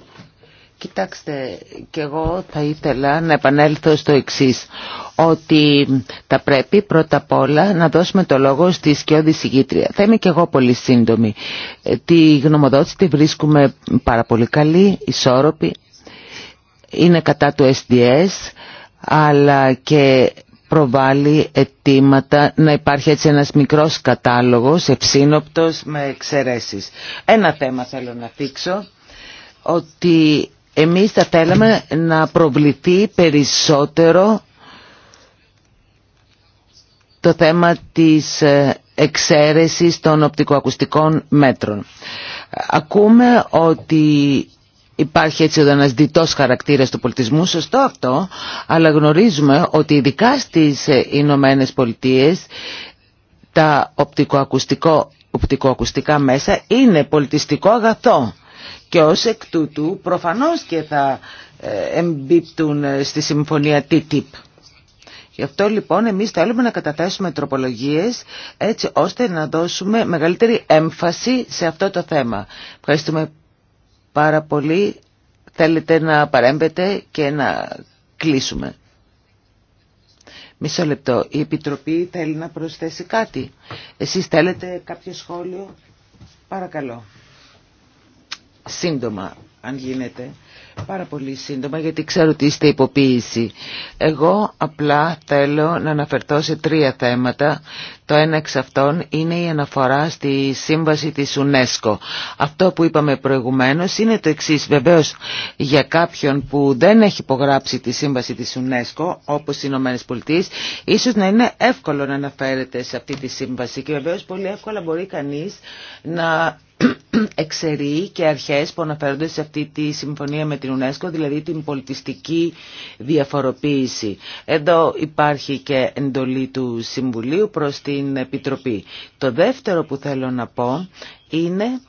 Κοιτάξτε, και εγώ θα ήθελα να επανέλθω στο εξή ότι θα πρέπει πρώτα απ' όλα να δώσουμε το λόγο στη σκιώδη συγκήτρια. Θα είμαι και εγώ πολύ σύντομη. Ε, τη γνωμοδότηση τη βρίσκουμε πάρα πολύ καλή, ισόρροπη, είναι κατά του SDS, αλλά και προβάλλει αιτήματα να υπάρχει έτσι ένας μικρός κατάλογος, ευσύνοπτος, με εξαιρέσεις. Ένα θέμα θέλω να δείξω, ότι εμείς θα θέλαμε να προβληθεί περισσότερο το θέμα της ε, εξαίρεσης των οπτικοακουστικών μέτρων. Ακούμε ότι υπάρχει έτσι ο δανασδητός χαρακτήρας του πολιτισμού, σωστό αυτό, αλλά γνωρίζουμε ότι ειδικά στις ε, Ηνωμένε Πολιτείες τα οπτικοακουστικά μέσα είναι πολιτιστικό αγαθό και ως εκ τούτου προφανώς και θα ε, εμπίπτουν ε, στη συμφωνία TTIP. Γι' αυτό λοιπόν εμείς θέλουμε να καταθέσουμε τροπολογίες έτσι ώστε να δώσουμε μεγαλύτερη έμφαση σε αυτό το θέμα. Ευχαριστούμε πάρα πολύ. Θέλετε να παρέμβετε και να κλείσουμε. Μισό λεπτό. Η Επιτροπή θέλει να προσθέσει κάτι. Εσείς θέλετε κάποιο σχόλιο. Παρακαλώ σύντομα, αν γίνεται, πάρα πολύ σύντομα, γιατί ξέρω ότι είστε υποποίηση. Εγώ απλά θέλω να αναφερθώ σε τρία θέματα. Το ένα εξ αυτών είναι η αναφορά στη σύμβαση της UNESCO. Αυτό που είπαμε προηγουμένως είναι το εξής. Βεβαίως για κάποιον που δεν έχει υπογράψει τη σύμβαση της UNESCO, όπως οι Ηνωμένες Πολιτείες, ίσως να είναι εύκολο να αναφέρεται σε αυτή τη σύμβαση. Και βεβαίως πολύ εύκολα μπορεί κανείς να εξαιρεί και αρχές που αναφέρονται σε αυτή τη συμφωνία με την UNESCO, δηλαδή την πολιτιστική διαφοροποίηση. Εδώ υπάρχει και εντολή του Συμβουλίου προς την Επιτροπή. Το δεύτερο που θέλω να πω είναι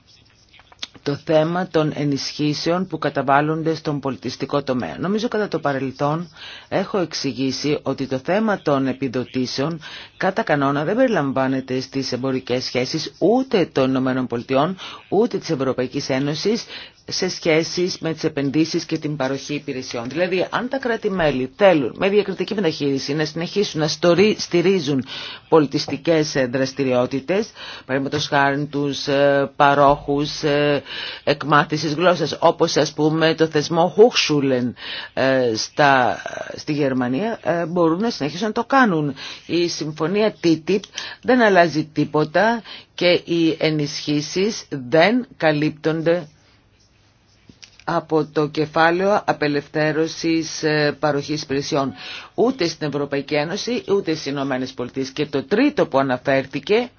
το θέμα των ενισχύσεων που καταβάλλονται στον πολιτιστικό τομέα. Νομίζω κατά το παρελθόν έχω εξηγήσει ότι το θέμα των επιδοτήσεων κατά κανόνα δεν περιλαμβάνεται στις εμπορικές σχέσεις ούτε των ΗΠΑ ούτε της Ευρωπαϊκής Ένωσης σε σχέση με τις επενδύσεις και την παροχή υπηρεσιών. Δηλαδή, αν τα κράτη-μέλη θέλουν με διακριτική μεταχείριση να συνεχίσουν να στηρίζουν πολιτιστικές ε, δραστηριότητες, παραδείγματος χάρη τους ε, παρόχους ε, εκμάθησης γλώσσας, όπως ας πούμε το θεσμό Hochschulen στη Γερμανία, μπορούν να συνεχίσουν να το κάνουν. Η συμφωνία TTIP δεν αλλάζει τίποτα και οι ενισχύσεις δεν καλύπτονται από το κεφάλαιο απελευθέρωσης ε, παροχής υπηρεσιών ούτε στην Ευρωπαϊκή Ένωση ούτε στις Ηνωμένε Πολιτείε. Και το τρίτο που αναφέρθηκε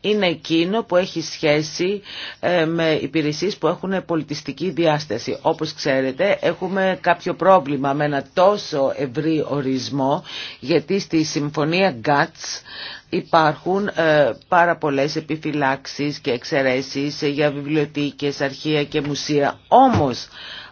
είναι εκείνο που έχει σχέση ε, με υπηρεσίες που έχουν πολιτιστική διάσταση. Όπως ξέρετε έχουμε κάποιο πρόβλημα με ένα τόσο ευρύ ορισμό γιατί στη Συμφωνία GATS υπάρχουν ε, πάρα πολλές επιφυλάξεις και εξαιρέσεις για βιβλιοθήκες, αρχεία και μουσεία. Όμως,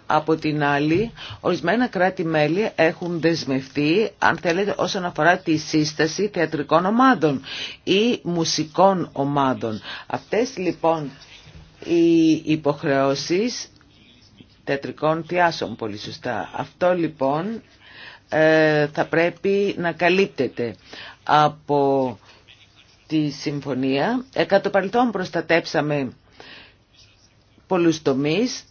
από την άλλη, ορισμένα κράτη-μέλη έχουν δεσμευτεί, αν θέλετε, όσον αφορά τη σύσταση θεατρικών ομάδων ή μουσικών ομάδων. Αυτές λοιπόν οι υποχρεώσεις θεατρικών θεάσεων, πολύ σωστά. Αυτό λοιπόν ε, θα πρέπει να καλύπτεται από τη συμφωνία. Κατά παρελθόν προστατέψαμε πολλούς τομείς,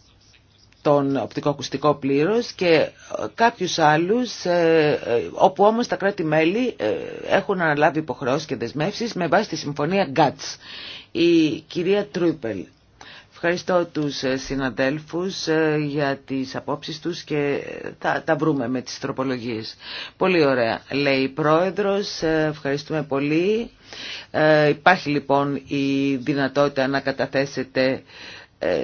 τον οπτικοακουστικό πλήρως και κάποιους άλλους, ε, ε, όπου όμως τα κράτη-μέλη ε, έχουν αναλάβει υποχρεώσεις και δεσμεύσεις με βάση τη συμφωνία GATS. Η κυρία Τρούπελ Ευχαριστώ τους ε, συναδέλφους ε, για τις απόψεις τους και ε, θα τα βρούμε με τις τροπολογίες. Πολύ ωραία, λέει η Πρόεδρος. Ευχαριστούμε πολύ. Υπάρχει λοιπόν η δυνατότητα να καταθέσετε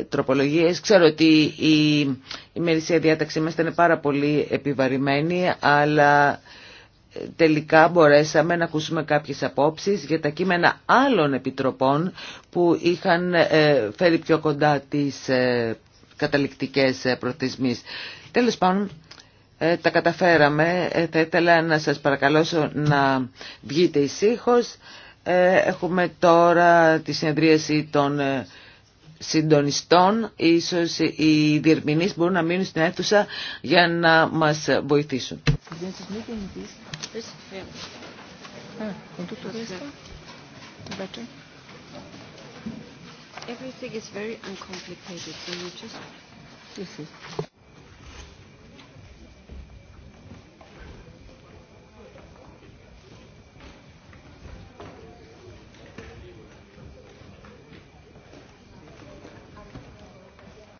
τροπολογίες. Ξέρω ότι η ημερησία διάταξή μας ήταν πάρα πολύ επιβαρημένη, αλλά τελικά μπορέσαμε να ακούσουμε κάποιες απόψεις για τα κείμενα άλλων επιτροπών που είχαν ε, φέρει πιο κοντά τις ε, καταληκτικές ε, προθεσμίες. Τέλος πάντων, τα καταφέραμε. Θα ήθελα να σας παρακαλώσω να βγείτε ησύχως. Έχουμε τώρα τη συνεδρίαση των συντονιστών ίσως οι διερμηνείς μπορούν να μείνουν στην αίθουσα για να μας βοηθήσουν. Everything is very uncomplicated, so you just...